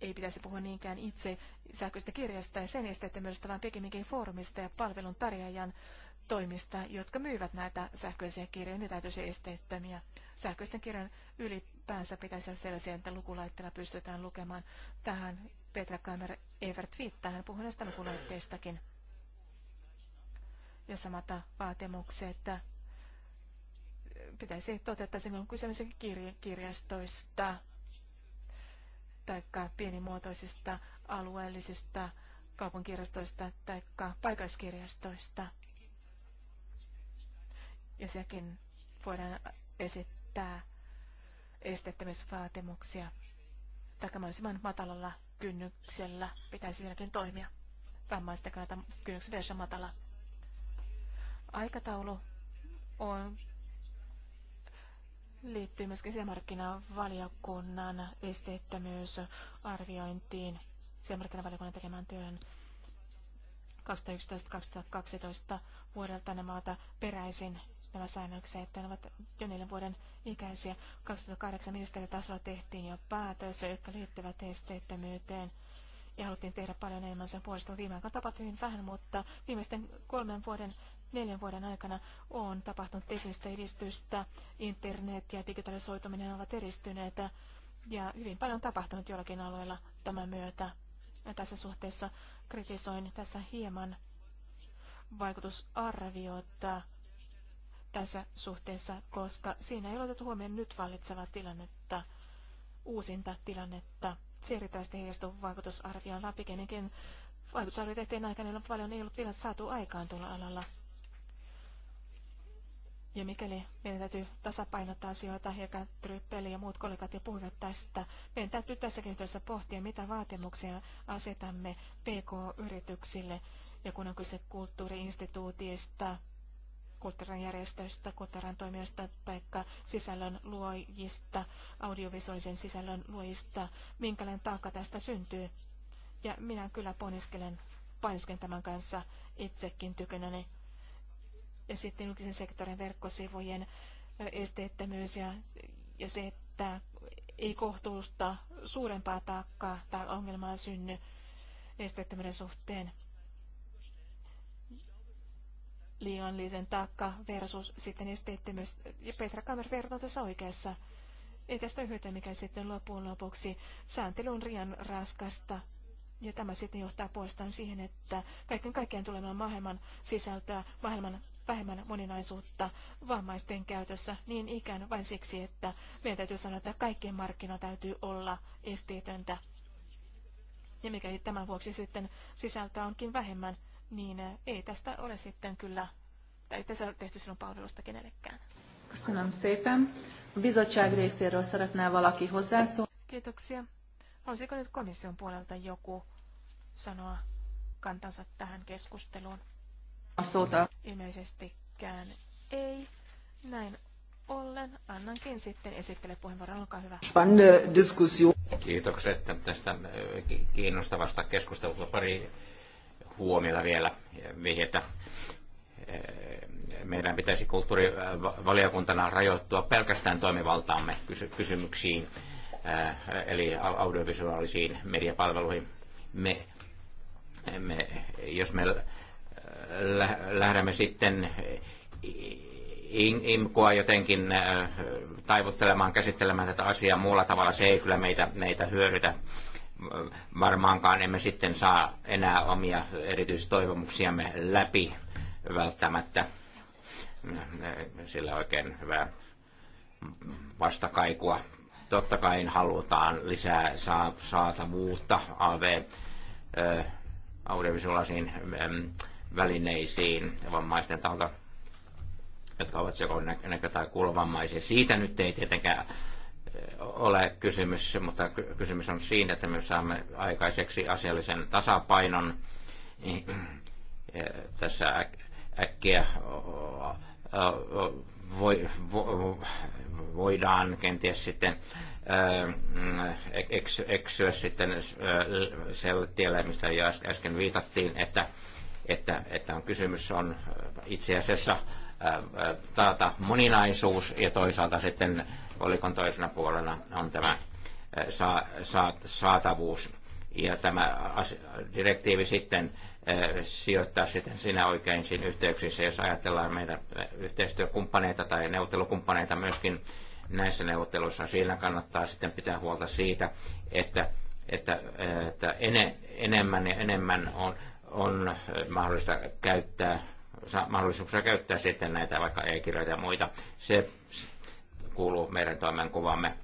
ei pitäisi puhua niinkään itse sähköistä kirjasta ja sen esteettömyydestä, vaan pikemminkin foorumista ja palvelun tarjoajan toimista, jotka myyvät näitä sähköisiä kirjoja, niitä täytyisi esteettömiä. Sähköisten kirjan ylipäänsä pitäisi olla sellaisia, että lukulaitteella pystytään lukemaan. Tähän Petra Kamer Evert viittaa, hän puhuu näistä lukulaitteistakin ja samat vaatimukset pitäisi toteuttaa sen kysymys kirjastoista tai pienimuotoisista alueellisista kaupunkirjastoista tai paikalliskirjastoista. Ja sekin voidaan esittää esteettömyysvaatimuksia. Tai mahdollisimman matalalla kynnyksellä pitäisi siinäkin toimia. Vammaisten kannalta kynnyksen matala. Aikataulu on liittyy myöskin sisämarkkinavaliokunnan esteettömyysarviointiin, sisämarkkinavaliokunnan tekemään työhön 2011-2012 vuodelta nämä ovat peräisin nämä säännökset, että ne ovat jo neljän vuoden ikäisiä. 2008 ministeritasolla tehtiin jo päätös, jotka liittyvät esteettömyyteen ja haluttiin tehdä paljon enemmän sen puolesta. Viime aikoina tapahtui hyvin vähän, mutta viimeisten kolmen vuoden neljän vuoden aikana on tapahtunut teknistä edistystä, internet ja digitalisoituminen ovat edistyneet ja hyvin paljon on tapahtunut jollakin alueella tämän myötä. Ja tässä suhteessa kritisoin tässä hieman vaikutusarviota tässä suhteessa, koska siinä ei ole otettu huomioon nyt vallitsevaa tilannetta, uusinta tilannetta. Se riittävästi heijastuu vaikutusarvioon, vaan vaikutusarvio tehtiin aikana, jolloin paljon ei ollut vielä saatu aikaan tuolla alalla. Ja mikäli meidän täytyy tasapainottaa asioita, joka Tryppeli ja muut kollegat jo puhuivat tästä, meidän täytyy tässäkin yhteydessä pohtia, mitä vaatimuksia asetamme PK-yrityksille, ja kun on kyse kulttuuriinstituutiista, kulttuurin järjestöistä, kulttuurin toimijoista tai sisällön luojista, audiovisuaalisen sisällön luojista, minkälainen taakka tästä syntyy. Ja minä kyllä poniskelen, poniskelen tämän kanssa itsekin tykönäni ja sitten julkisen sektorin verkkosivujen esteettömyys ja, ja se, että ei kohtuusta suurempaa taakkaa tai ongelmaa synny esteettömyyden suhteen. Liiallisen taakka versus sitten esteettömyys. Ja Petra kamer on tässä oikeassa. Ei tästä hyötyä, mikä sitten loppuun lopuksi. Sääntely on rian raskasta. Ja tämä sitten johtaa puolestaan siihen, että kaiken kaikkiaan tulemaan maailman sisältöä, maailman vähemmän moninaisuutta vammaisten käytössä niin ikään vain siksi, että meidän täytyy sanoa, että kaikkien markkina täytyy olla esteetöntä. Ja mikäli tämän vuoksi sitten sisältöä onkin vähemmän, niin ei tästä ole sitten kyllä, tai tässä ole tehty sinun palvelusta kenellekään. Kiitoksia. Olisiko nyt komission puolelta joku sanoa kantansa tähän keskusteluun? asuta. Ilmeisestikään ei. Näin ollen annankin sitten esittele puheenvuoron. Olkaa hyvä. Kiitokset tästä äh, kiinnostavasta keskustelusta. Pari huomiota vielä vihjetä. Äh, meidän pitäisi kulttuurivaliokuntana rajoittua pelkästään toimivaltaamme kysymyksiin, äh, eli audiovisuaalisiin mediapalveluihin. Me, me, jos meillä lähdemme sitten imkua jotenkin äh, taivuttelemaan, käsittelemään tätä asiaa muulla tavalla, se ei kyllä meitä, meitä hyödytä. Varmaankaan emme sitten saa enää omia erityistoivomuksiamme läpi välttämättä. Sillä oikein hyvää vastakaikua. Totta kai halutaan lisää saatavuutta AV audiovisuaalisiin välineisiin vammaisten taholta, jotka ovat joko näkö- tai kuulovammaisia. Siitä nyt ei tietenkään ole kysymys, mutta kysymys on siinä, että me saamme aikaiseksi asiallisen tasapainon tässä äkkiä voi, vo, voidaan kenties sitten eksyä sitten sel tielle, mistä jo äsken viitattiin, että että, että on kysymys on äh, itse asiassa äh, äh, taata moninaisuus ja toisaalta sitten olikon toisena puolena on tämä saa sa, saatavuus ja tämä direktiivi sitten sijoittaa sitten sinä siinä yhteyksissä, jos ajatellaan meidän yhteistyökumppaneita tai neuvottelukumppaneita myöskin näissä neuvotteluissa. Siinä kannattaa sitten pitää huolta siitä, että, että, että ene, enemmän ja enemmän on on eh, mahdollista käyttää, mahdollisuuksia käyttää sitten näitä vaikka e-kirjoja ja muita. Se kuuluu meidän toimenkuvamme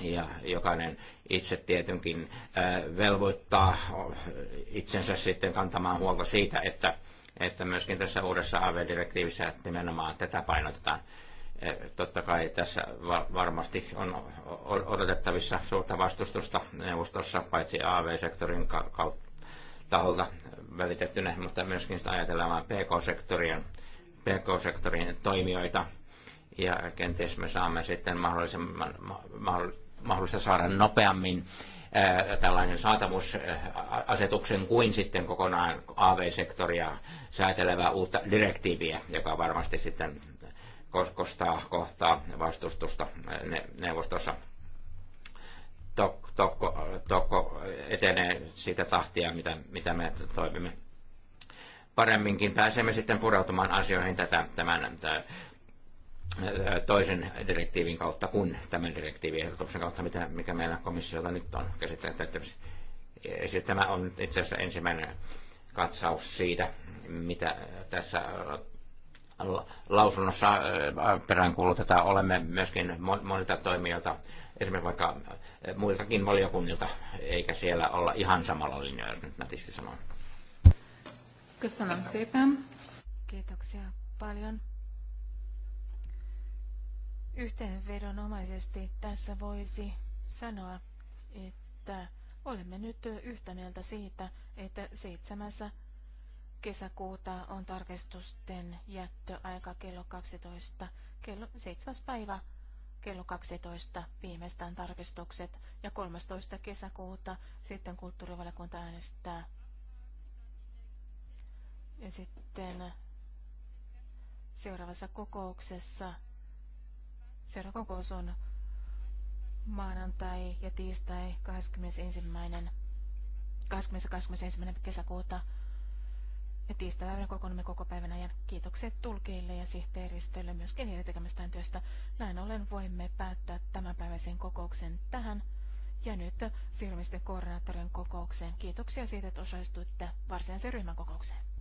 ja jokainen itse tietenkin eh, velvoittaa eh, itsensä sitten kantamaan huolta siitä, että, että myöskin tässä uudessa AV-direktiivissä nimenomaan tätä painotetaan. Totta kai tässä varmasti on odotettavissa suurta vastustusta neuvostossa paitsi AV-sektorin kautta taholta välitettynä, mutta myöskin sitä ajatellaan pk sektorien PK-sektorin toimijoita. Ja kenties me saamme sitten mahdollisimman, mahdollista saada nopeammin tällainen saatavuusasetuksen kuin sitten kokonaan AV-sektoria säätelevää uutta direktiiviä, joka varmasti sitten kostaa kohtaa vastustusta neuvostossa tokko, tokko, tokko etenee sitä tahtia, mitä, mitä me toimimme. Paremminkin pääsemme sitten pureutumaan asioihin tätä, tämän, tämän toisen direktiivin kautta kuin tämän direktiivin ehdotuksen kautta, mitä, mikä meillä komissiolta nyt on käsiteltävissä. Tämä on itse asiassa ensimmäinen katsaus siitä, mitä tässä lausunnossa peräänkuulutetaan. Olemme myöskin monilta toimijoilta, esimerkiksi vaikka muiltakin valiokunnilta, eikä siellä olla ihan samalla linjoilla, nyt nätisti sanon. Kiitoksia paljon. Yhteenvedonomaisesti tässä voisi sanoa, että olemme nyt yhtä mieltä siitä, että 7. kesäkuuta on tarkistusten jättöaika kello 12, kello 7. päivä kello 12 viimeistään tarkistukset ja 13. kesäkuuta sitten kulttuurivaliokunta äänestää. Ja sitten seuraavassa kokouksessa, seuraava kokous on maanantai ja tiistai 21. 20. 21. kesäkuuta ja tiistapäivänä kokoonnumme koko päivän ajan. Kiitokset tulkeille ja sihteeristölle myöskin heidän tekemästään työstä. Näin ollen voimme päättää tämänpäiväisen kokouksen tähän. Ja nyt siirrymme sitten koordinaattorin kokoukseen. Kiitoksia siitä, että osallistuitte varsinaiseen ryhmän kokoukseen.